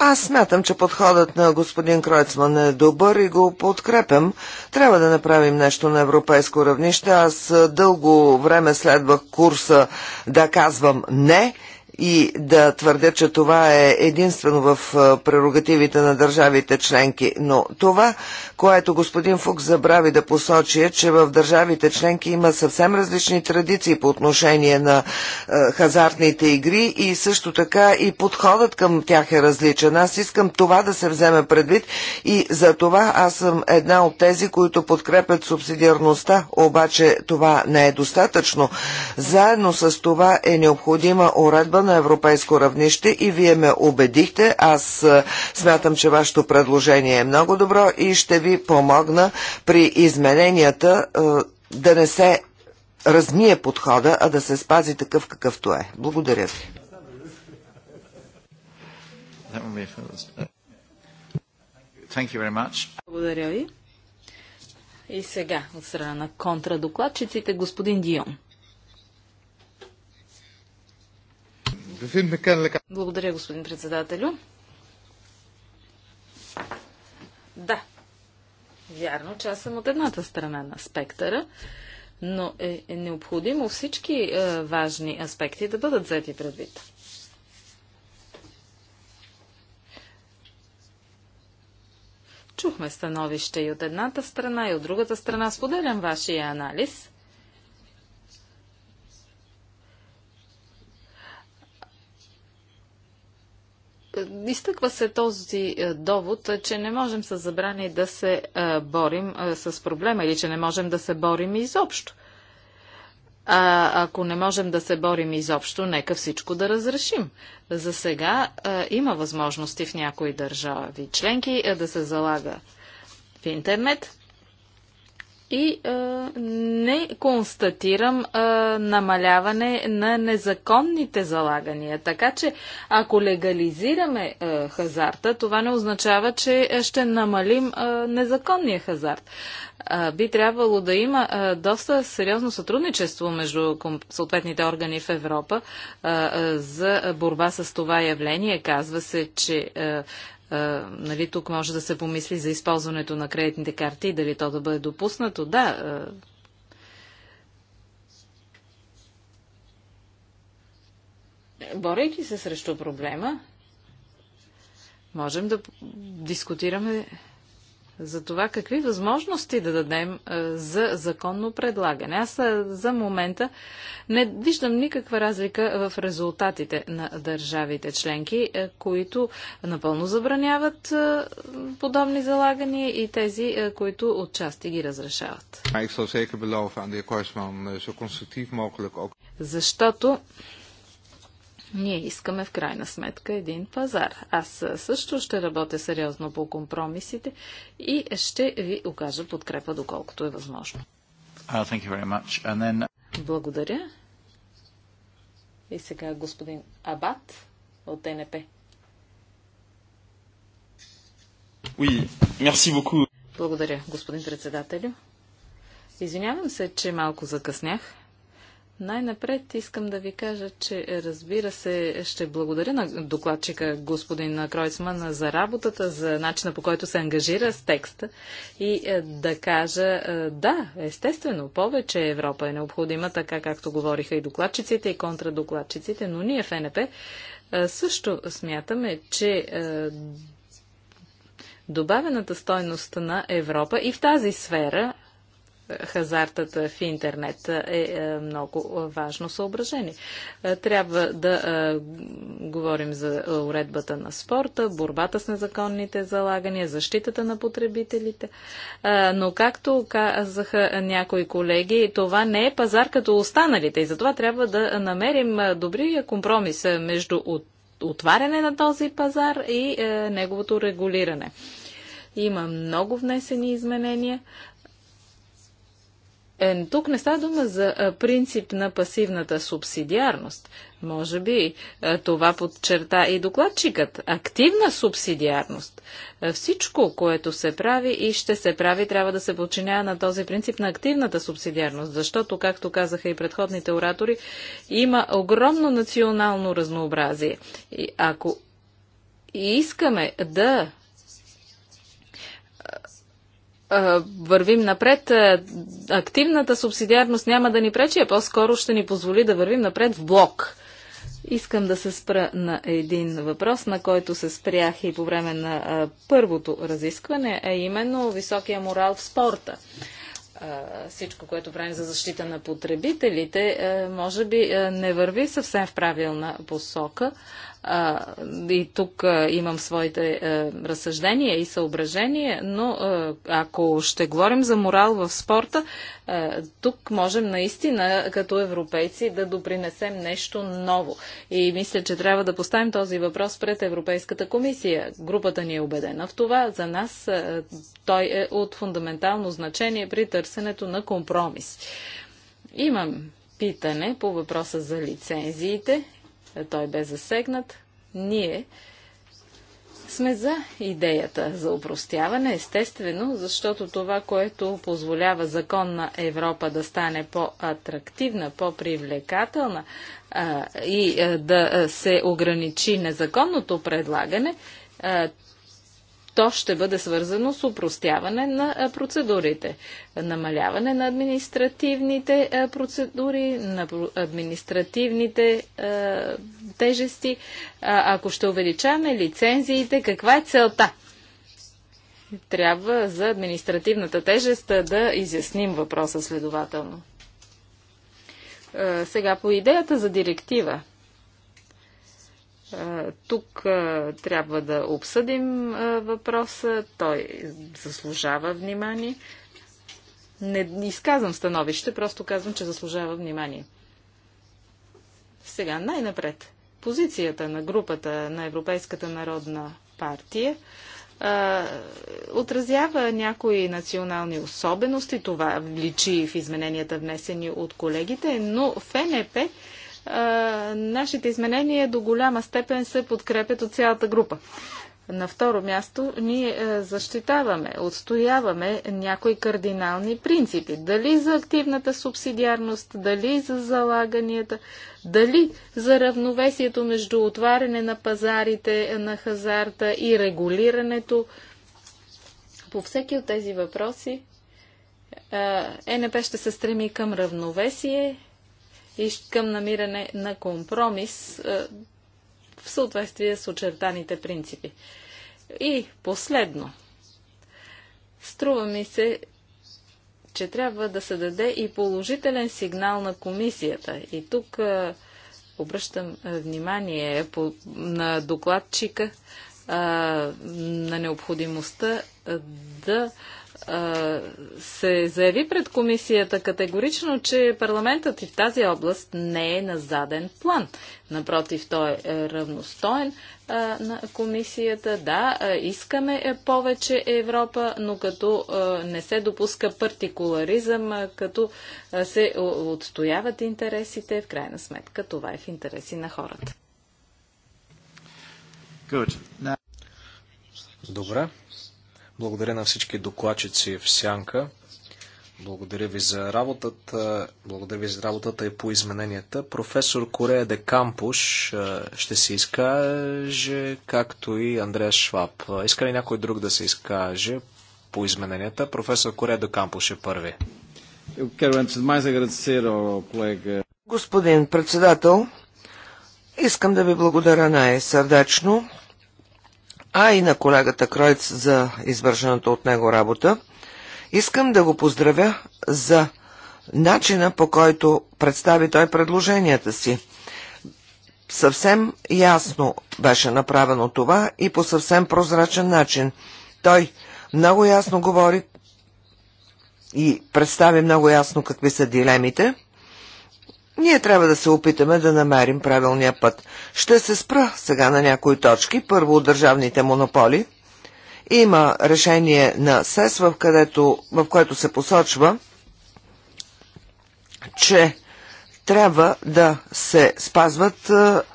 Аз смятам, че подходът на господин Кройцман е добър и го подкрепям. Трябва да направим нещо на европейско равнище. Аз дълго време следвах курса да казвам не – и да твърдя, че това е единствено в прерогативите на държавите членки. Но това, което господин Фук забрави да посочи е, че в държавите членки има съвсем различни традиции по отношение на е, хазартните игри и също така и подходът към тях е различен. Аз искам това да се вземе предвид и за това аз съм една от тези, които подкрепят субсидиарността, обаче това не е достатъчно. Заедно с това е необходима уредба на европейско равнище и вие ме убедихте. Аз е, смятам, че вашето предложение е много добро и ще ви помогна при измененията е, да не се размие подхода, а да се спази такъв какъвто е. Благодаря ви. Благодаря ви. И сега от страна на контрадокладчиците господин Дион. Благодаря, господин председателю. Да, вярно, че аз съм от едната страна на спектъра, но е, е необходимо всички е, важни аспекти да бъдат взети предвид. Чухме становище и от едната страна, и от другата страна. Споделям вашия анализ. Изтъква се този е, довод, е, че не можем с забрани да се е, борим с проблема или че не можем да се борим изобщо. А ако не можем да се борим изобщо, нека всичко да разрешим. За сега а, има възможности в някои държави членки да се залага в интернет и а, е, не констатирам а, е, намаляване на незаконните залагания. Така че, ако легализираме а, е, хазарта, това не означава, че ще намалим а, незаконния хазарт. А, би трябвало да има а, доста сериозно сътрудничество между съответните органи в Европа а, а, за борба с това явление. Казва се, че а, е, нали, тук може да се помисли за използването на кредитните карти и дали то да бъде допуснато. Да, е, борейки се срещу проблема, можем да дискутираме за това какви възможности да дадем е, за законно предлагане. Аз е, за момента не виждам никаква разлика в резултатите на държавите членки, е, които напълно забраняват подобни залагания и тези, които отчасти ги разрешават. Защото ние искаме в крайна сметка един пазар. Аз също ще работя сериозно по компромисите и ще ви окажа подкрепа доколкото е възможно. Uh, then... Uh, Благодаря. И сега господин Абат от ТНП. Oui, merci beaucoup. Благодаря, господин председателю. Извинявам се, че малко закъснях. Най-напред искам да ви кажа, че разбира се, ще благодаря на докладчика господин Кройцман за работата, за начина по който се ангажира с текста и е, да кажа, е, да, естествено, повече Европа е необходима, така както говориха и докладчиците, и контрадокладчиците, но ние в НП е, също смятаме, че добавената стойност на Европа и в тази сфера хазартът в интернет е, е много важно съображение. Е, трябва да е, говорим за уредбата на спорта, борбата с незаконните залагания, защитата на потребителите. Но както казаха някои колеги, това не е пазар като останалите и затова трябва да намерим добрия компромис между отваряне на този пазар и неговото регулиране. Има много внесени изменения. Е, тук не става дума за е, принцип на пасивната субсидиарност. Може би е, това подчерта и докладчикът. Активна субсидиарност. Всичко, което се прави и ще се прави, трябва да се подчинява на този принцип на активната субсидиарност, защото, както казаха и предходните оратори, има огромно национално разнообразие. И ако искаме да вървим напред, активната субсидиарност няма да ни пречи, а по-скоро ще ни позволи да вървим напред в блок. Искам да се спра на един въпрос, на който се спрях и по време на първото разискване, а именно високия морал в спорта. всичко, което правим за защита на потребителите, може би не върви съвсем в правилна посока и тук имам своите разсъждения и съображения, но ако ще говорим за морал в спорта, тук можем наистина като европейци да допринесем нещо ново. И мисля, че трябва да поставим този въпрос пред Европейската комисия. Групата ни е убедена в това. За нас той е от фундаментално значение при търсенето на компромис. Имам питане по въпроса за лицензиите той бе засегнат. Ние сме за идеята за упростяване, естествено, защото това, което позволява законна Европа да стане по-атрактивна, по-привлекателна и а, да се ограничи незаконното предлагане, а, то ще бъде свързано с упростяване на процедурите, намаляване на административните процедури, на административните тежести. ако ще увеличаваме лицензиите, каква е целта? Трябва за административната тежест да изясним въпроса следователно. сега по идеята за директива – е, тук е, трябва да обсъдим е, въпроса. Той заслужава внимание. Не изказвам становище, просто казвам, че заслужава внимание. Сега най-напред. Позицията на групата на Европейската народна партия отразява някои национални особености. Това личи в измененията внесени от колегите, но в нашите изменения до голяма степен се подкрепят от цялата група. На второ място, ние е, защитаваме, отстояваме някои кардинални принципи. Дали за активната субсидиарност, дали за залаганията, дали за равновесието между отваряне на пазарите е, на хазарта и регулирането. По всеки от тези въпроси ЕНП е ще се стреми към равновесие и към намиране на компромис е, в съответствие с очертаните принципи. И последно, струва ми се, че трябва да се даде и положителен сигнал на комисията. И тук е, обръщам е, внимание на докладчика на необходимостта да се заяви пред комисията категорично, че парламентът и в тази област не е на заден план. Напротив, той е равностоен а, на комисията. Да, искаме е, повече Европа, но като а, не се допуска партикуларизъм, а, като се отстояват интересите, в крайна сметка това е в интереси на хората. Good. Now... Добре. Благодаря на всички докладчици в Сянка. Благодаря ви за работата. Благодаря ви за работата и по измененията. Професор Корея де Кампуш ще се изкаже, както и Андреас Шваб. Иска ли някой друг да се изкаже по измененията? Професор Корея де Кампуш е първи. Господин председател, искам да ви благодаря най-сърдечно а и на колегата Кройц за извършената от него работа. Искам да го поздравя за начина по който представи той предложенията си. Съвсем ясно беше направено това и по съвсем прозрачен начин. Той много ясно говори и представи много ясно какви са дилемите – ние трябва да се опитаме да намерим правилния път. Ще се спра сега на някои точки. Първо от държавните монополи. Има решение на СЕС, в, където, в което се посочва, че трябва да се спазват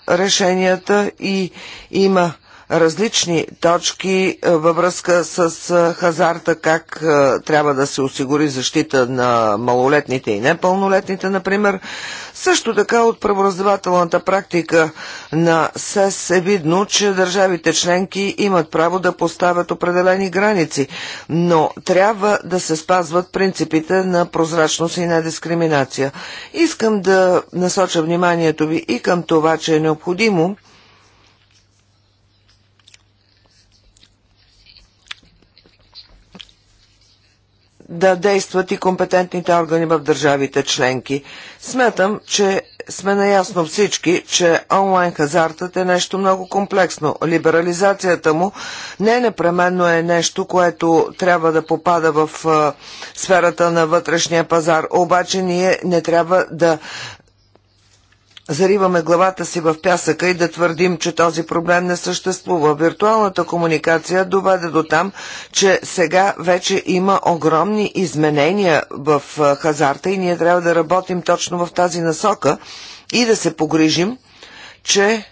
решенията и има различни точки е, във връзка с е, хазарта, как е, трябва да се осигури защита на малолетните и непълнолетните, например. Също така от правораздавателната практика на СЕС е видно, че държавите членки имат право да поставят определени граници, но трябва да се спазват принципите на прозрачност и на дискриминация. Искам да насоча вниманието ви и към това, че е необходимо да действат и компетентните органи в държавите членки. Смятам, че сме наясно всички, че онлайн хазартът е нещо много комплексно. Либерализацията му не непременно е нещо, което трябва да попада в сферата на вътрешния пазар. Обаче ние не трябва да зариваме главата си в пясъка и да твърдим, че този проблем не съществува. Виртуалната комуникация доведе до там, че сега вече има огромни изменения в хазарта и ние трябва да работим точно в тази насока и да се погрижим, че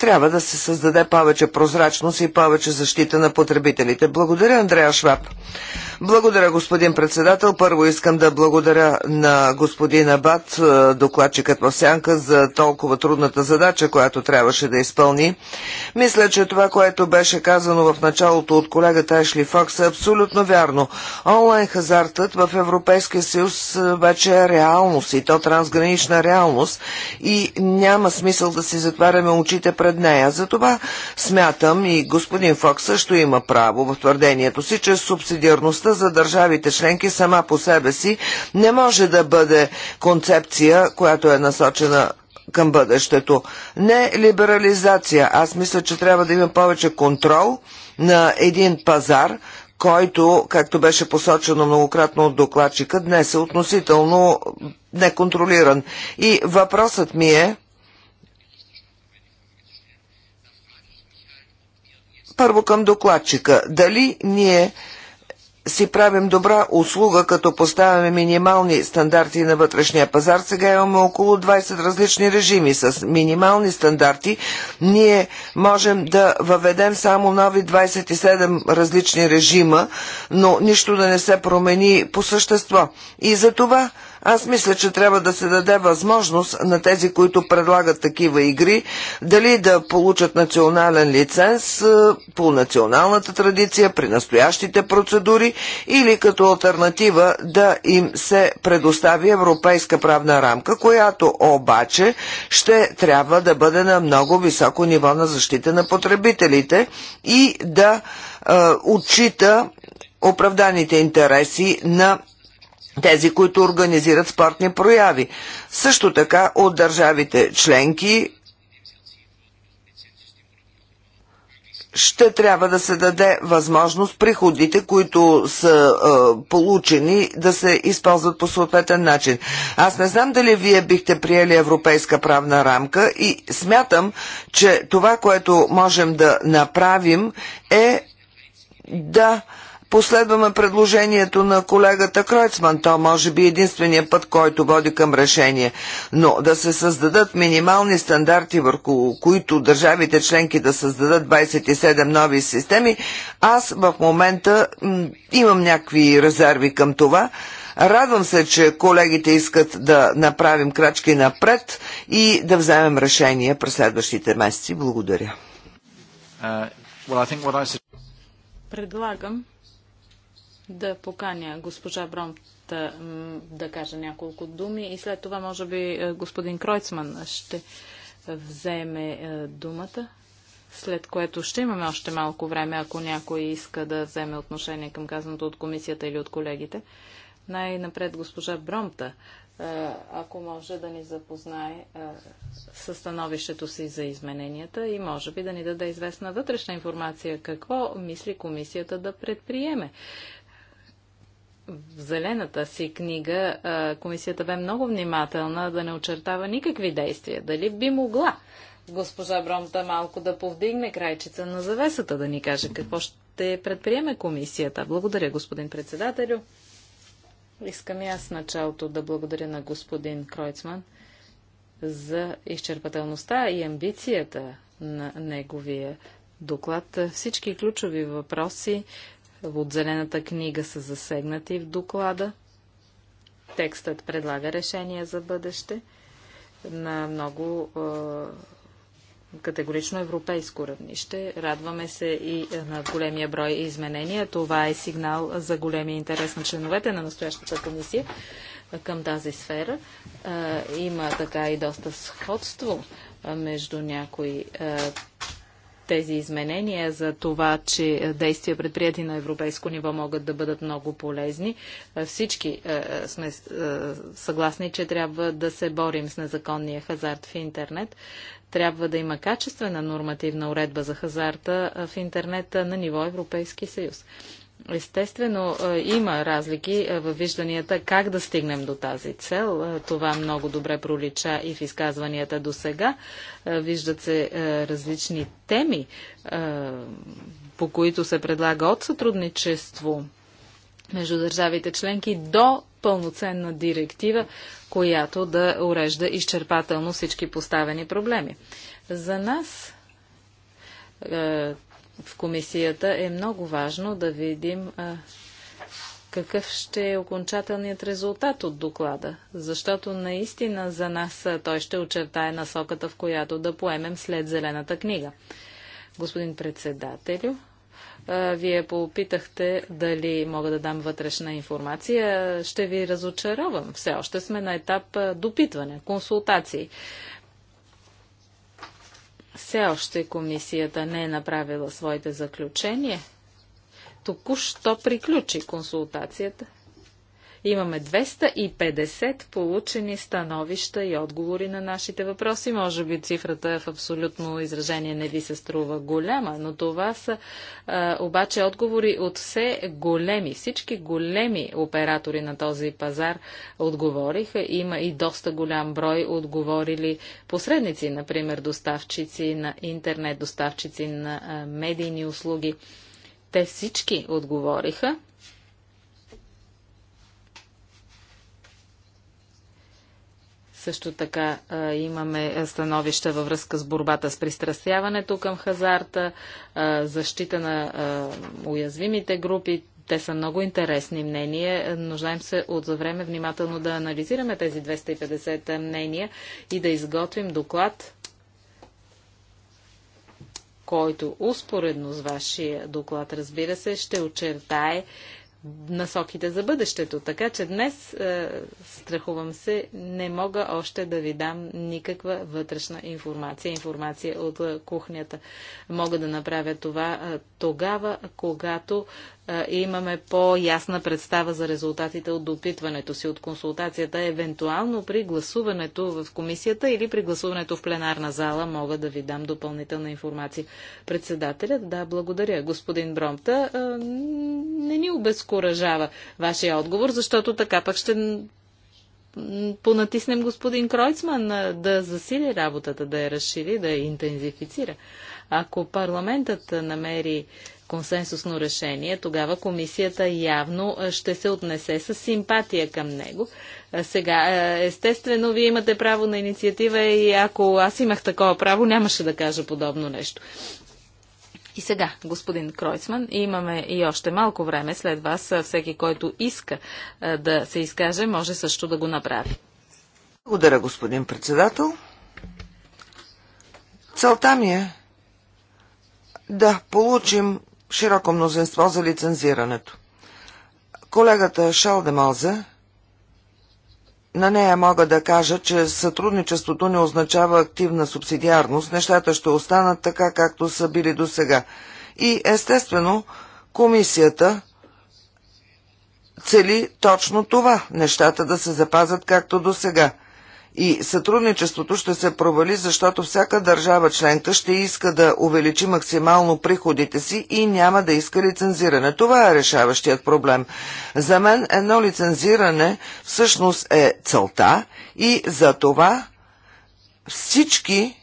трябва да се създаде повече прозрачност и повече защита на потребителите. Благодаря, Андрея Шваб. Благодаря, господин председател. Първо искам да благодаря на господин Абат, е, докладчикът в Сянка, за толкова трудната задача, която трябваше да изпълни. Мисля, че това, което беше казано в началото от колегата Ешли Фокс е абсолютно вярно. Онлайн хазартът в Европейския съюз е, вече е реалност и то трансгранична реалност и няма смисъл да си затваряме очите пред пред нея. Затова смятам и господин Фокс също има право в твърдението си, че субсидиарността за държавите членки сама по себе си не може да бъде концепция, която е насочена към бъдещето. Не либерализация. Аз мисля, че трябва да има повече контрол на един пазар, който, както беше посочено многократно от докладчика, днес е относително неконтролиран. И въпросът ми е, Първо към докладчика. Дали ние си правим добра услуга, като поставяме минимални стандарти на вътрешния пазар. Сега имаме около 20 различни режими. С минимални стандарти ние можем да въведем само нови 27 различни режима, но нищо да не се промени по същество. И за това аз мисля, че трябва да се даде възможност на тези, които предлагат такива игри, дали да получат национален лиценз е, по националната традиция, при настоящите процедури или като альтернатива да им се предостави европейска правна рамка, която обаче ще трябва да бъде на много високо ниво на защита на потребителите и да е, отчита оправданите интереси на тези, които организират спортни прояви. Също така от държавите членки ще трябва да се даде възможност приходите, които са е, получени, да се използват по съответен начин. Аз не знам дали вие бихте приели европейска правна рамка и смятам, че това, което можем да направим е да е, Последваме предложението на колегата Кройцман. То може би е единствения път, който води към решение. Но да се създадат минимални стандарти, върху които държавите членки да създадат 27 нови системи, аз в момента имам някакви резерви към това. Радвам се, че колегите искат да направим крачки напред и да вземем решение през следващите месеци. Благодаря. Uh, Предлагам да поканя госпожа Бромт да, да каже няколко думи и след това може би е, господин Кройцман ще вземе е, думата, след което ще имаме още малко време, ако някой иска да вземе отношение към казаното от комисията или от колегите. Най-напред госпожа Бромта, е, ако може да ни запознае със становището си за измененията и може би да ни даде известна вътрешна информация какво мисли комисията да предприеме в зелената си книга комисията бе много внимателна да не очертава никакви действия. Дали би могла госпожа Бромта малко да повдигне крайчица на завесата, да ни каже какво ще предприеме комисията? Благодаря, господин председателю. Искам и аз началото да благодаря на господин Кройцман за изчерпателността и амбицията на неговия доклад. Всички ключови въпроси от Зелената книга са засегнати в доклада. Текстът предлага решение за бъдеще на много категорично европейско равнище. Радваме се и на големия брой изменения. Това е сигнал за големия интерес на членовете на настоящата комисия към тази сфера. Има така и доста сходство между някои тези изменения за това, че действия предприяти на европейско ниво могат да бъдат много полезни. Е, всички е, е, сме съгласни, че трябва да се борим с незаконния хазарт в интернет. Трябва да има качествена нормативна уредба за хазарта в интернет на ниво Европейски съюз. Естествено, е, има разлики е, във вижданията как да стигнем до тази цел. Е, това много добре пролича и в изказванията до сега. Виждат се различни теми, по които се предлага от сътрудничество между държавите членки до пълноценна директива, която да урежда изчерпателно всички поставени проблеми. За нас в комисията е много важно да видим а, какъв ще е окончателният резултат от доклада, защото наистина за нас той ще очертае насоката, в която да поемем след Зелената книга. Господин председателю, вие попитахте дали мога да дам вътрешна информация. Ще ви разочаровам. Все още сме на етап допитване, консултации. Все още комисията не е направила своите заключения. Току-що приключи консултацията Имаме 250 получени становища и отговори на нашите въпроси. Може би цифрата е в абсолютно изражение не ви се струва голяма, но това са а, обаче отговори от все големи. Всички големи оператори на този пазар отговориха. Има и доста голям брой отговорили посредници, например доставчици на интернет, доставчици на а, медийни услуги. Те всички отговориха Също така а, имаме становища във връзка с борбата с пристрастяването към хазарта, а, защита на а, уязвимите групи. Те са много интересни мнения. Нуждаем се от за време внимателно да анализираме тези 250 мнения и да изготвим доклад, който успоредно с вашия доклад, разбира се, ще очертае насоките за бъдещето. Така че днес, е, страхувам се, не мога още да ви дам никаква вътрешна информация, информация от кухнята. Мога да направя това е, тогава, когато имаме по-ясна представа за резултатите от допитването си, от консултацията, евентуално при гласуването в комисията или при гласуването в пленарна зала мога да ви дам допълнителна информация. Председателят, да, благодаря. Господин Бромта, не ни обезкуражава вашия отговор, защото така пък ще понатиснем господин Кройцман да засили работата, да я разшири, да я интензифицира. Ако парламентът намери консенсусно решение, тогава комисията явно ще се отнесе с симпатия към него. Сега, естествено, вие имате право на инициатива и ако аз имах такова право, нямаше да кажа подобно нещо. И сега, господин Кройцман, имаме и още малко време след вас. Всеки, който иска да се изкаже, може също да го направи. Благодаря, господин председател. Целта ми е да получим широко мнозинство за лицензирането. Колегата Шалдемозе, на нея мога да кажа, че сътрудничеството не означава активна субсидиарност, нещата ще останат така, както са били до сега. И естествено, комисията цели точно това, нещата да се запазят както до сега и сътрудничеството ще се провали, защото всяка държава членка ще иска да увеличи максимално приходите си и няма да иска лицензиране. Това е решаващият проблем. За мен едно лицензиране всъщност е целта и за това всички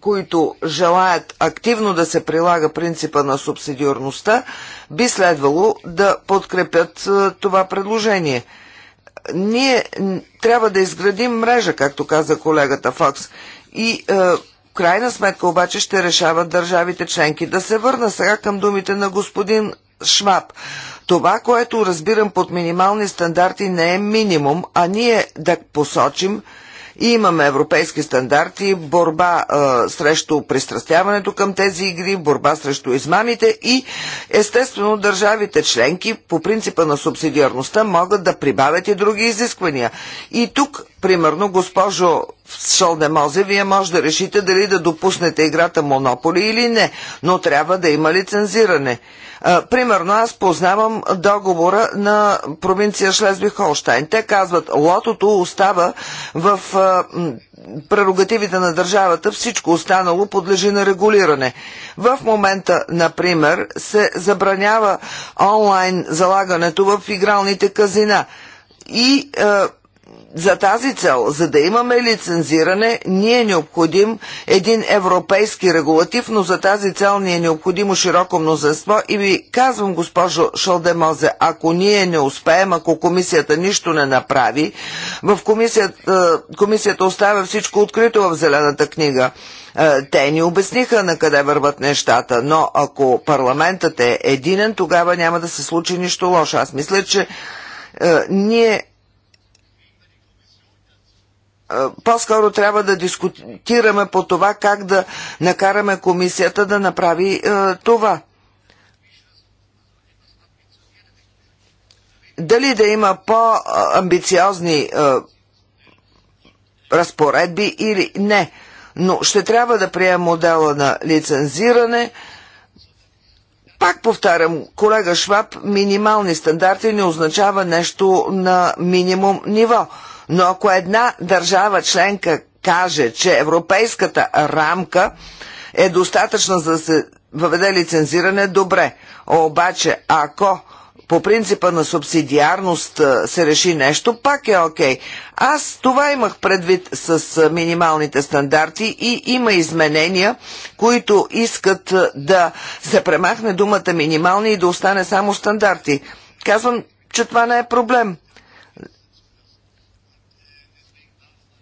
които желаят активно да се прилага принципа на субсидиорността, би следвало да подкрепят е, това предложение – ние трябва да изградим мрежа, както каза колегата Фокс. И е, крайна сметка обаче ще решават държавите членки. Да се върна сега към думите на господин Шваб. Това, което разбирам под минимални стандарти, не е минимум, а ние да посочим, и имаме европейски стандарти, борба а, срещу пристрастяването към тези игри, борба срещу измамите и естествено държавите членки по принципа на субсидиарността могат да прибавят и други изисквания. И тук Примерно, госпожо Шолдемозе, вие може да решите дали да допуснете играта Монополи или не, но трябва да има лицензиране. А, примерно, аз познавам договора на провинция Шлезби-Холштайн. Те казват, лотото остава в а, прерогативите на държавата, всичко останало подлежи на регулиране. В момента, например, се забранява онлайн залагането в игралните казина. И а, за тази цел, за да имаме лицензиране, ние е необходим един европейски регулатив, но за тази цел ни е необходимо широко мнозинство и ви казвам, госпожо Шалдемозе, ако ние не успеем, ако комисията нищо не направи, в комисията, е, комисията оставя всичко открито в зелената книга. Е, те ни обясниха на къде върват нещата, но ако парламентът е единен, тогава няма да се случи нищо лошо. Аз мисля, че е, ние по-скоро трябва да дискутираме по това как да накараме комисията да направи е, това. Дали да има по-амбициозни е, разпоредби или не, но ще трябва да приемем модела на лицензиране. Пак повтарям, колега Шваб, минимални стандарти не означава нещо на минимум ниво. Но ако една държава членка каже, че европейската рамка е достатъчна за да се въведе лицензиране, добре. Обаче, ако по принципа на субсидиарност се реши нещо, пак е окей. Okay. Аз това имах предвид с минималните стандарти и има изменения, които искат да се премахне думата минимални и да остане само стандарти. Казвам, че това не е проблем.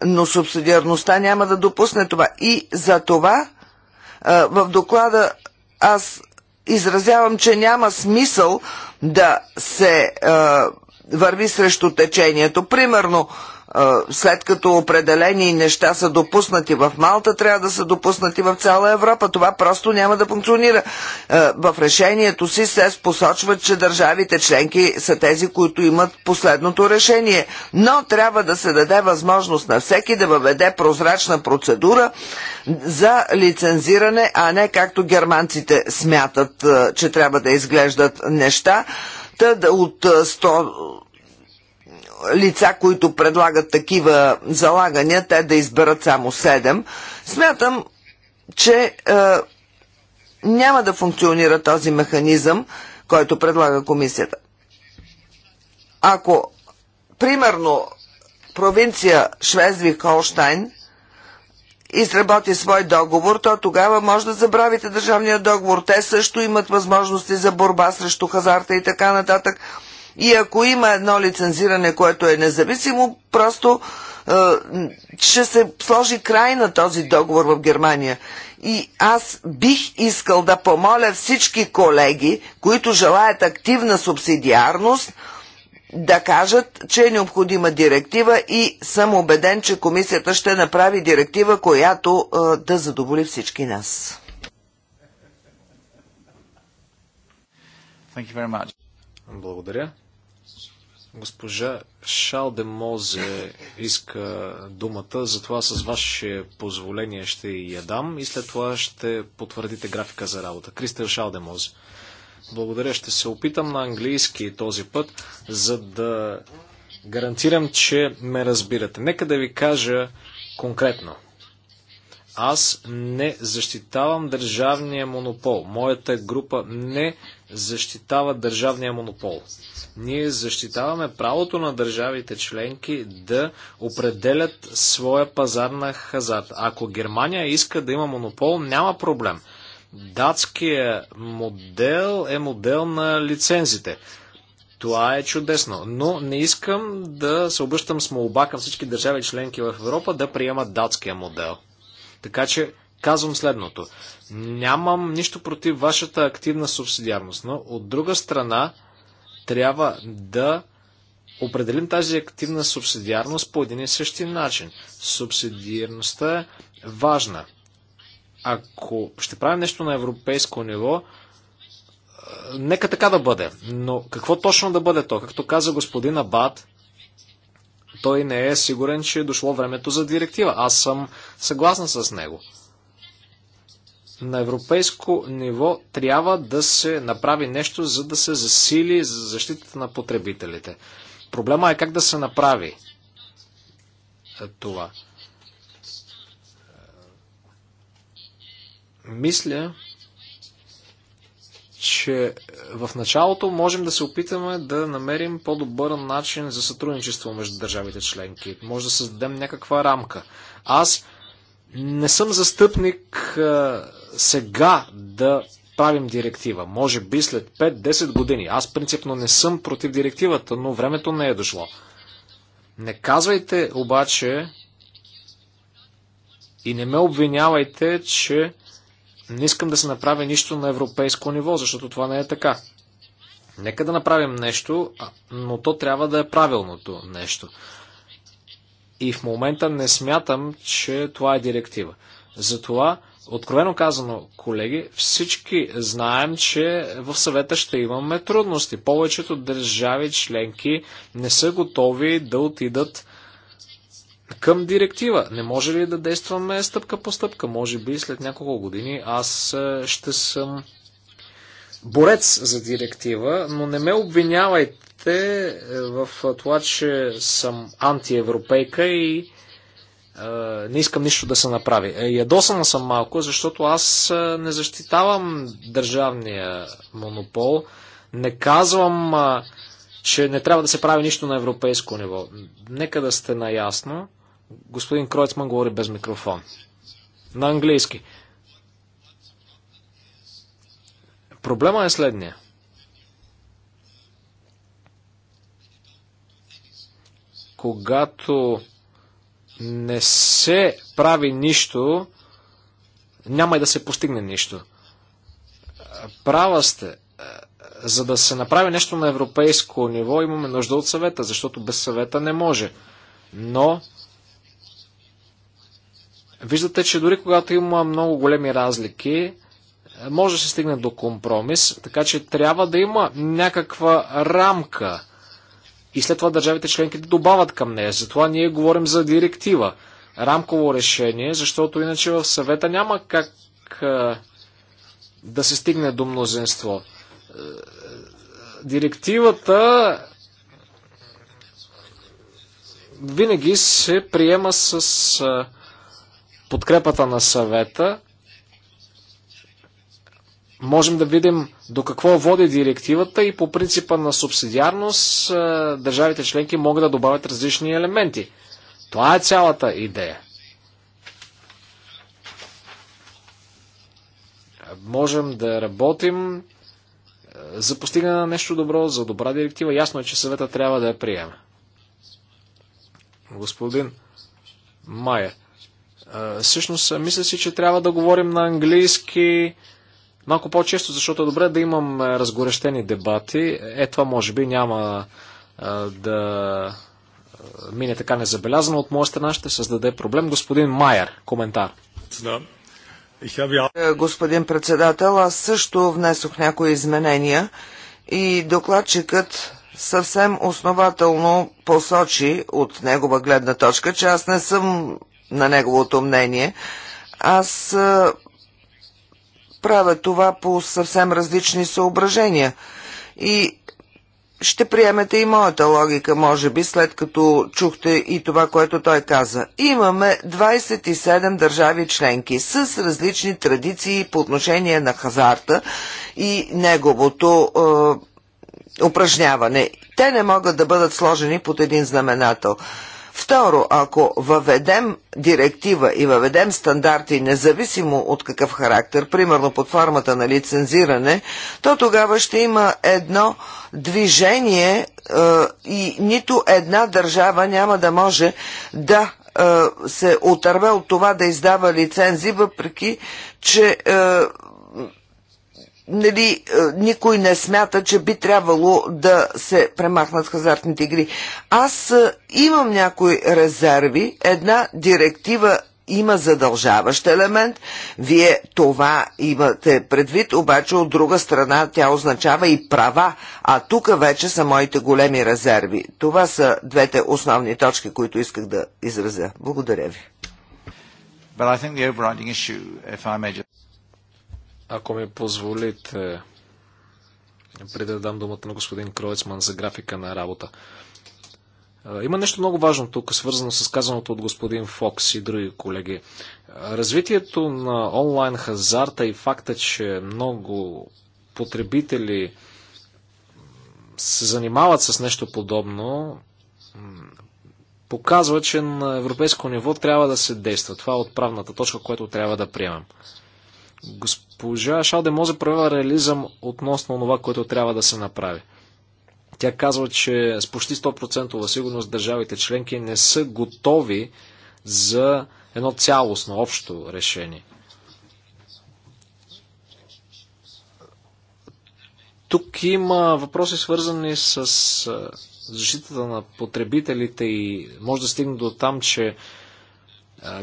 но субсидиарността няма да допусне това. И за това в доклада аз изразявам, че няма смисъл да се върви срещу течението. Примерно, след като определени неща са допуснати в Малта, трябва да са допуснати в цяла Европа. Това просто няма да функционира. В решението си се посочва, че държавите членки са тези, които имат последното решение. Но трябва да се даде възможност на всеки да въведе прозрачна процедура за лицензиране, а не както германците смятат, че трябва да изглеждат неща. Та от 100 лица, които предлагат такива залагания, те да изберат само 7. Смятам, че е, няма да функционира този механизъм, който предлага комисията. Ако, примерно, провинция Швезвих-Холштайн изработи свой договор, то тогава може да забравите държавния договор. Те също имат възможности за борба срещу хазарта и така нататък. И ако има едно лицензиране, което е независимо, просто е, ще се сложи край на този договор в Германия. И аз бих искал да помоля всички колеги, които желаят активна субсидиарност, да кажат, че е необходима директива и съм убеден, че комисията ще направи директива, която е, да задоволи всички нас. Благодаря. Госпожа Шал де Мозе иска думата, затова с ваше позволение ще я дам и след това ще потвърдите графика за работа. Кристел Шал де Мозе. Благодаря, ще се опитам на английски този път, за да гарантирам, че ме разбирате. Нека да ви кажа конкретно. Аз не защитавам държавния монопол. Моята група не защитава държавния монопол. Ние защитаваме правото на държавите членки да определят своя пазар на хазарт. Ако Германия иска да има монопол, няма проблем. Датският модел е модел на лицензите. Това е чудесно. Но не искам да се обръщам с молба към всички държави членки в Европа да приемат датския модел. Така че казвам следното. Нямам нищо против вашата активна субсидиарност, но от друга страна трябва да определим тази активна субсидиарност по един и същи начин. Субсидиарността е важна. Ако ще правим нещо на европейско ниво, е, нека така да бъде. Но какво точно да бъде то? Както каза господин Абат, той не е сигурен, че е дошло времето за директива. Аз съм съгласен с него на европейско ниво трябва да се направи нещо, за да се засили защитата на потребителите. Проблема е как да се направи е, това. Мисля, че е, в началото можем да се опитаме да намерим по-добър начин за сътрудничество между държавите членки. Може да създадем някаква рамка. Аз не съм застъпник е, сега да правим директива. Може би след 5-10 години. Аз принципно не съм против директивата, но времето не е дошло. Не казвайте обаче и не ме обвинявайте, че не искам да се направи нищо на европейско ниво, защото това не е така. Нека да направим нещо, но то трябва да е правилното нещо. И в момента не смятам, че това е директива. Затова Откровено казано, колеги, всички знаем, че в съвета ще имаме трудности. Повечето държави членки не са готови да отидат към директива. Не може ли да действаме стъпка по стъпка? Може би след няколко години аз е, ще съм борец за директива, но не ме обвинявайте е, в това, че съм антиевропейка и не искам нищо да се направи. Е, ядосана съм малко, защото аз не защитавам държавния монопол, не казвам, че не трябва да се прави нищо на европейско ниво. Нека да сте наясно. Господин Кройцман говори без микрофон. На английски. Проблема е следния. Когато не се прави нищо, няма и да се постигне нищо. Права сте. За да се направи нещо на европейско ниво, имаме нужда от съвета, защото без съвета не може. Но Виждате, че дори когато има много големи разлики, може да се стигне до компромис, така че трябва да има някаква рамка и след това държавите членки да добавят към нея. Затова ние говорим за директива, рамково решение, защото иначе в съвета няма как да се стигне до мнозинство. Е, директивата винаги се приема с подкрепата на съвета можем да видим до какво води директивата и по принципа на субсидиарност е, държавите членки могат да добавят различни елементи. Това е цялата идея. Можем да работим е, за постигане на нещо добро, за добра директива. Ясно е, че съвета трябва да я приеме. Господин Майер, е, всъщност мисля си, че трябва да говорим на английски малко по-често, защото е добре да имам е, разгорещени дебати. Е, това може би няма е, да е, мине така незабелязано. От моя страна ще създаде проблем. Господин Майер, коментар. Господин председател, аз също внесох някои изменения и докладчикът съвсем основателно посочи от негова гледна точка, че аз не съм на неговото мнение. Аз правят това по съвсем различни съображения. И ще приемете и моята логика, може би, след като чухте и това, което той каза. Имаме 27 държави членки с различни традиции по отношение на хазарта и неговото е, упражняване. Те не могат да бъдат сложени под един знаменател. Второ, ако въведем директива и въведем стандарти, независимо от какъв характер, примерно под формата на лицензиране, то тогава ще има едно движение е, и нито една държава няма да може да е, се отърве от това да издава лицензи, въпреки че е, нали, е, никой не смята, че би трябвало да се премахнат хазартните игри. Аз е, имам някои резерви. Една директива има задължаващ елемент. Вие това имате предвид, обаче от друга страна тя означава и права, а тук вече са моите големи резерви. Това са двете основни точки, които исках да изразя. Благодаря ви. But I think the overriding issue, if I may just... Ако ми позволите, преди да дам думата на господин Кройцман за графика на работа. Има нещо много важно тук, свързано с казаното от господин Фокс и други колеги. Развитието на онлайн хазарта и факта, че много потребители се занимават с нещо подобно, показва, че на европейско ниво трябва да се действа. Това е отправната точка, която трябва да приемам. Госпожа да проявява реализъм относно това, което трябва да се направи. Тя казва, че с почти 100% сигурност държавите членки не са готови за едно цялостно, общо решение. Тук има въпроси свързани с защитата на потребителите и може да стигне до там, че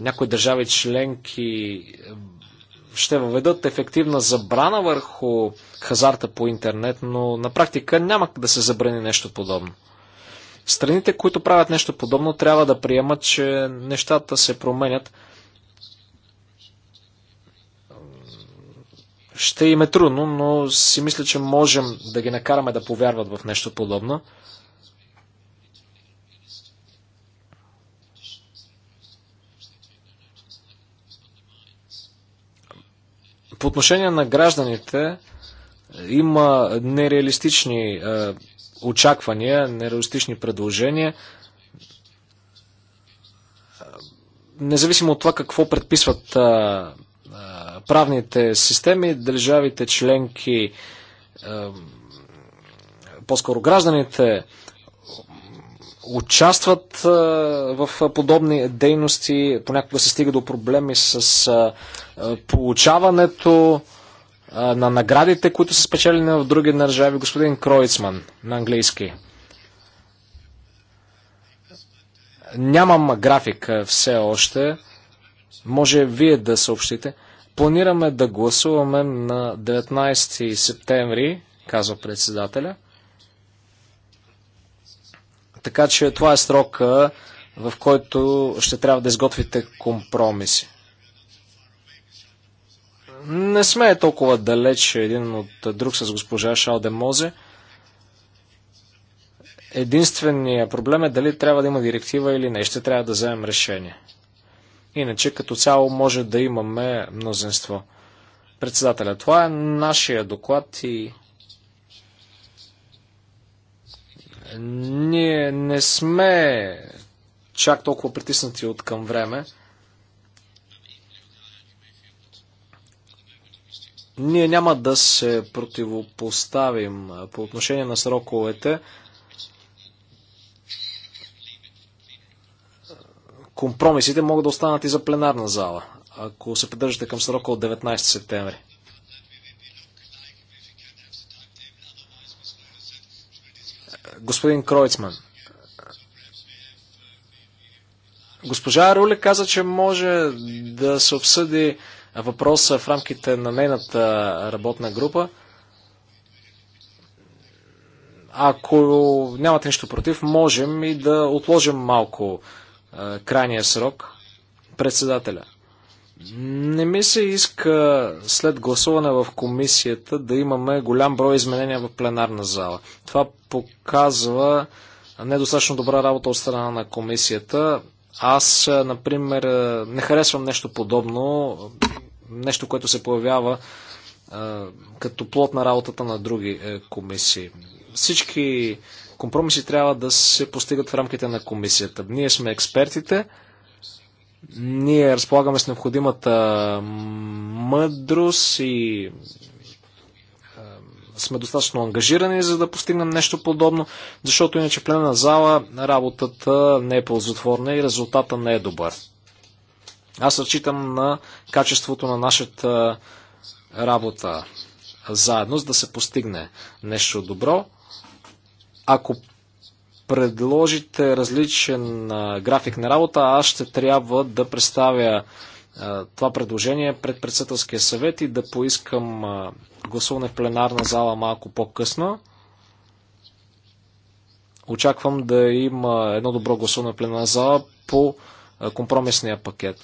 някои държави членки ще въведат ефективна забрана върху хазарта по интернет, но на практика няма да се забрани нещо подобно. Страните, които правят нещо подобно, трябва да приемат, че нещата се променят. Ще им е трудно, но си мисля, че можем да ги накараме да повярват в нещо подобно. По отношение на гражданите има нереалистични е, очаквания, нереалистични предложения. Независимо от това какво предписват е, е, правните системи, държавите членки, е, по-скоро гражданите, е, участват в подобни дейности, понякога се стига до проблеми с получаването на наградите, които са спечелени в други държави. Господин Кройцман на английски. Нямам график все още. Може вие да съобщите. Планираме да гласуваме на 19 септември, казва председателя. Така че това е срока, в който ще трябва да изготвите компромиси. Не сме толкова далеч един от друг с госпожа Шалде Мозе. Единственият проблем е дали трябва да има директива или не. Ще трябва да вземем решение. Иначе като цяло може да имаме мнозинство. Председателя, това е нашия доклад и Ние не сме чак толкова притиснати от към време. Ние няма да се противопоставим по отношение на сроковете. Компромисите могат да останат и за пленарна зала, ако се придържате към срока от 19 септември. господин Кройцман. Госпожа Руле каза, че може да се обсъди въпроса в рамките на нейната работна група. Ако нямате нищо против, можем и да отложим малко крайния срок председателя. Не ми се иска след гласуване в комисията да имаме голям брой изменения в пленарна зала. Това показва недостатъчно добра работа от страна на комисията. Аз, например, не харесвам нещо подобно, нещо, което се появява е, като плод на работата на други е, комисии. Всички компромиси трябва да се постигат в рамките на комисията. Ние сме експертите, ние разполагаме с необходимата мъдрост и сме достатъчно ангажирани, за да постигнем нещо подобно, защото иначе в пленна зала работата не е ползотворна и резултата не е добър. Аз разчитам на качеството на нашата работа заедно, за да се постигне нещо добро. Ако предложите различен график на работа, аз ще трябва да представя това предложение пред председателския съвет и да поискам гласуване в пленарна зала малко по-късно. Очаквам да има едно добро гласуване в пленарна зала по компромисния пакет.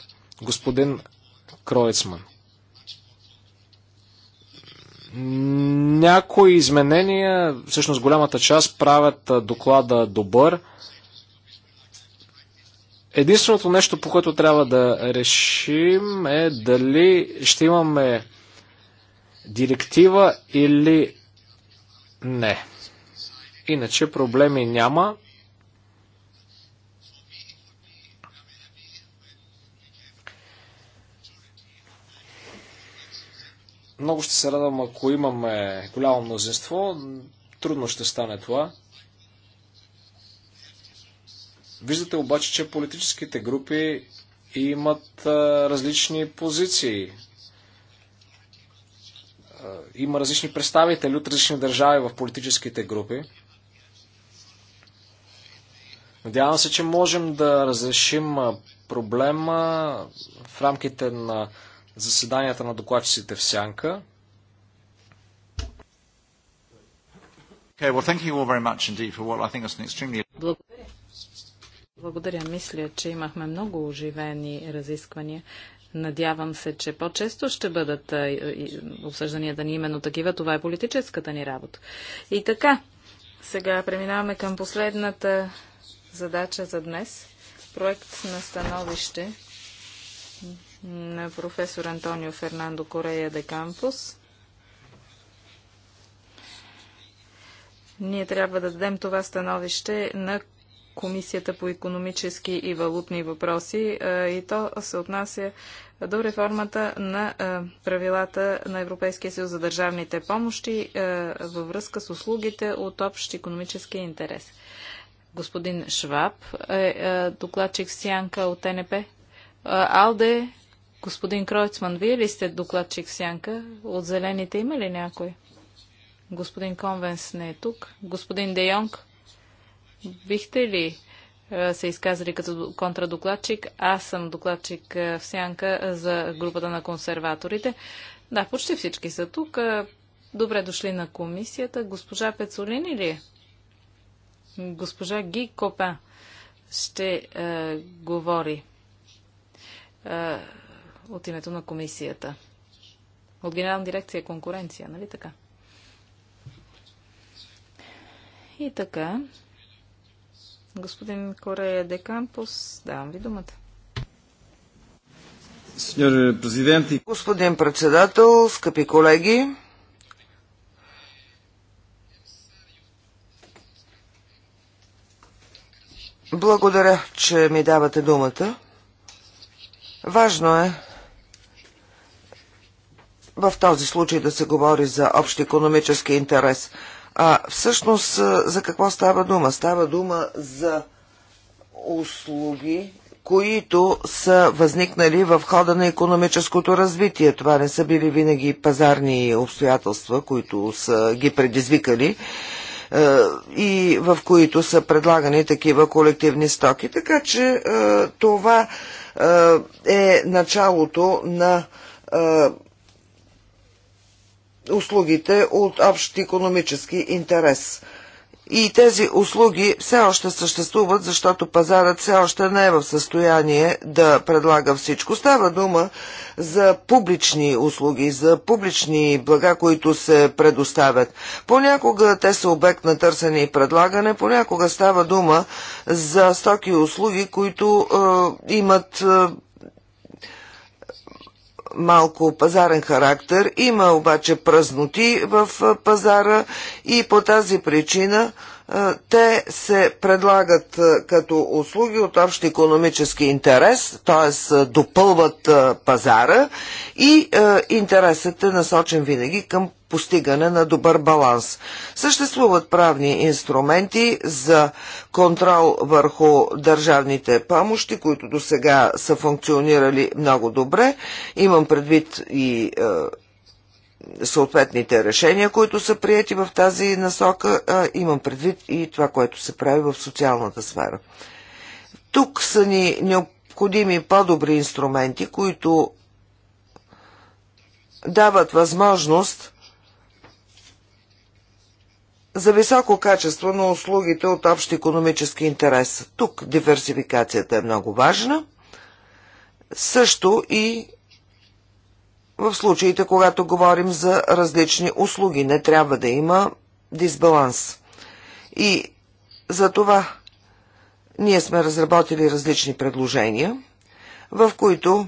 Господин Кроецман. Някои изменения, всъщност голямата част, правят доклада добър. Единственото нещо, по което трябва да решим е дали ще имаме директива или не. Иначе проблеми няма. Много ще се радвам, ако имаме голямо мнозинство. Трудно ще стане това. Виждате обаче, че политическите групи имат различни позиции. Има различни представители от различни държави в политическите групи. Надявам се, че можем да разрешим проблема в рамките на заседанията на докладчиците в Сянка. Благодаря. Мисля, че имахме много оживени разисквания. Надявам се, че по-често ще бъдат обсъжданията ни именно такива. Това е политическата ни работа. И така, сега преминаваме към последната задача за днес. Проект на становище на професор Антонио Фернандо Корея де Кампус. Ние трябва да дадем това становище на Комисията по економически и валутни въпроси и то се отнася до реформата на правилата на Европейския съюз за държавните помощи във връзка с услугите от общ економически интерес. Господин Шваб е, докладчик Сянка от НП. Алде Господин Кройцман, вие ли сте докладчик Сянка? От зелените има ли някой? Господин Конвенс не е тук. Господин Де Йонг, бихте ли се изказали като контрадокладчик? Аз съм докладчик в Сянка за групата на консерваторите. Да, почти всички са тук. Добре дошли на комисията. Госпожа Пецолин или е? Госпожа Ги Копен ще е, говори. Е, от името на комисията. От Генерална дирекция конкуренция, нали така? И така, господин Корея де Кампус, давам ви думата. Господин председател, скъпи колеги, благодаря, че ми давате думата. Важно е в този случай да се говори за общ економически интерес. А всъщност за какво става дума? Става дума за услуги, които са възникнали в хода на економическото развитие. Това не са били винаги пазарни обстоятелства, които са ги предизвикали и в които са предлагани такива колективни стоки. Така че това е началото на услугите от общ економически интерес. И тези услуги все още съществуват, защото пазарът все още не е в състояние да предлага всичко. Става дума за публични услуги, за публични блага, които се предоставят. Понякога те са обект на търсене и предлагане, понякога става дума за стоки и услуги, които е, имат. Е, малко пазарен характер. Има обаче празноти в пазара и по тази причина те се предлагат като услуги от общ економически интерес, т.е. допълват пазара и интересът е насочен винаги към постигане на добър баланс. Съществуват правни инструменти за контрол върху държавните помощи, които до сега са функционирали много добре. Имам предвид и е, съответните решения, които са прияти в тази насока. Е, имам предвид и това, което се прави в социалната сфера. Тук са ни необходими по-добри инструменти, които дават възможност за високо качество на услугите от общ економически интерес. Тук диверсификацията е много важна. Също и в случаите, когато говорим за различни услуги, не трябва да има дисбаланс. И за това ние сме разработили различни предложения, в които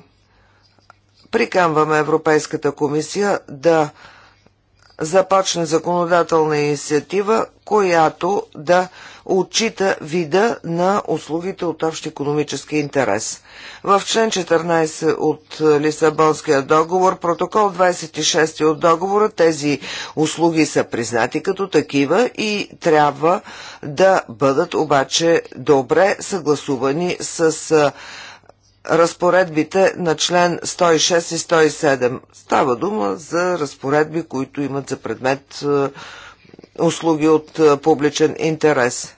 приканваме Европейската комисия да започне законодателна инициатива, която да отчита вида на услугите от общ економически интерес. В член 14 от Лисабонския договор, протокол 26 от договора, тези услуги са признати като такива и трябва да бъдат обаче добре съгласувани с разпоредбите на член 106 и 107. Става дума за разпоредби, които имат за предмет е, услуги от е, публичен интерес.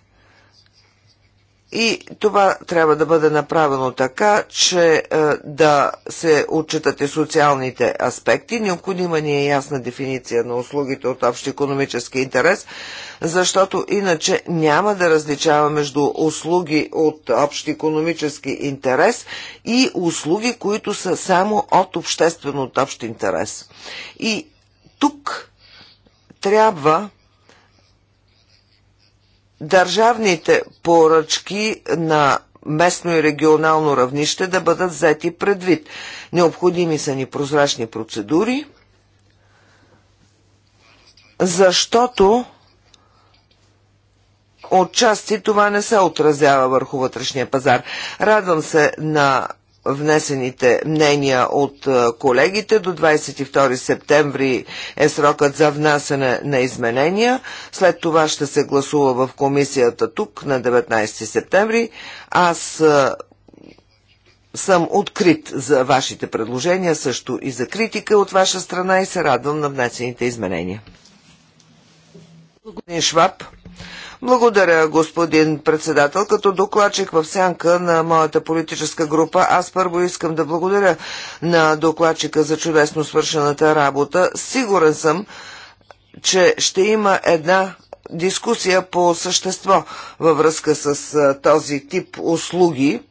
И това трябва да бъде направено така, че е, да се отчитат и социалните аспекти. Необходима ни е ясна дефиниция на услугите от общ економически интерес, защото иначе няма да различава между услуги от общ економически интерес и услуги, които са само от обществено от общ интерес. И тук трябва държавните поръчки на местно и регионално равнище да бъдат взети предвид. Необходими са ни прозрачни процедури, защото отчасти това не се отразява върху вътрешния пазар. Радвам се на внесените мнения от колегите. До 22 септември е срокът за внасене на изменения. След това ще се гласува в комисията тук на 19 септември. Аз съм открит за вашите предложения, също и за критика от ваша страна и се радвам на внесените изменения. Господин Шваб, благодаря, господин председател. Като докладчик в сянка на моята политическа група, аз първо искам да благодаря на докладчика за чудесно свършената работа. Сигурен съм, че ще има една дискусия по същество във връзка с този тип услуги.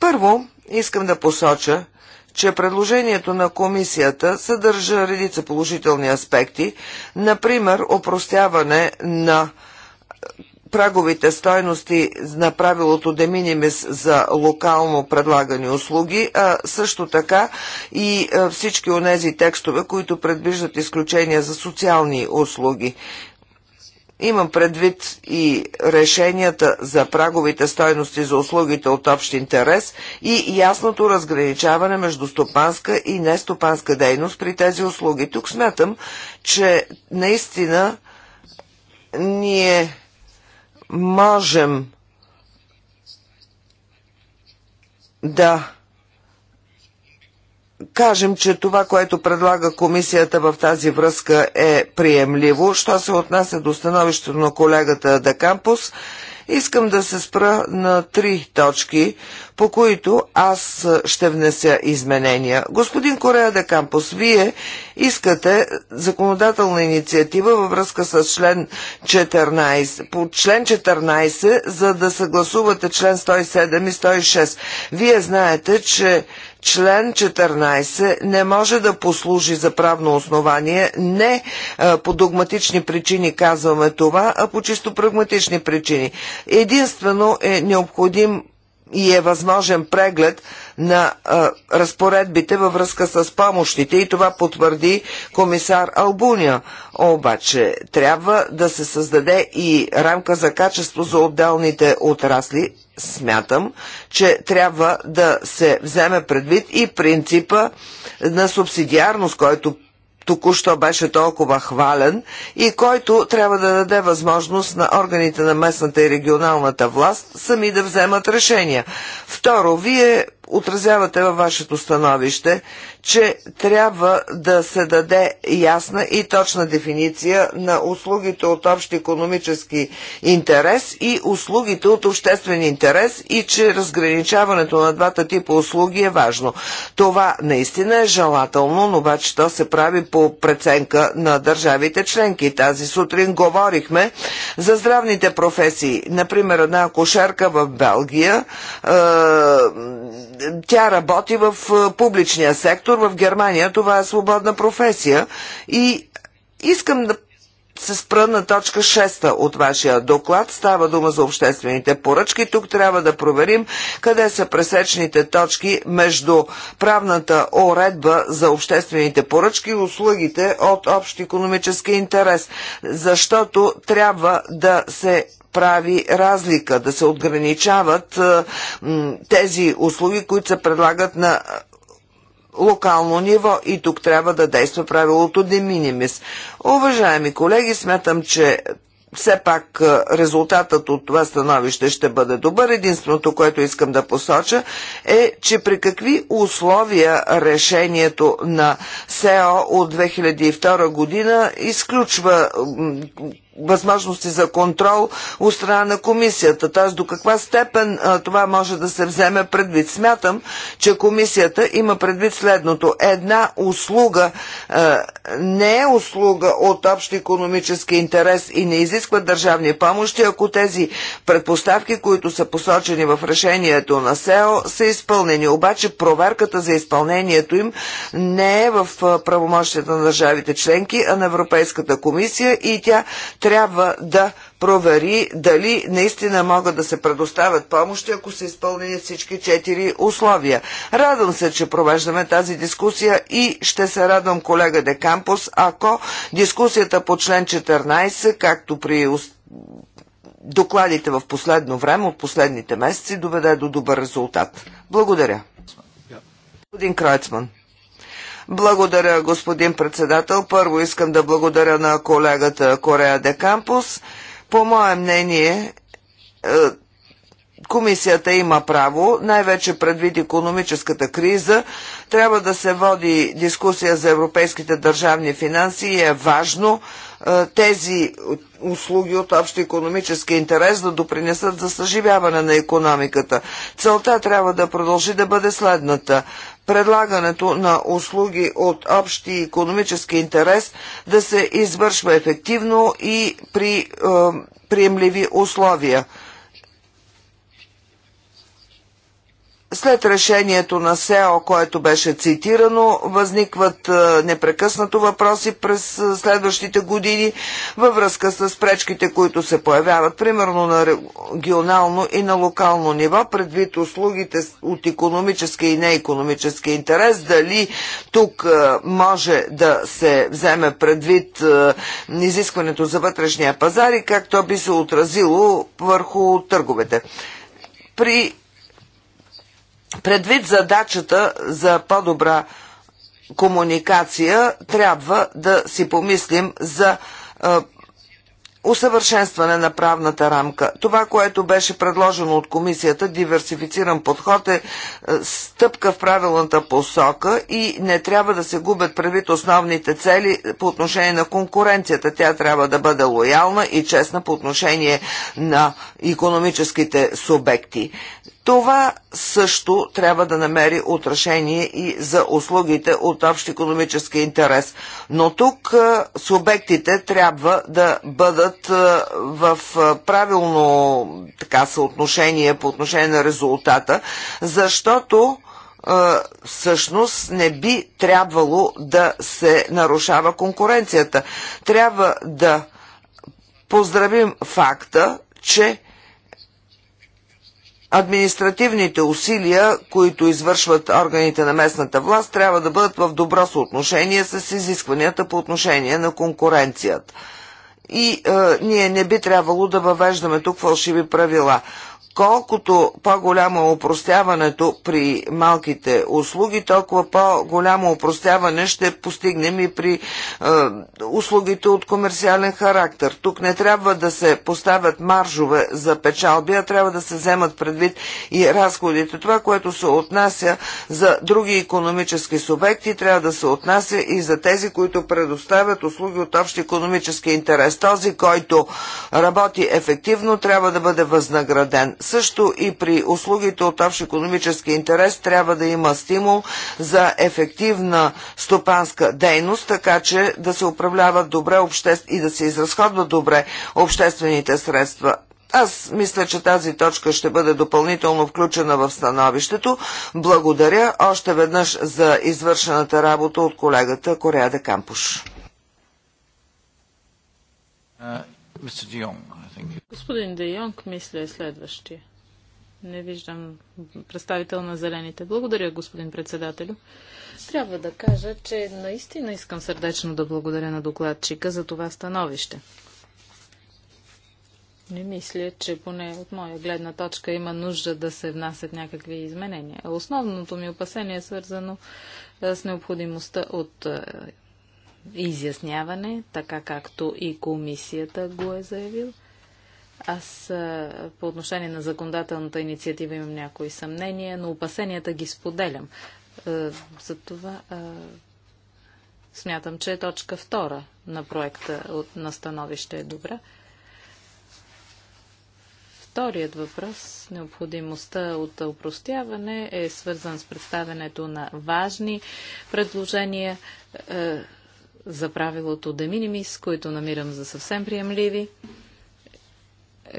Първо, искам да посоча, че предложението на комисията съдържа редица положителни аспекти, например опростяване на праговите стойности на правилото де минимис за локално предлагани услуги, а също така и всички онези текстове, които предвиждат изключения за социални услуги. Имам предвид и решенията за праговите стойности за услугите от общ интерес и ясното разграничаване между стопанска и нестопанска дейност при тези услуги. Тук смятам, че наистина ние можем да кажем, че това, което предлага комисията в тази връзка е приемливо. Що се отнася до становището на колегата Дакампус, искам да се спра на три точки, по които аз ще внеся изменения. Господин Корея Декампус, вие искате законодателна инициатива във връзка с член 14, по член 14, за да съгласувате член 107 и 106. Вие знаете, че Член 14 не може да послужи за правно основание. Не е, по догматични причини казваме това, а по чисто прагматични причини. Единствено е необходим и е възможен преглед на а, е, разпоредбите във връзка с помощите и това потвърди комисар Албуния. Обаче трябва да се създаде и рамка за качество за отделните отрасли, смятам, че трябва да се вземе предвид и принципа на субсидиарност, който току-що беше толкова хвален и който трябва да даде възможност на органите на местната и регионалната власт сами да вземат решения. Второ, вие отразявате във вашето становище, че трябва да се даде ясна и точна дефиниция на услугите от общ економически интерес и услугите от обществен интерес и че разграничаването на двата типа услуги е важно. Това наистина е желателно, но обаче то се прави по преценка на държавите членки. Тази сутрин говорихме за здравните професии. Например, една акушерка в Белгия е, тя работи в е, публичния сектор. В Германия това е свободна професия. И искам да се спра на точка 6 от вашия доклад. Става дума за обществените поръчки. Тук трябва да проверим къде са пресечните точки между правната уредба за обществените поръчки и услугите от общ економически интерес. Защото трябва да се прави разлика, да се отграничават е, тези услуги, които се предлагат на локално ниво и тук трябва да действа правилото de minimis. Уважаеми колеги, смятам, че все пак е, резултатът от това становище ще бъде добър. Единственото, което искам да посоча е, че при какви условия решението на СЕО от 2002 година изключва възможности за контрол от страна на комисията. Т.е. до каква степен а, това може да се вземе предвид. Смятам, че комисията има предвид следното. Една услуга а, не е услуга от общ економически интерес и не изисква държавни помощи, ако тези предпоставки, които са посочени в решението на СЕО, са изпълнени. Обаче проверката за изпълнението им не е в правомощията на държавите членки, а на Европейската комисия и тя трябва да провери дали наистина могат да се предоставят помощи, ако са изпълнени всички четири условия. Радвам се, че провеждаме тази дискусия и ще се радвам колега Де Кампус, ако дискусията по член 14, както при докладите в последно време, от последните месеци, доведе до добър резултат. Благодаря. Господин Кройцман. Благодаря, господин председател. Първо искам да благодаря на колегата Корея де Кампус. По мое мнение, е, комисията има право, най-вече предвид економическата криза, трябва да се води дискусия за европейските държавни финанси и е важно е, тези услуги от общи економически интерес да допринесат за съживяване на економиката. Целта трябва да продължи да бъде следната предлагането на услуги от общи економически интерес да се извършва ефективно и при е, приемливи условия. След решението на СЕО, което беше цитирано, възникват е, непрекъснато въпроси през е, следващите години във връзка с пречките, които се появяват, примерно на регионално и на локално ниво, предвид услугите от економически и неекономически интерес. Дали тук е, може да се вземе предвид изискването за вътрешния пазар и как то би се отразило върху търговете. При Предвид задачата за по-добра комуникация, трябва да си помислим за усъвършенстване на правната рамка. Това, което беше предложено от комисията, диверсифициран подход е стъпка в правилната посока и не трябва да се губят правит основните цели по отношение на конкуренцията. Тя трябва да бъде лоялна и честна по отношение на економическите субекти. Това също трябва да намери отрешение и за услугите от общ економически интерес. Но тук е, субектите трябва да бъдат е, в е, правилно така, съотношение по отношение на резултата, защото всъщност не би трябвало да се нарушава конкуренцията. Трябва да поздравим факта, че административните усилия, които извършват органите на местната власт, трябва да бъдат в добро съотношение с изискванията по отношение на конкуренцията. И е, ние не би трябвало да въвеждаме тук фалшиви правила колкото по-голямо е упростяването при малките услуги, толкова по-голямо упростяване ще постигнем и при е, услугите от комерциален характер. Тук не трябва да се поставят маржове за печалби, а трябва да се вземат предвид и разходите. Това, което се отнася за други економически субекти, трябва да се отнася и за тези, които предоставят услуги от общ економически интерес. Този, който работи ефективно, трябва да бъде възнаграден също и при услугите от общ економически интерес трябва да има стимул за ефективна стопанска дейност, така че да се управляват добре обще... и да се изразходва добре обществените средства. Аз мисля, че тази точка ще бъде допълнително включена в становището. Благодаря още веднъж за извършената работа от колегата Кореада Кампуш. Uh, Господин Де Йонг, мисля е следващия. Не виждам представител на зелените. Благодаря, господин председателю. Трябва да кажа, че наистина искам сърдечно да благодаря на докладчика за това становище. Не мисля, че поне от моя гледна точка има нужда да се внасят някакви изменения. Основното ми опасение е свързано с необходимостта от изясняване, така както и комисията го е заявил – аз по отношение на законодателната инициатива имам някои съмнения, но опасенията ги споделям. Затова смятам, че е точка втора на проекта на становище е добра. Вторият въпрос, необходимостта от упростяване, е свързан с представенето на важни предложения за правилото Деминимис, които намирам за съвсем приемливи.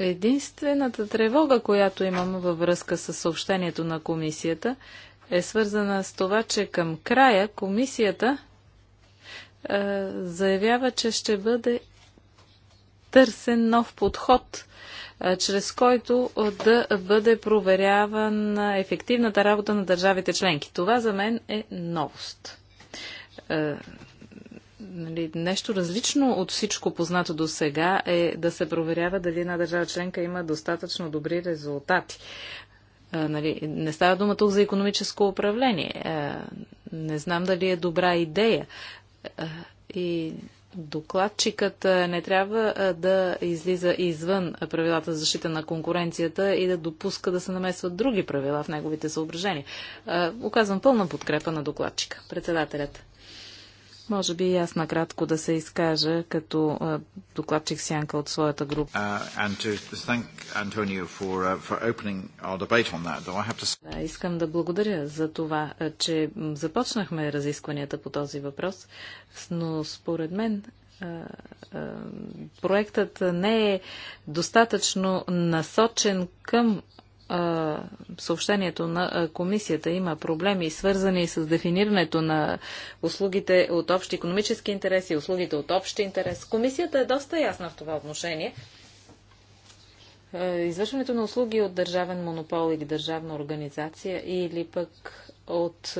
Единствената тревога, която имам във връзка с съобщението на комисията, е свързана с това, че към края комисията е, заявява, че ще бъде търсен нов подход, е, чрез който е, да бъде проверяван ефективната работа на държавите членки. Това за мен е новост. Е, нали, нещо различно от всичко познато до сега е да се проверява дали една държава членка има достатъчно добри резултати. А, нали, не става дума тук за економическо управление. А, не знам дали е добра идея. А, и докладчикът не трябва да излиза извън правилата за защита на конкуренцията и да допуска да се намесват други правила в неговите съображения. Оказвам пълна подкрепа на докладчика, председателят. Може би и аз накратко да се изкажа като докладчик сянка от своята група. Uh, for, uh, for to... искам да благодаря за това, че започнахме разискванията по този въпрос, но според мен проектът не е достатъчно насочен към съобщението на комисията има проблеми, свързани с дефинирането на услугите от общи економически интереси и услугите от общи интерес. Комисията е доста ясна в това отношение. Извършването на услуги от държавен монопол или държавна организация или пък от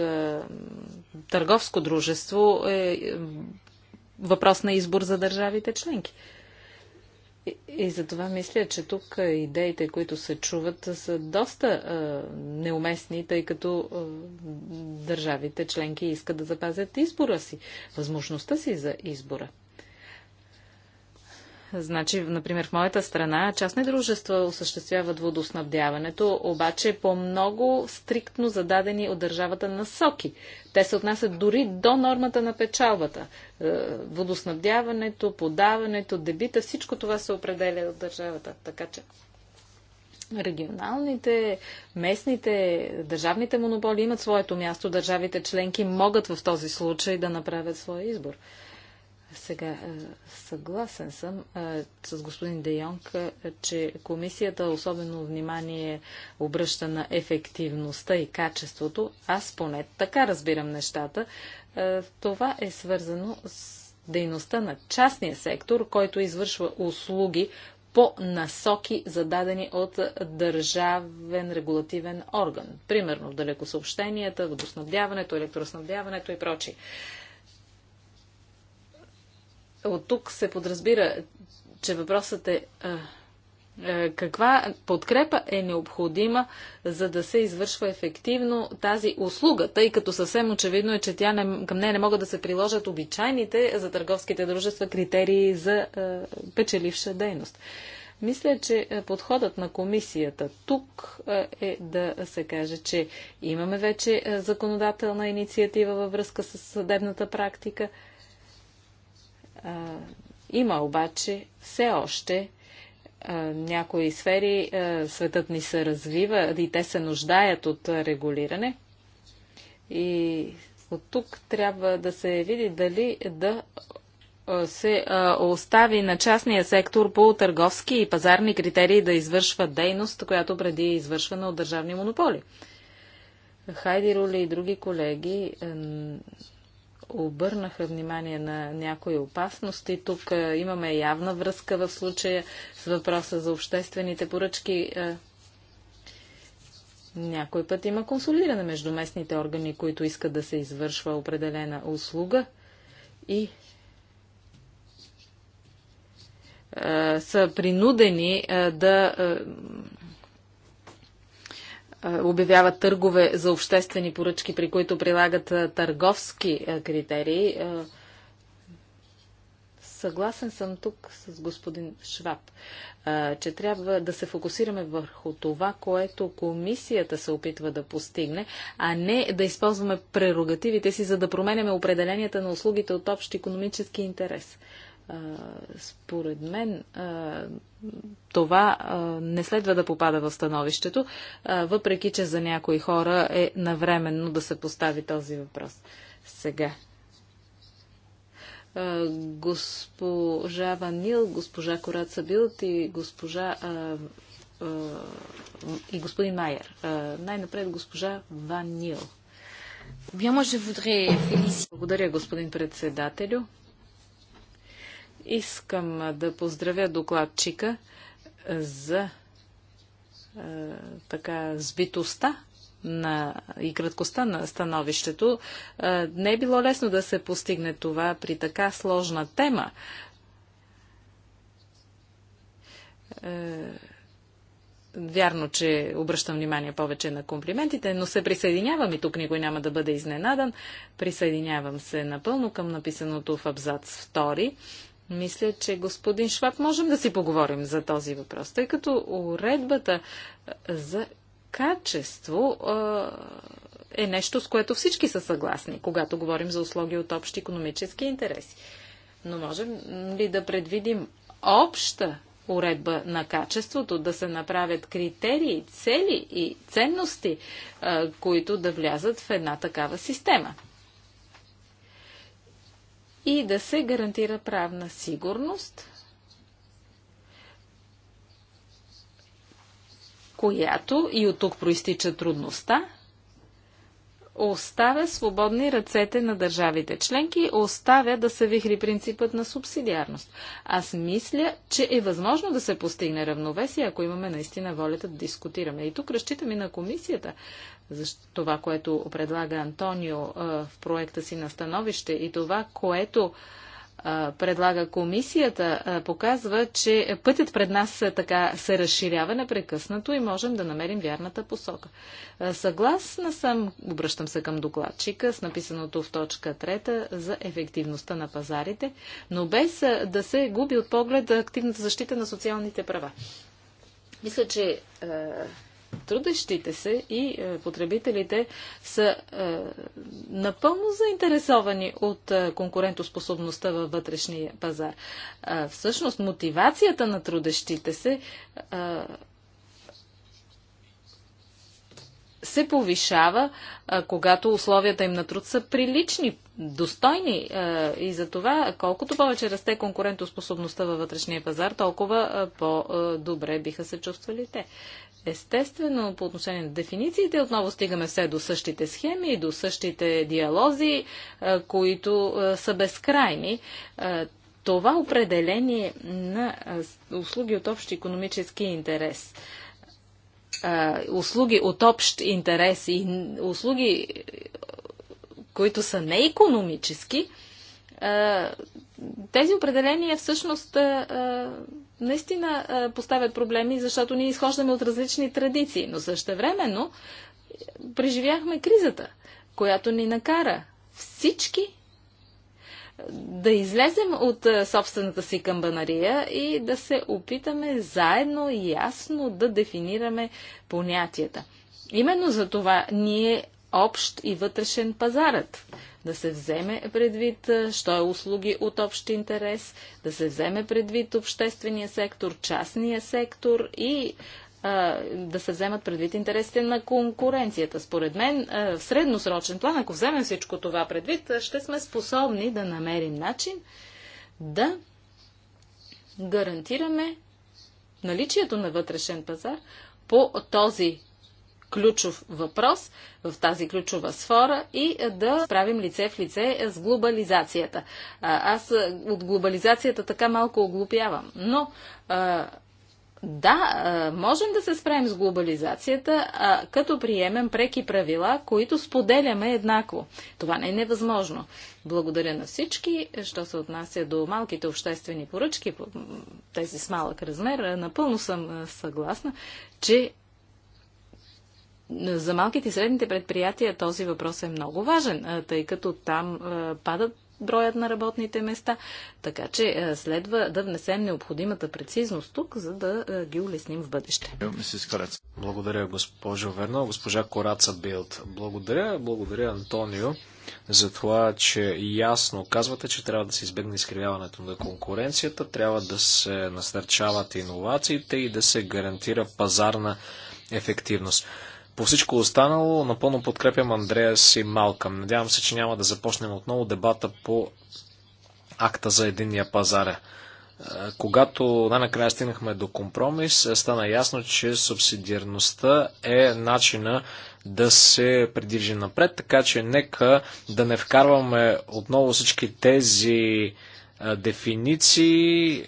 търговско дружество е въпрос на избор за държавите членки. И, и затова мисля, че тук идеите, които се чуват, са доста а, неуместни, тъй като а, държавите членки искат да запазят избора си, възможността си за избора. Значи, например, в моята страна частни дружества осъществяват водоснабдяването, обаче по много стриктно зададени от държавата насоки. Те се отнасят дори до нормата на печалбата. Е, водоснабдяването, подаването, дебита, всичко това се определя от държавата. Така че регионалните, местните, държавните монополи имат своето място. Държавите членки могат в този случай да направят своя избор. Сега е, съгласен съм е, с господин Де Йонг, е, че комисията особено внимание обръща на ефективността и качеството. Аз поне така разбирам нещата. Това е свързано с дейността на частния сектор, който извършва услуги по насоки, зададени от държавен регулативен орган. Примерно в далекосъобщенията, водоснабдяването, електроснабдяването и прочие. От тук се подразбира, че въпросът е каква подкрепа е необходима, за да се извършва ефективно тази услуга, тъй като съвсем очевидно е, че тя не, към нея не могат да се приложат обичайните за търговските дружества критерии за е, печеливша дейност. Мисля, че подходът на комисията тук е да се каже, че имаме вече законодателна инициатива във връзка с съдебната практика – има обаче все още някои сфери, светът ни се развива и те се нуждаят от регулиране. И от тук трябва да се види дали да се остави на частния сектор по търговски и пазарни критерии да извършва дейност, която преди е извършвана от държавни монополи. Хайди Рули и други колеги обърнаха внимание на някои опасности. Тук е, имаме явна връзка в случая с въпроса за обществените поръчки. Е, някой път има консолиране между местните органи, които искат да се извършва определена услуга и е, са принудени да е, обявяват търгове за обществени поръчки, при които прилагат е, търговски е, критерии. Съгласен съм тук с господин Шваб, че трябва да се фокусираме върху това, което комисията се опитва да постигне, а не да използваме прерогативите си, за да променяме определенията на услугите от общ економически интерес. Според мен това не следва да попада в становището, въпреки че за някои хора е навременно да се постави този въпрос. Сега. Госпожа Ванил, госпожа Кораца Билт и госпожа и господин Майер. Най-напред госпожа Ванил. Благодаря, господин председателю. Искам да поздравя докладчика за така сбитостта на, и краткостта на становището. Не е било лесно да се постигне това при така сложна тема. Вярно, че обръщам внимание повече на комплиментите, но се присъединявам и тук никой няма да бъде изненадан. Присъединявам се напълно към написаното в абзац 2 мисля, че господин Шваб можем да си поговорим за този въпрос, тъй като уредбата за качество е нещо, с което всички са съгласни, когато говорим за услуги от общи економически интереси. Но можем ли да предвидим обща уредба на качеството, да се направят критерии, цели и ценности, които да влязат в една такава система? и да се гарантира правна сигурност, която и от тук проистича трудността, оставя свободни ръцете на държавите членки, оставя да се вихри принципът на субсидиарност. Аз мисля, че е възможно да се постигне равновесие, ако имаме наистина волята да дискутираме. И тук разчитаме на комисията защо, това, което предлага Антонио а, в проекта си на становище и това, което а, предлага комисията, а, показва, че пътят пред нас така се разширява непрекъснато и можем да намерим вярната посока. Съгласна съм, обръщам се към докладчика с написаното в точка трета за ефективността на пазарите, но без да се губи от поглед активната защита на социалните права. Мисля, че трудещите се и е, потребителите са е, напълно заинтересовани от е, конкурентоспособността във вътрешния пазар. всъщност, мотивацията на трудещите се се повишава, когато условията им на труд са прилични, достойни и за това колкото повече расте конкурентоспособността във вътрешния пазар, толкова по-добре биха се чувствали те. Естествено, по отношение на дефинициите, отново стигаме все до същите схеми, и до същите диалози, които са безкрайни. Това определение на услуги от общ економически интерес услуги от общ интерес и услуги, които са неекономически, тези определения всъщност наистина поставят проблеми, защото ние изхождаме от различни традиции, но същевременно преживяхме кризата, която ни накара всички да излезем от собствената си камбанария и да се опитаме заедно и ясно да дефинираме понятията. Именно за това ние общ и вътрешен пазарът да се вземе предвид, що е услуги от общ интерес, да се вземе предвид обществения сектор, частния сектор и да се вземат предвид интересите на конкуренцията. Според мен, в средносрочен план, ако вземем всичко това предвид, ще сме способни да намерим начин да гарантираме наличието на вътрешен пазар по този ключов въпрос в тази ключова сфора и да правим лице в лице с глобализацията. Аз от глобализацията така малко оглупявам, но да, можем да се справим с глобализацията, като приемем преки правила, които споделяме еднакво. Това не е невъзможно. Благодаря на всички, що се отнася до малките обществени поръчки, тези с малък размер. Напълно съм съгласна, че за малките и средните предприятия този въпрос е много важен, тъй като там падат броят на работните места. Така че следва да внесем необходимата прецизност тук, за да ги улесним в бъдеще. Благодаря, госпожо Верно. Госпожа Кораца Билд. Благодаря, благодаря, Антонио, за това, че ясно казвате, че трябва да се избегне изкривяването на конкуренцията, трябва да се насърчават иновациите и да се гарантира пазарна ефективност. По всичко останало, напълно подкрепям Андреас и Малкам. Надявам се, че няма да започнем отново дебата по акта за единния пазар. Е, когато най-накрая стигнахме до компромис, е, стана ясно, че субсидиарността е начина да се придвижи напред, така че нека да не вкарваме отново всички тези е, дефиниции,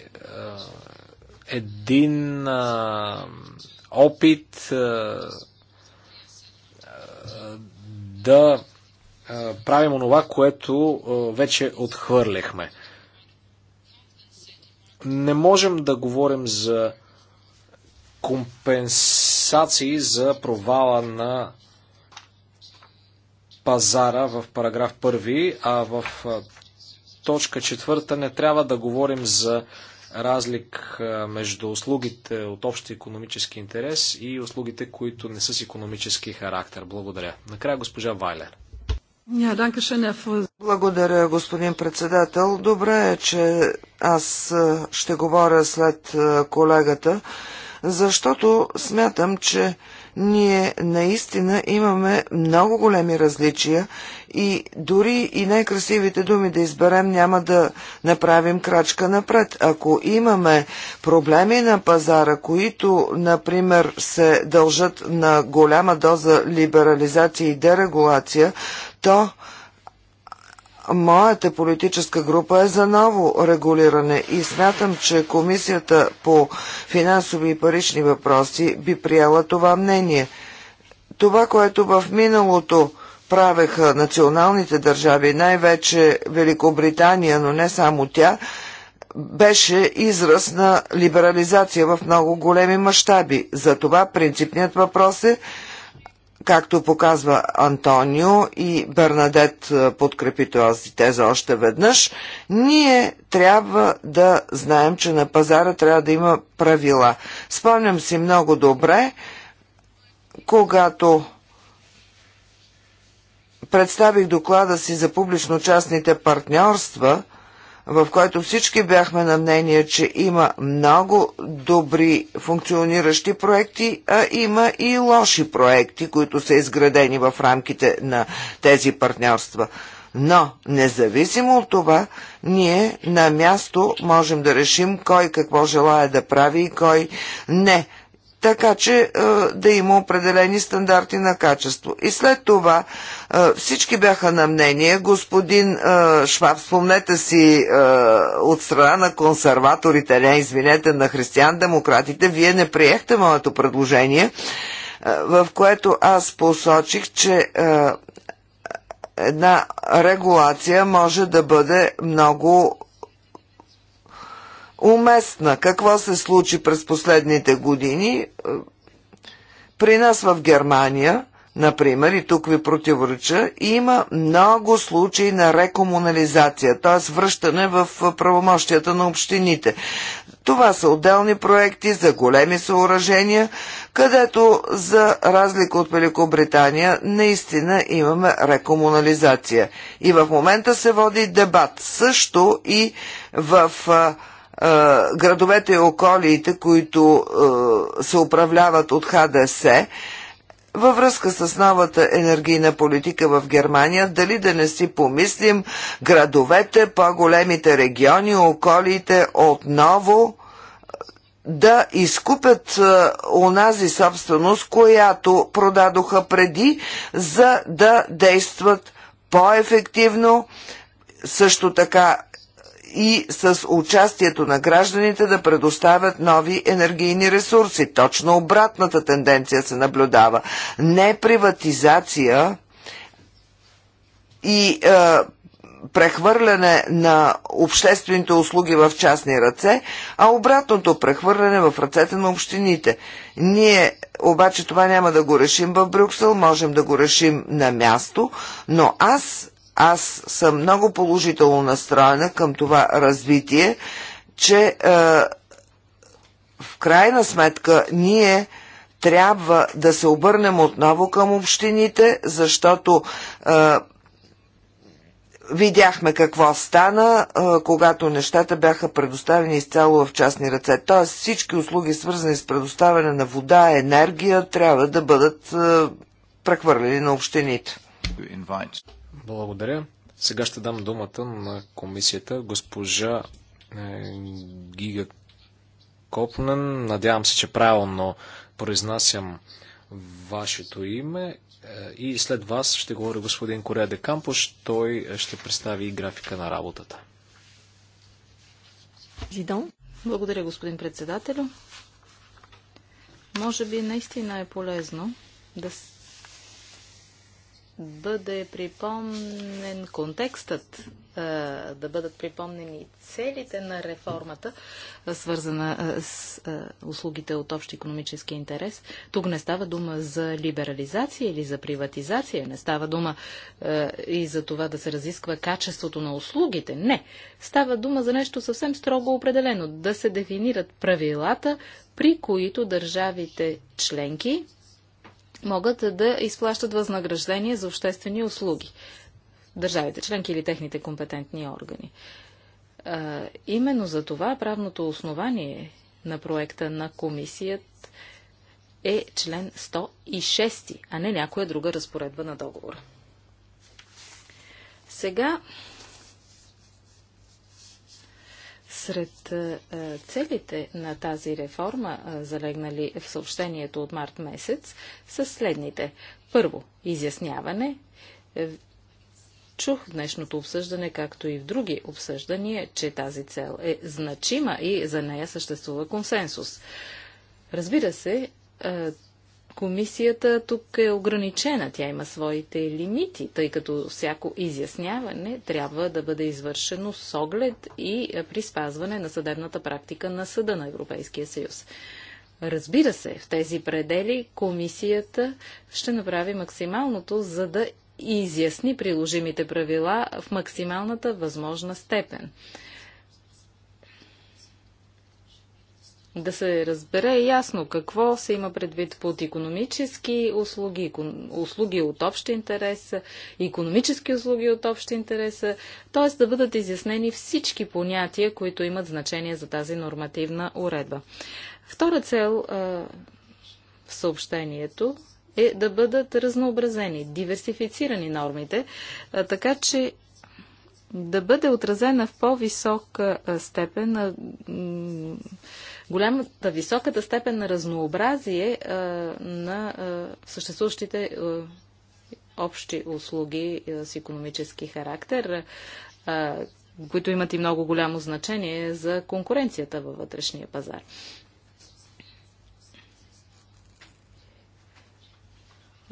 един опит, да правим онова, което вече отхвърляхме. Не можем да говорим за компенсации за провала на пазара в параграф 1, а в точка 4 не трябва да говорим за разлик между услугите от общи економически интерес и услугите, които не са с економически характер. Благодаря. Накрая госпожа Вайлер. Благодаря, господин председател. Добре е, че аз ще говоря след колегата, защото смятам, че ние наистина имаме много големи различия и дори и най-красивите думи да изберем няма да направим крачка напред. Ако имаме проблеми на пазара, които, например, се дължат на голяма доза либерализация и дерегулация, то Моята политическа група е за ново регулиране и смятам, че Комисията по финансови и парични въпроси би приела това мнение. Това, което в миналото правеха националните държави, най-вече Великобритания, но не само тя, беше израз на либерализация в много големи мащаби. Затова принципният въпрос е – както показва Антонио и Бернадет е, подкрепи този теза още веднъж, ние трябва да знаем, че на пазара трябва да има правила. Спомням си много добре, когато представих доклада си за публично-частните партньорства, в който всички бяхме на мнение, че има много добри функциониращи проекти, а има и лоши проекти, които са изградени в рамките на тези партньорства. Но, независимо от това, ние на място можем да решим кой какво желая да прави и кой не – така че е, да има определени стандарти на качество. И след това е, всички бяха на мнение, господин е, Шваб, спомнете си от страна на консерваторите, не, извинете, на християн-демократите, вие не приехте моето предложение, в което аз посочих, че една регулация може да бъде много уместна. Какво се случи през последните години? Е, при нас в Германия, например, и тук ви противореча, има много случаи на рекомунализация, т.е. връщане в правомощията на общините. Това са отделни проекти за големи съоръжения, където за разлика от Великобритания наистина имаме рекомунализация. И в момента се води дебат също и в а, градовете и околиите, които се управляват от ХДС, във връзка с новата енергийна политика в Германия, дали да не си помислим градовете, по-големите региони, околиите отново да изкупят онази собственост, която продадоха преди, за да действат по-ефективно, също така и с участието на гражданите да предоставят нови енергийни ресурси. Точно обратната тенденция се наблюдава. Не приватизация и е, прехвърляне на обществените услуги в частни ръце, а обратното прехвърляне в ръцете на общините. Ние обаче това няма да го решим в Брюксел, можем да го решим на място, но аз аз съм много положително настроена към това развитие, че е, в крайна сметка ние трябва да се обърнем отново към общините, защото е, видяхме какво стана, е, когато нещата бяха предоставени изцяло в частни ръце. Тоест всички услуги, свързани с предоставяне на вода, енергия, трябва да бъдат е, прехвърлени на общините. Благодаря. Сега ще дам думата на комисията госпожа е, Гига Копнен. Надявам се, че правилно произнасям вашето име. Е, и след вас ще говори господин Корея де Кампош. Той ще представи и графика на работата. Благодаря, господин председател. Може би наистина е полезно да бъде припомнен контекстът, да бъдат припомнени целите на реформата, свързана с услугите от общ економически интерес. Тук не става дума за либерализация или за приватизация, не става дума и за това да се разисква качеството на услугите. Не. Става дума за нещо съвсем строго определено. Да се дефинират правилата, при които държавите членки могат да изплащат възнаграждение за обществени услуги. Държавите членки или техните компетентни органи. А, именно за това правното основание на проекта на комисията е член 106, а не някоя друга разпоредба на договора. Сега сред е, е, целите на тази реформа, е, залегнали в съобщението от март месец, са следните. Първо, изясняване. Чух днешното обсъждане, както и в други обсъждания, че тази цел е значима и за нея съществува консенсус. Разбира се, комисията тук е ограничена. Тя има своите лимити, тъй като всяко изясняване трябва да бъде извършено с оглед и при спазване на съдебната практика на Съда на Европейския съюз. Разбира се, в тези предели комисията ще направи максималното, за да изясни приложимите правила в максималната възможна степен. да се разбере ясно какво се има предвид под економически услуги, услуги от общ интерес, економически услуги от общ интерес, т.е. да бъдат изяснени всички понятия, които имат значение за тази нормативна уредба. Втора цел в съобщението е да бъдат разнообразени, диверсифицирани нормите, така че да бъде отразена в по-висока степен голямата, високата степен на разнообразие а, на а, съществуващите а, общи услуги а, с економически характер, а, които имат и много голямо значение за конкуренцията във вътрешния пазар.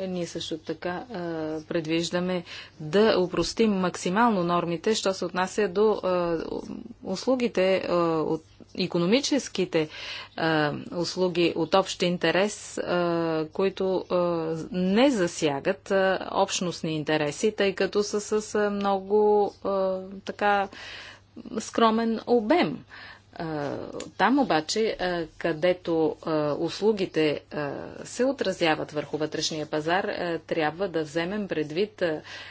Ние също така а, предвиждаме да упростим максимално нормите, що се отнася до а, услугите а, от економическите а, услуги от общ интерес, а, които а, не засягат а, общностни интереси, тъй като са с а, много а, така скромен обем. А, там обаче, където услугите се отразяват върху вътрешния пазар, трябва да вземем предвид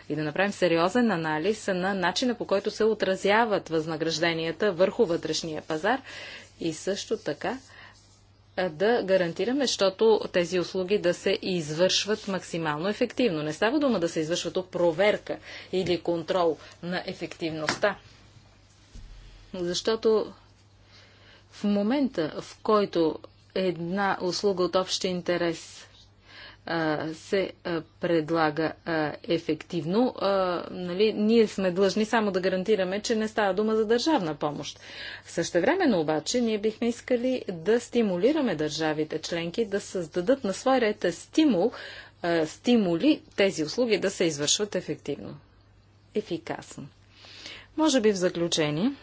и да направим сериозен анализ на начина по който се отразяват възнагражденията върху вътрешния пазар и също така да гарантираме, защото тези услуги да се извършват максимално ефективно. Не става дума да се извършва тук проверка или контрол на ефективността, защото в момента, в който една услуга от общ интерес се предлага ефективно, нали, ние сме длъжни само да гарантираме, че не става дума за държавна помощ. Същевременно обаче ние бихме искали да стимулираме държавите членки да създадат на свой ред стимул, стимули тези услуги да се извършват ефективно, ефикасно. Може би в заключение –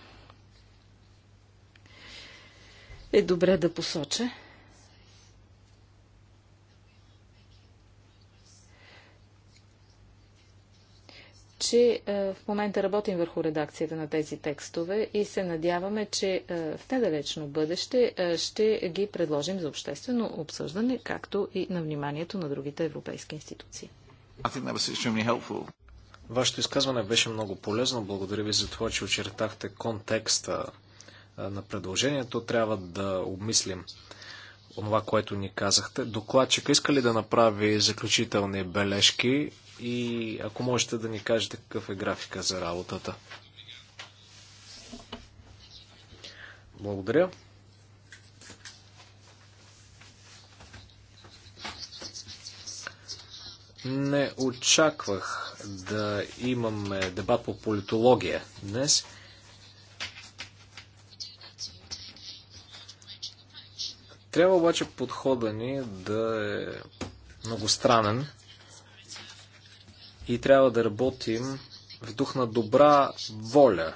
е добре да посоча, че е, в момента работим върху редакцията на тези текстове и се надяваме, че е, в недалечно бъдеще е, ще ги предложим за обществено обсъждане, както и на вниманието на другите европейски институции. Вашето изказване беше много полезно. Благодаря ви за това, че очертахте контекста на предложението, трябва да обмислим онова, което ни казахте. Докладчик иска ли да направи заключителни бележки и ако можете да ни кажете какъв е графика за работата? Благодаря. Не очаквах да имаме дебат по политология днес – Трябва обаче подхода ни да е многостранен и трябва да работим в дух на добра воля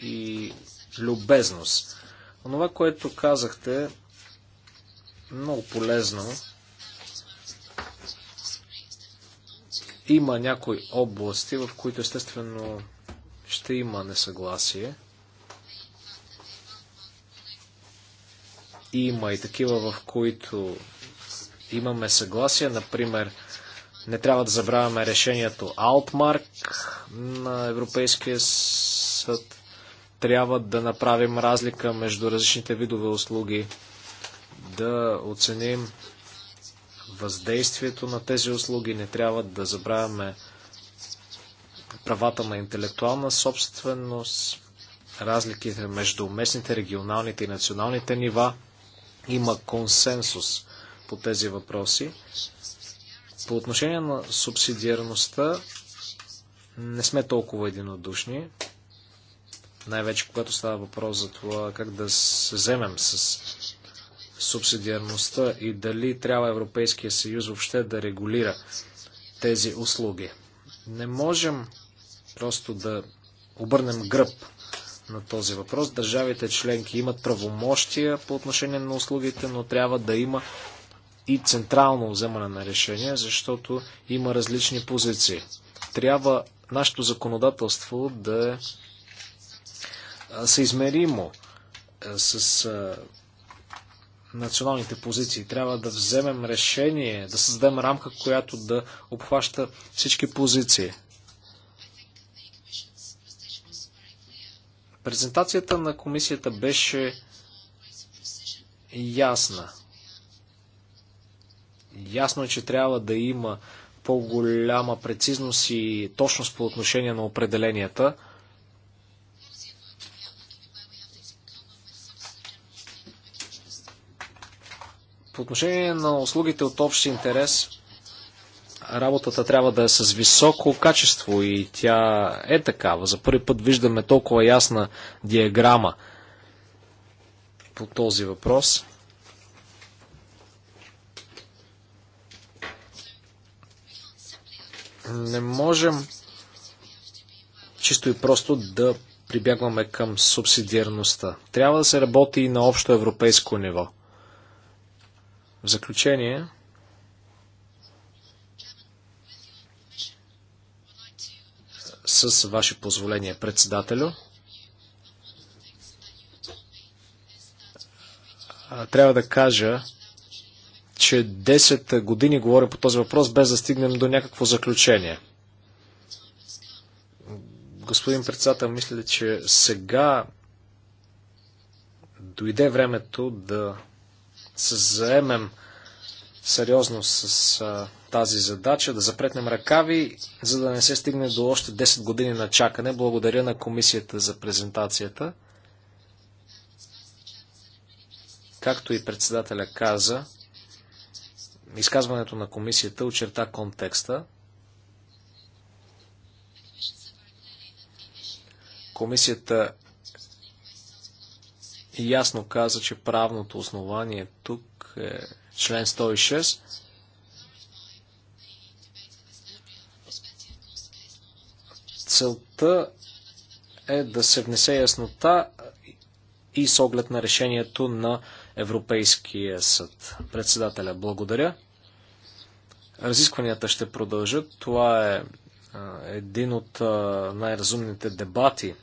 и любезност. Онова, което казахте, много полезно. Има някои области, в които естествено ще има несъгласие – Има и такива, в които имаме съгласие. Например, не трябва да забравяме решението Алтмарк на Европейския съд. Трябва да направим разлика между различните видове услуги, да оценим въздействието на тези услуги. Не трябва да забравяме правата на интелектуална собственост, разликите между местните, регионалните и националните нива има консенсус по тези въпроси. По отношение на субсидиарността не сме толкова единодушни, най-вече когато става въпрос за това как да се вземем с субсидиарността и дали трябва Европейския съюз въобще да регулира тези услуги. Не можем просто да обърнем гръб на този въпрос. Държавите членки имат правомощия по отношение на услугите, но трябва да има и централно вземане на решение, защото има различни позиции. Трябва нашето законодателство да е съизмеримо с е, националните позиции. Трябва да вземем решение, да създадем рамка, която да обхваща всички позиции. Презентацията на комисията беше ясна. Ясно е, че трябва да има по-голяма прецизност и точност по отношение на определенията. По отношение на услугите от общ интерес, работата трябва да е с високо качество и тя е такава. За първи път виждаме толкова ясна диаграма по този въпрос. Не можем чисто и просто да прибягваме към субсидиарността. Трябва да се работи и на общо европейско ниво. В заключение, с ваше позволение, председателю. Трябва да кажа, че 10 години говорим по този въпрос, без да стигнем до някакво заключение. Господин председател, мисля, че сега дойде времето да се заемем сериозно с тази задача, да запретнем ръкави, за да не се стигне до още 10 години на чакане. Благодаря на комисията за презентацията. Както и председателя каза, изказването на комисията очерта контекста. Комисията ясно каза, че правното основание тук е член 106 Целта е да се внесе яснота и с оглед на решението на Европейския съд. Председателя, благодаря. Разискванията ще продължат. Това е един от най-разумните дебати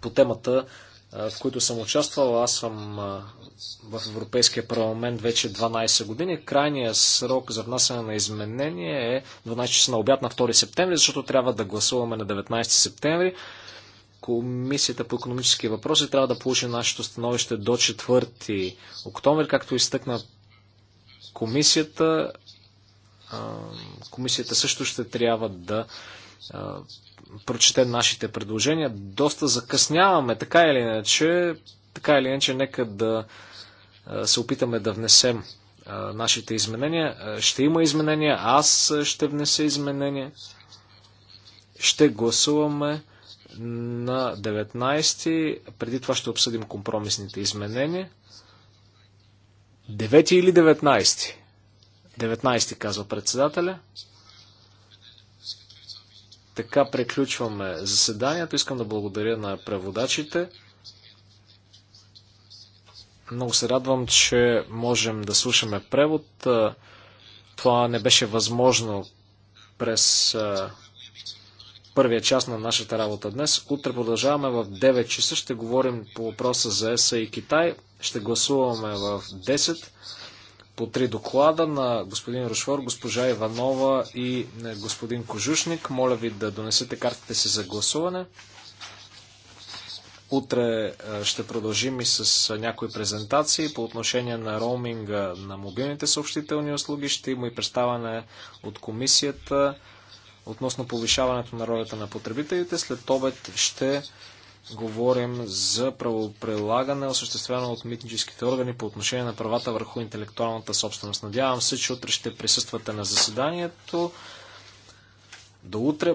по темата в които съм участвал. Аз съм в Европейския парламент вече 12 години. Крайният срок за внасяне на изменение е 12 часа на обяд на 2 септември, защото трябва да гласуваме на 19 септември. Комисията по економически въпроси трябва да получи нашето становище до 4 октомври, както изтъкна комисията. Комисията също ще трябва да прочете нашите предложения. Доста закъсняваме, така или иначе. Така или иначе, нека да се опитаме да внесем нашите изменения. Ще има изменения, аз ще внеса изменения. Ще гласуваме на 19. Преди това ще обсъдим компромисните изменения. 9 или 19? 19, казва председателя така приключваме заседанието. Искам да благодаря на преводачите. Много се радвам, че можем да слушаме превод. Това не беше възможно през първия част на нашата работа днес. Утре продължаваме в 9 часа. Ще говорим по въпроса за ЕСА и Китай. Ще гласуваме в 10 по три доклада на господин Рошвор, госпожа Иванова и е, господин Кожушник. Моля ви да донесете картите си за гласуване. Утре е, ще продължим и с някои презентации по отношение на роуминга на мобилните съобщителни услуги. Ще има и представане от комисията относно повишаването на ролята на потребителите. След обед ще Говорим за правоприлагане, осъществено от митническите органи по отношение на правата върху интелектуалната собственост. Надявам се, че утре ще присъствате на заседанието. До утре.